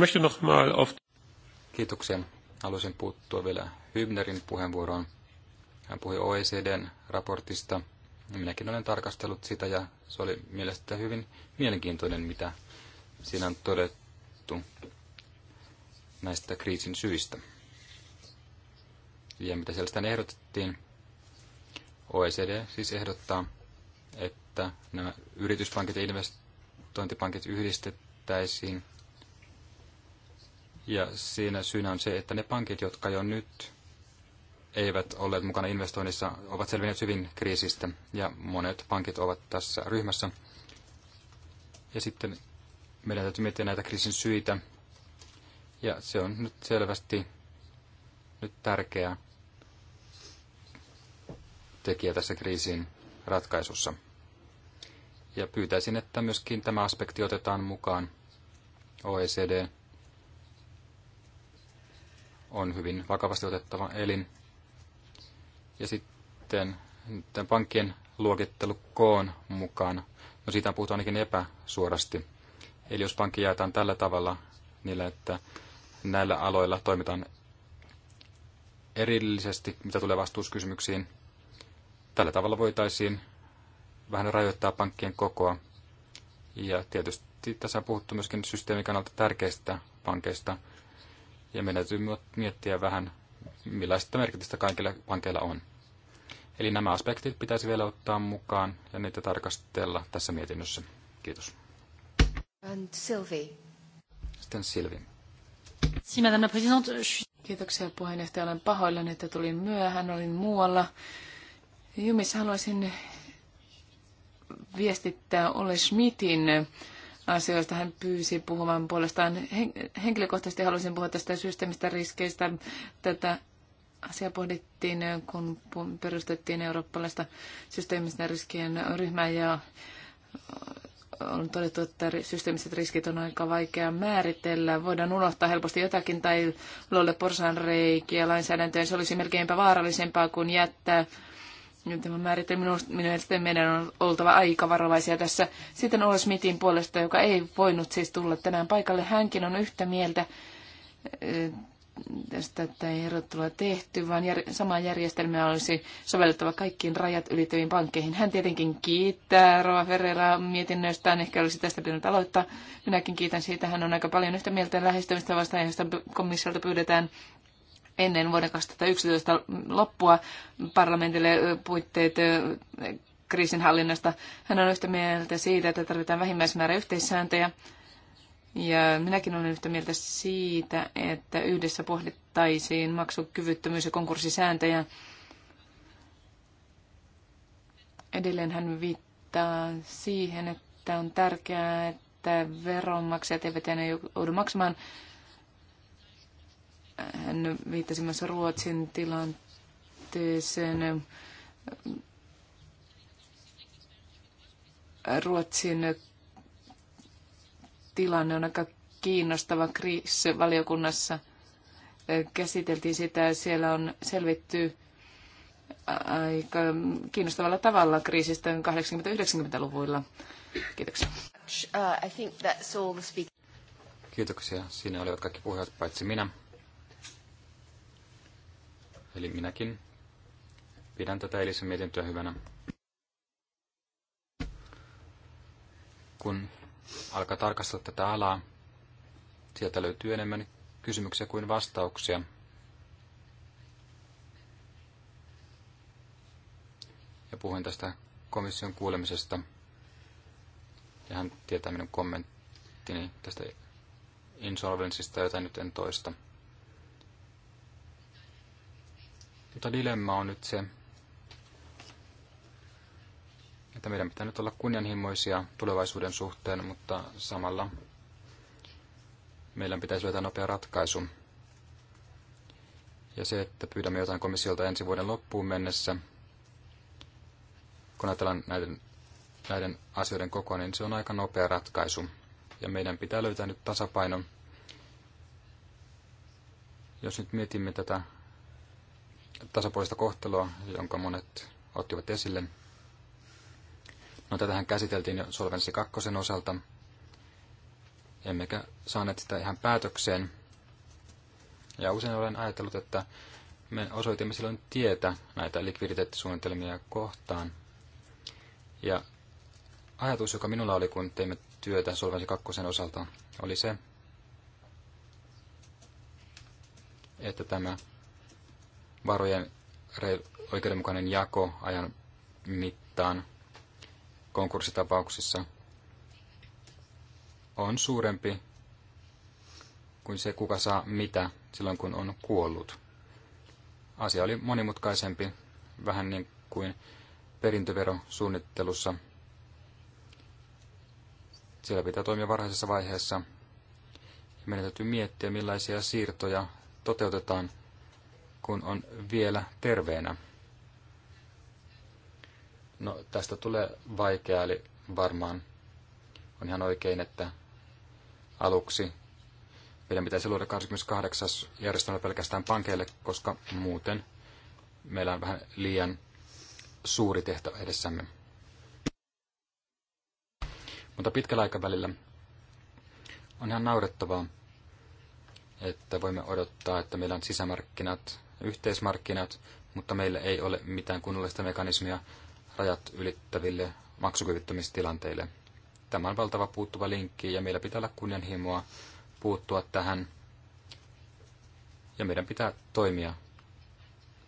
Kiitoksia. Haluaisin puuttua vielä Hybnerin puheenvuoroon. Hän puhui OECDn raportista. Minäkin olen tarkastellut sitä ja se oli mielestäni hyvin mielenkiintoinen, mitä siinä on todettu näistä kriisin syistä. Ja mitä sitten ehdotettiin, OECD siis ehdottaa, että nämä yrityspankit ja investointipankit yhdistettäisiin. Ja siinä syynä on se, että ne pankit, jotka jo nyt eivät olleet mukana investoinnissa, ovat selvinneet hyvin kriisistä ja monet pankit ovat tässä ryhmässä. Ja sitten meidän täytyy miettiä näitä kriisin syitä ja se on nyt selvästi nyt tärkeä tekijä tässä kriisin ratkaisussa. Ja pyytäisin, että myöskin tämä aspekti otetaan mukaan. OECD on hyvin vakavasti otettava elin. Ja sitten tämän pankkien luokittelu koon mukaan. No siitä puhutaan ainakin epäsuorasti. Eli jos pankki jaetaan tällä tavalla niillä, että näillä aloilla toimitaan erillisesti, mitä tulee vastuuskysymyksiin. Tällä tavalla voitaisiin vähän rajoittaa pankkien kokoa. Ja tietysti tässä on puhuttu myöskin systeemin kannalta tärkeistä pankeista. Ja meidän täytyy miettiä vähän, millaista merkitystä kaikilla pankeilla on. Eli nämä aspektit pitäisi vielä ottaa mukaan ja niitä tarkastella tässä mietinnössä. Kiitos. And Sylvie. Sitten Silvi. Kiitoksia puheenjohtaja. Olen pahoillani, että tulin myöhään. Olin muualla. Jumissa haluaisin viestittää Ole Schmidtin asioista. Hän pyysi puhumaan puolestaan. Henkilökohtaisesti haluaisin puhua tästä systeemistä riskeistä. Tätä asiaa pohdittiin, kun perustettiin eurooppalaista systeemisten riskien ryhmää ja on todettu, että systeemiset riskit on aika vaikea määritellä. Voidaan unohtaa helposti jotakin tai lolle porsan reikiä lainsäädäntöön. Se olisi melkeinpä vaarallisempaa kuin jättää Nyt Tämä määritelmä minun, mielestäni meidän on oltava aika varovaisia tässä. Sitten Ole Smithin puolesta, joka ei voinut siis tulla tänään paikalle. Hänkin on yhtä mieltä tästä erottelua tehty, vaan jär- sama järjestelmä olisi sovellettava kaikkiin rajat ylittäviin pankkeihin. Hän tietenkin kiittää Roa Ferreira mietinnöstään, ehkä olisi tästä pitänyt aloittaa. Minäkin kiitän siitä, hän on aika paljon yhtä mieltä lähestymistä vastaan, josta komissiolta pyydetään ennen vuoden 2011 loppua parlamentille puitteet kriisinhallinnasta. Hän on yhtä mieltä siitä, että tarvitaan vähimmäismäärä yhteissääntöjä ja minäkin olen yhtä mieltä siitä, että yhdessä pohdittaisiin maksukyvyttömyys- ja konkurssisääntöjä. Edelleen hän viittaa siihen, että on tärkeää, että veronmaksajat eivät enää joudu maksamaan. Hän viittasi myös Ruotsin tilanteeseen. Ruotsin tilanne on aika kiinnostava kriisivaliokunnassa. Käsiteltiin sitä, siellä on selvitty aika kiinnostavalla tavalla kriisistä 80-90-luvuilla. Kiitoksia. Uh, Kiitoksia. Siinä olivat kaikki puheet paitsi minä. Eli minäkin pidän tätä eilisen mietintöä hyvänä. Kun alkaa tarkastella tätä alaa. Sieltä löytyy enemmän kysymyksiä kuin vastauksia. Ja puhuin tästä komission kuulemisesta. Ja hän tietää minun kommenttini tästä insolvenssista, jota nyt en toista. Mutta dilemma on nyt se, että meidän pitää nyt olla kunnianhimoisia tulevaisuuden suhteen, mutta samalla meillä pitäisi löytää nopea ratkaisu. Ja se, että pyydämme jotain komissiolta ensi vuoden loppuun mennessä, kun ajatellaan näiden, näiden asioiden kokoa, niin se on aika nopea ratkaisu. Ja meidän pitää löytää nyt tasapaino. Jos nyt mietimme tätä tasapuolista kohtelua, jonka monet ottivat esille, No tätähän käsiteltiin jo Solvenssi kakkosen osalta. Emmekä saaneet sitä ihan päätökseen. Ja usein olen ajatellut, että me osoitimme silloin tietä näitä likviditeettisuunnitelmia kohtaan. Ja ajatus, joka minulla oli, kun teimme työtä solvenssi kakkosen osalta, oli se, että tämä varojen oikeudenmukainen jako ajan mittaan – konkurssitapauksissa on suurempi kuin se, kuka saa mitä silloin, kun on kuollut. Asia oli monimutkaisempi, vähän niin kuin perintöverosuunnittelussa. Siellä pitää toimia varhaisessa vaiheessa. meidän täytyy miettiä, millaisia siirtoja toteutetaan, kun on vielä terveenä. No, tästä tulee vaikeaa, eli varmaan on ihan oikein, että aluksi meidän pitäisi luoda 28. järjestelmä pelkästään pankeille, koska muuten meillä on vähän liian suuri tehtävä edessämme. Mutta pitkällä aikavälillä on ihan naurettavaa, että voimme odottaa, että meillä on sisämarkkinat, yhteismarkkinat, mutta meillä ei ole mitään kunnollista mekanismia rajat ylittäville maksukyvyttömistilanteille. Tämä on valtava puuttuva linkki ja meillä pitää olla kunnianhimoa puuttua tähän ja meidän pitää toimia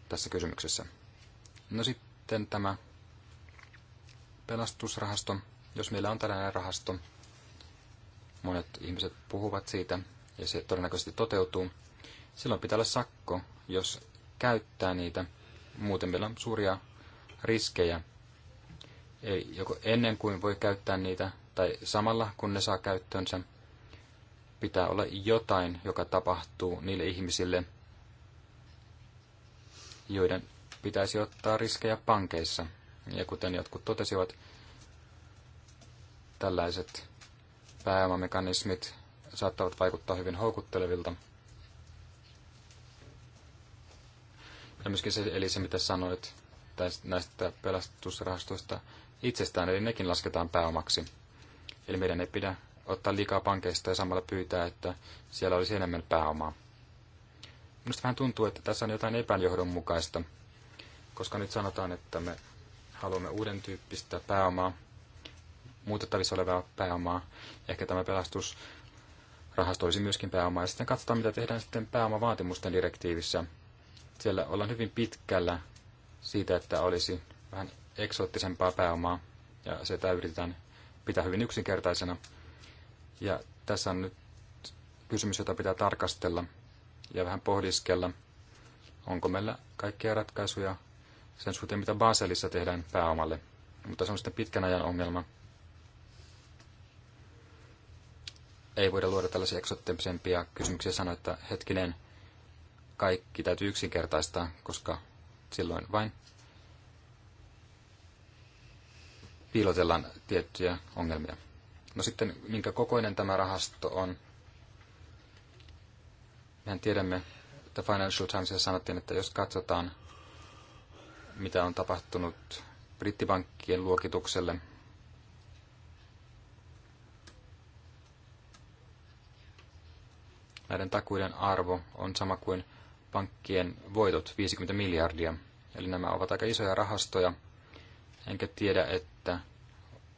tässä kysymyksessä. No sitten tämä pelastusrahasto. Jos meillä on tällainen rahasto, monet ihmiset puhuvat siitä ja se todennäköisesti toteutuu, silloin pitää olla sakko, jos käyttää niitä. Muuten meillä on suuria riskejä ei joko ennen kuin voi käyttää niitä tai samalla kun ne saa käyttöönsä, pitää olla jotain, joka tapahtuu niille ihmisille, joiden pitäisi ottaa riskejä pankeissa. Ja kuten jotkut totesivat, tällaiset pääomamekanismit saattavat vaikuttaa hyvin houkuttelevilta. Ja myöskin se, eli se mitä sanoit tästä, näistä pelastusrahastoista, itsestään, eli nekin lasketaan pääomaksi. Eli meidän ei pidä ottaa liikaa pankeista ja samalla pyytää, että siellä olisi enemmän pääomaa. Minusta vähän tuntuu, että tässä on jotain epäjohdonmukaista, koska nyt sanotaan, että me haluamme uuden tyyppistä pääomaa, muutettavissa olevaa pääomaa. Ehkä tämä pelastusrahasto olisi myöskin pääomaa. Ja sitten katsotaan, mitä tehdään sitten pääomavaatimusten direktiivissä. Siellä ollaan hyvin pitkällä siitä, että olisi vähän eksoottisempaa pääomaa, ja tämä yritetään pitää hyvin yksinkertaisena. Ja tässä on nyt kysymys, jota pitää tarkastella ja vähän pohdiskella, onko meillä kaikkia ratkaisuja sen suhteen, mitä Baselissa tehdään pääomalle. Mutta se on sitten pitkän ajan ongelma. Ei voida luoda tällaisia eksoottisempia kysymyksiä sanoa, että hetkinen, kaikki täytyy yksinkertaistaa, koska silloin vain piilotellaan tiettyjä ongelmia. No sitten, minkä kokoinen tämä rahasto on? Mehän tiedämme, että Financial Timesissa sanottiin, että jos katsotaan, mitä on tapahtunut brittipankkien luokitukselle, näiden takuiden arvo on sama kuin pankkien voitot, 50 miljardia. Eli nämä ovat aika isoja rahastoja, enkä tiedä, että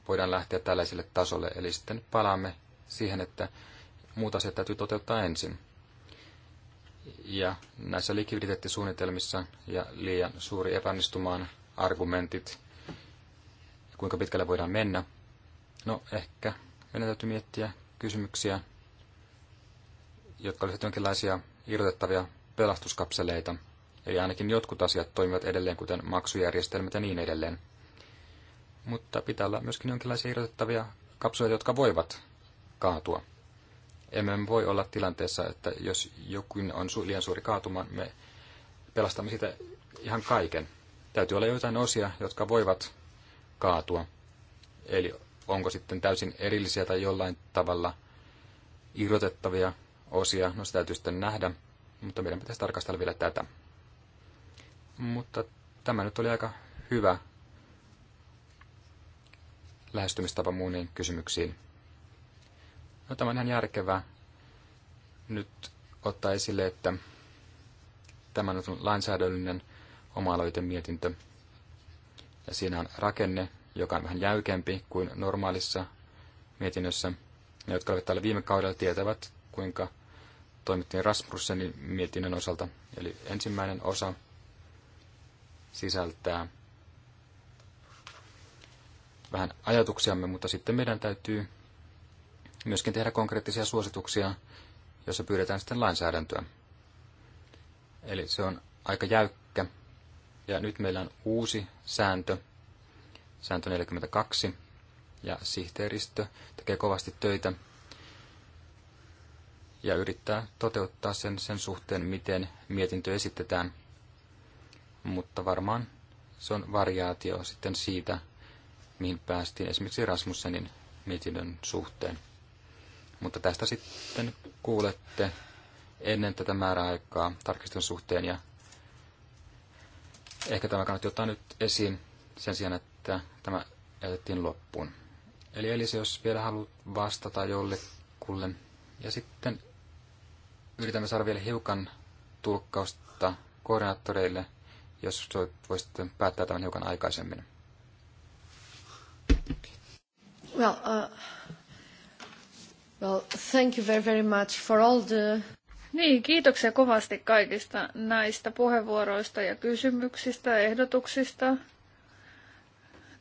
voidaan lähteä tällaiselle tasolle. Eli sitten palaamme siihen, että muut asiat täytyy toteuttaa ensin. Ja näissä likviditeettisuunnitelmissa ja liian suuri epäonnistumaan argumentit, kuinka pitkälle voidaan mennä. No ehkä meidän täytyy miettiä kysymyksiä, jotka olisivat jonkinlaisia irrotettavia pelastuskapseleita. Eli ainakin jotkut asiat toimivat edelleen, kuten maksujärjestelmät ja niin edelleen mutta pitää olla myöskin jonkinlaisia irrotettavia kapsuleita, jotka voivat kaatua. Emme voi olla tilanteessa, että jos jokin on liian suuri kaatuma, me pelastamme sitä ihan kaiken. Täytyy olla joitain osia, jotka voivat kaatua. Eli onko sitten täysin erillisiä tai jollain tavalla irrotettavia osia, no se täytyy sitten nähdä, mutta meidän pitäisi tarkastella vielä tätä. Mutta tämä nyt oli aika hyvä lähestymistapa muuniin kysymyksiin. No, tämä on ihan järkevää nyt ottaa esille, että tämä on lainsäädännöllinen oma mietintö. Ja siinä on rakenne, joka on vähän jäykempi kuin normaalissa mietinnössä. Ne, jotka olivat täällä viime kaudella, tietävät, kuinka toimittiin Rasmussenin mietinnön osalta. Eli ensimmäinen osa sisältää vähän ajatuksiamme, mutta sitten meidän täytyy myöskin tehdä konkreettisia suosituksia, joissa pyydetään sitten lainsäädäntöä. Eli se on aika jäykkä. Ja nyt meillä on uusi sääntö, sääntö 42, ja sihteeristö tekee kovasti töitä ja yrittää toteuttaa sen sen suhteen, miten mietintö esitetään. Mutta varmaan se on variaatio sitten siitä, mihin päästiin esimerkiksi Rasmussenin mietinnön suhteen. Mutta tästä sitten kuulette ennen tätä määräaikaa tarkistun suhteen ja ehkä tämä kannattaa ottaa nyt esiin sen sijaan, että tämä jätettiin loppuun. Eli Elise, jos vielä haluat vastata jollekulle. Ja sitten yritämme saada vielä hiukan tulkkausta koordinaattoreille, jos voisitte päättää tämän hiukan aikaisemmin. Well, uh, well, thank you very, very much for all the... Niin, kiitoksia kovasti kaikista näistä puheenvuoroista ja kysymyksistä, ehdotuksista,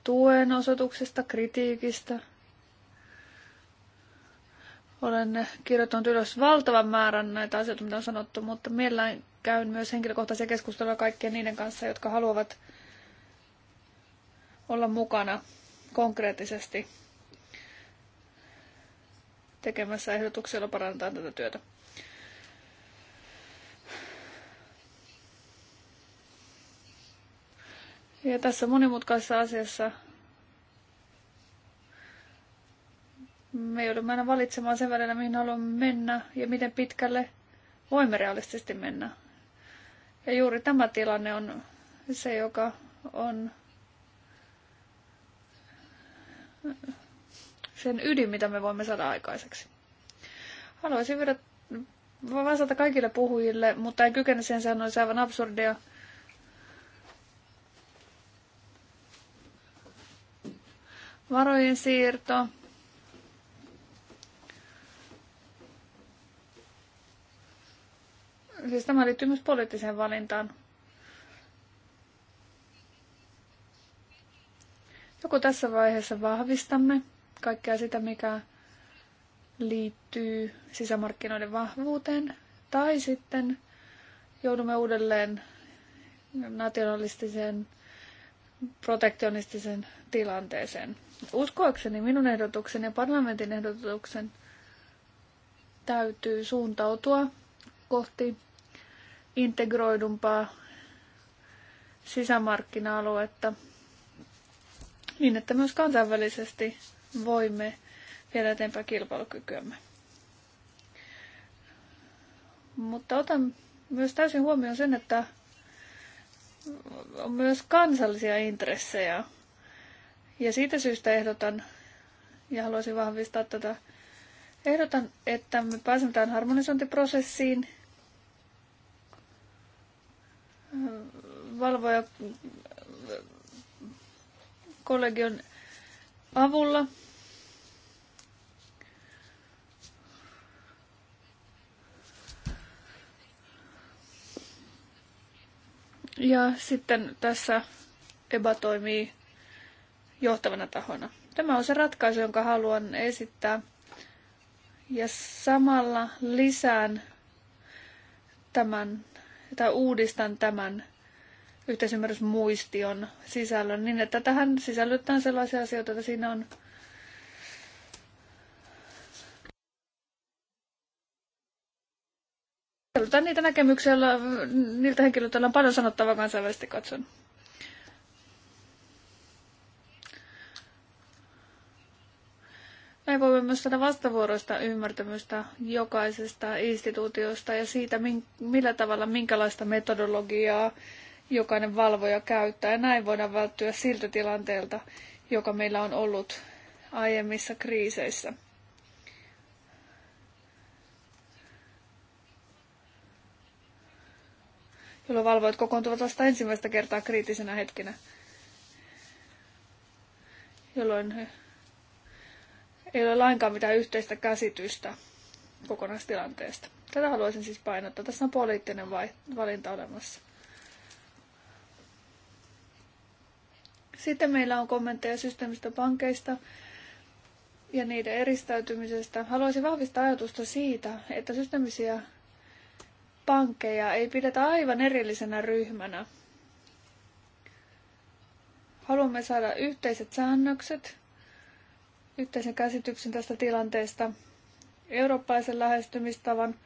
tuen osoituksista, kritiikistä. Olen kirjoittanut ylös valtavan määrän näitä asioita, mitä on sanottu, mutta mielellään käyn myös henkilökohtaisia keskusteluja kaikkien niiden kanssa, jotka haluavat olla mukana konkreettisesti tekemässä ehdotuksella parantaa tätä työtä. Ja tässä monimutkaisessa asiassa me joudumme aina valitsemaan sen välillä, mihin haluamme mennä ja miten pitkälle voimme realistisesti mennä. Ja juuri tämä tilanne on se, joka on sen ydin, mitä me voimme saada aikaiseksi. Haluaisin vielä vastata kaikille puhujille, mutta en kykene sen sanoa, se aivan absurdia. Varojen siirto. Siis tämä liittyy myös poliittiseen valintaan. Joku tässä vaiheessa vahvistamme kaikkea sitä, mikä liittyy sisämarkkinoiden vahvuuteen, tai sitten joudumme uudelleen nationalistiseen protektionistisen tilanteeseen. Uskoakseni minun ehdotuksen ja parlamentin ehdotuksen täytyy suuntautua kohti integroidumpaa sisämarkkina-aluetta niin, että myös kansainvälisesti voimme viedä eteenpäin kilpailukykyämme. Mutta otan myös täysin huomioon sen, että on myös kansallisia intressejä. Ja siitä syystä ehdotan, ja haluaisin vahvistaa tätä, ehdotan, että me pääsemme tähän harmonisointiprosessiin. Valvoja kollegion avulla. Ja sitten tässä EBA toimii johtavana tahona. Tämä on se ratkaisu, jonka haluan esittää. Ja samalla lisään tämän, tai uudistan tämän yhteisymmärrysmuistion sisällön niin, että tähän sisällytetään sellaisia asioita, että siinä on Sisällytetään niitä näkemyksiä, joilla, niiltä henkilöiltä on paljon sanottavaa kansainvälisesti katson. Näin voimme myös saada vastavuoroista ymmärtämystä jokaisesta instituutiosta ja siitä, millä tavalla minkälaista metodologiaa jokainen valvoja käyttää. Ja näin voidaan välttyä siltä tilanteelta, joka meillä on ollut aiemmissa kriiseissä. jolloin valvojat kokoontuvat vasta ensimmäistä kertaa kriittisenä hetkenä, jolloin ei ole lainkaan mitään yhteistä käsitystä kokonaistilanteesta. Tätä haluaisin siis painottaa. Tässä on poliittinen valinta olemassa. Sitten meillä on kommentteja systeemistä pankeista ja niiden eristäytymisestä. Haluaisin vahvistaa ajatusta siitä, että systeemisiä pankkeja ei pidetä aivan erillisenä ryhmänä. Haluamme saada yhteiset säännökset, yhteisen käsityksen tästä tilanteesta, eurooppalaisen lähestymistavan –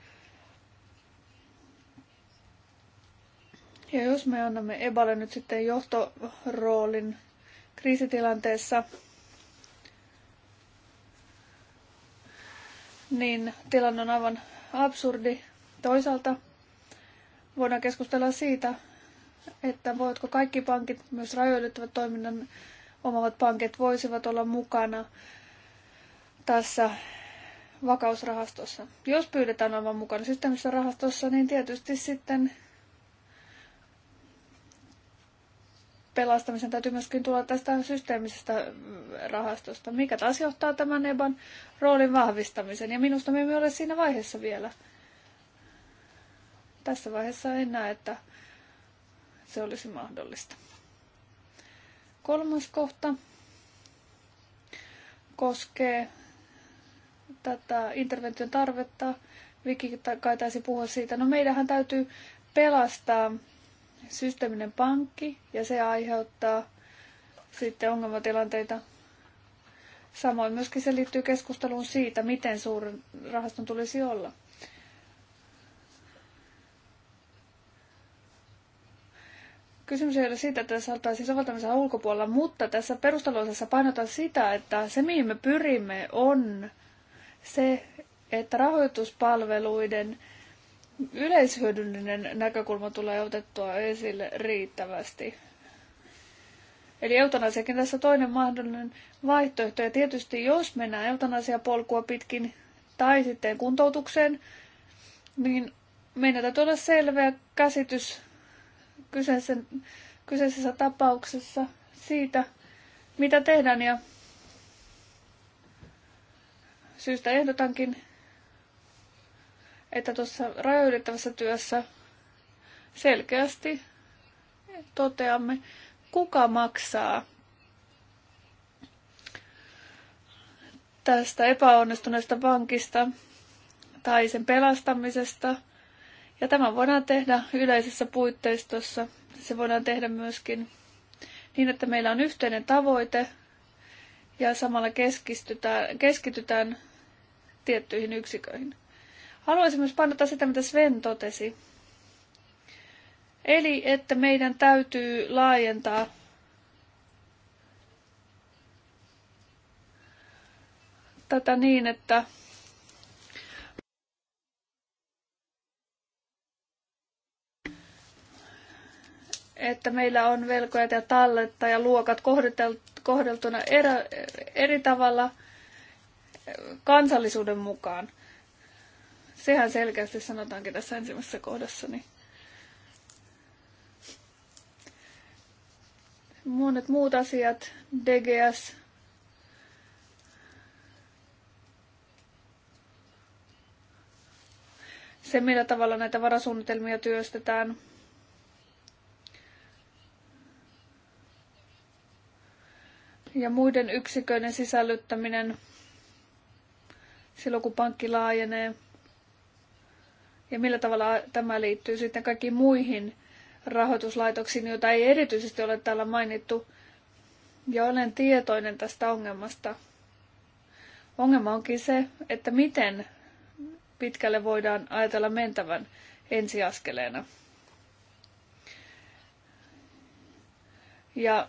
Ja jos me annamme Eballe nyt sitten johtoroolin kriisitilanteessa, niin tilanne on aivan absurdi. Toisaalta voidaan keskustella siitä, että voitko kaikki pankit, myös rajoitettavat toiminnan omavat pankit, voisivat olla mukana tässä vakausrahastossa. Jos pyydetään olevan mukana systeemisessä rahastossa, niin tietysti sitten pelastamisen täytyy myöskin tulla tästä systeemisestä mm, rahastosta, mikä taas johtaa tämän EBAn roolin vahvistamisen. Ja minusta me emme ole siinä vaiheessa vielä. Tässä vaiheessa en näe, että se olisi mahdollista. Kolmas kohta koskee tätä intervention tarvetta. Viki kai taisi puhua siitä. No meidähän täytyy pelastaa systeeminen pankki ja se aiheuttaa sitten ongelmatilanteita. Samoin myöskin se liittyy keskusteluun siitä, miten suuren rahaston tulisi olla. Kysymys ei ole siitä, että tässä oltaisiin soveltamisen ulkopuolella, mutta tässä perusteluosassa painotan sitä, että se mihin me pyrimme on se, että rahoituspalveluiden yleishyödyllinen näkökulma tulee otettua esille riittävästi. Eli eutanasiakin tässä toinen mahdollinen vaihtoehto. Ja tietysti jos mennään eutanasiapolkua pitkin tai sitten kuntoutukseen, niin meidän täytyy olla selveä käsitys kyseisessä, kyseisessä tapauksessa siitä, mitä tehdään. Ja syystä ehdotankin, että tuossa rajoitettavassa työssä selkeästi toteamme, kuka maksaa tästä epäonnistuneesta pankista tai sen pelastamisesta. Ja tämä voidaan tehdä yleisessä puitteistossa. Se voidaan tehdä myöskin niin, että meillä on yhteinen tavoite ja samalla keskitytään, keskitytään tiettyihin yksiköihin. Haluaisin myös painottaa sitä, mitä Sven totesi. Eli että meidän täytyy laajentaa tätä niin, että että meillä on velkoja ja talletta ja luokat kohdeltuna erä, eri tavalla kansallisuuden mukaan. Sehän selkeästi sanotaankin tässä ensimmäisessä kohdassa. Niin. Monet muut asiat, DGS, se, millä tavalla näitä varasuunnitelmia työstetään. Ja muiden yksiköiden sisällyttäminen silloin, kun pankki laajenee ja millä tavalla tämä liittyy sitten kaikkiin muihin rahoituslaitoksiin, joita ei erityisesti ole täällä mainittu. Ja olen tietoinen tästä ongelmasta. Ongelma onkin se, että miten pitkälle voidaan ajatella mentävän ensiaskeleena. Ja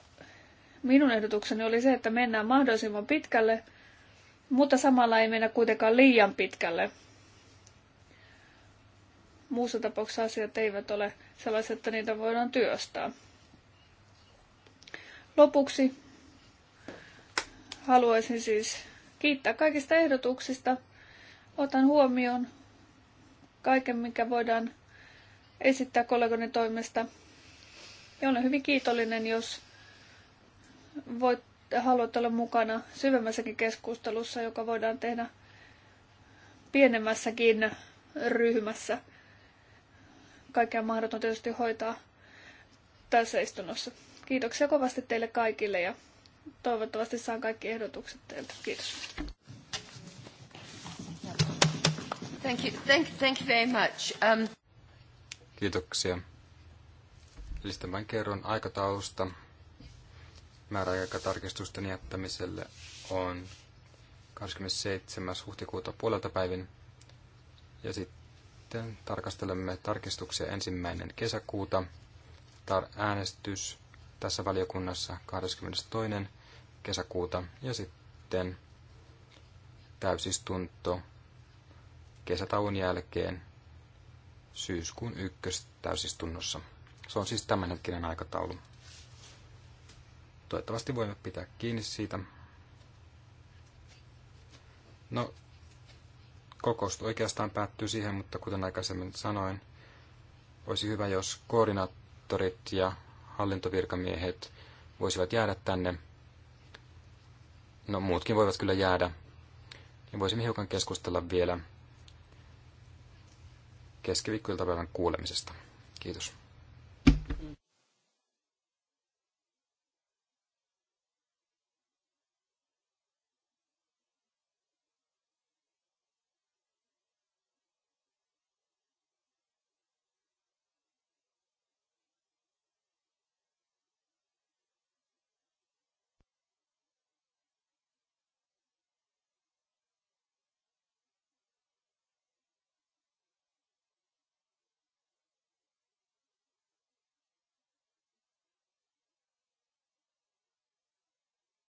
minun ehdotukseni oli se, että mennään mahdollisimman pitkälle, mutta samalla ei mennä kuitenkaan liian pitkälle, Muussa tapauksessa asiat eivät ole sellaiset, että niitä voidaan työstää. Lopuksi haluaisin siis kiittää kaikista ehdotuksista. Otan huomioon kaiken, mikä voidaan esittää kollegoni toimesta. Ja olen hyvin kiitollinen, jos voit, haluat olla mukana syvemmässäkin keskustelussa, joka voidaan tehdä pienemmässäkin ryhmässä kaikkea mahdoton tietysti hoitaa tässä istunnossa. Kiitoksia kovasti teille kaikille ja toivottavasti saan kaikki ehdotukset teiltä. Kiitos. Thank you, thank, thank you very much. Um... Kiitoksia. Eli tämän kerron aikatausta. Määräaikatarkistusten jättämiselle on 27. huhtikuuta puolelta päivin. Ja sitten sitten tarkastelemme tarkistuksia ensimmäinen kesäkuuta. Tar- äänestys tässä valiokunnassa 22. kesäkuuta ja sitten täysistunto kesätauon jälkeen syyskuun ykkös täysistunnossa. Se on siis tämänhetkinen aikataulu. Toivottavasti voimme pitää kiinni siitä. No, kokous oikeastaan päättyy siihen, mutta kuten aikaisemmin sanoin, olisi hyvä, jos koordinaattorit ja hallintovirkamiehet voisivat jäädä tänne. No muutkin voivat kyllä jäädä. Niin voisimme hiukan keskustella vielä keskiviikkoiltapäivän kuulemisesta. Kiitos.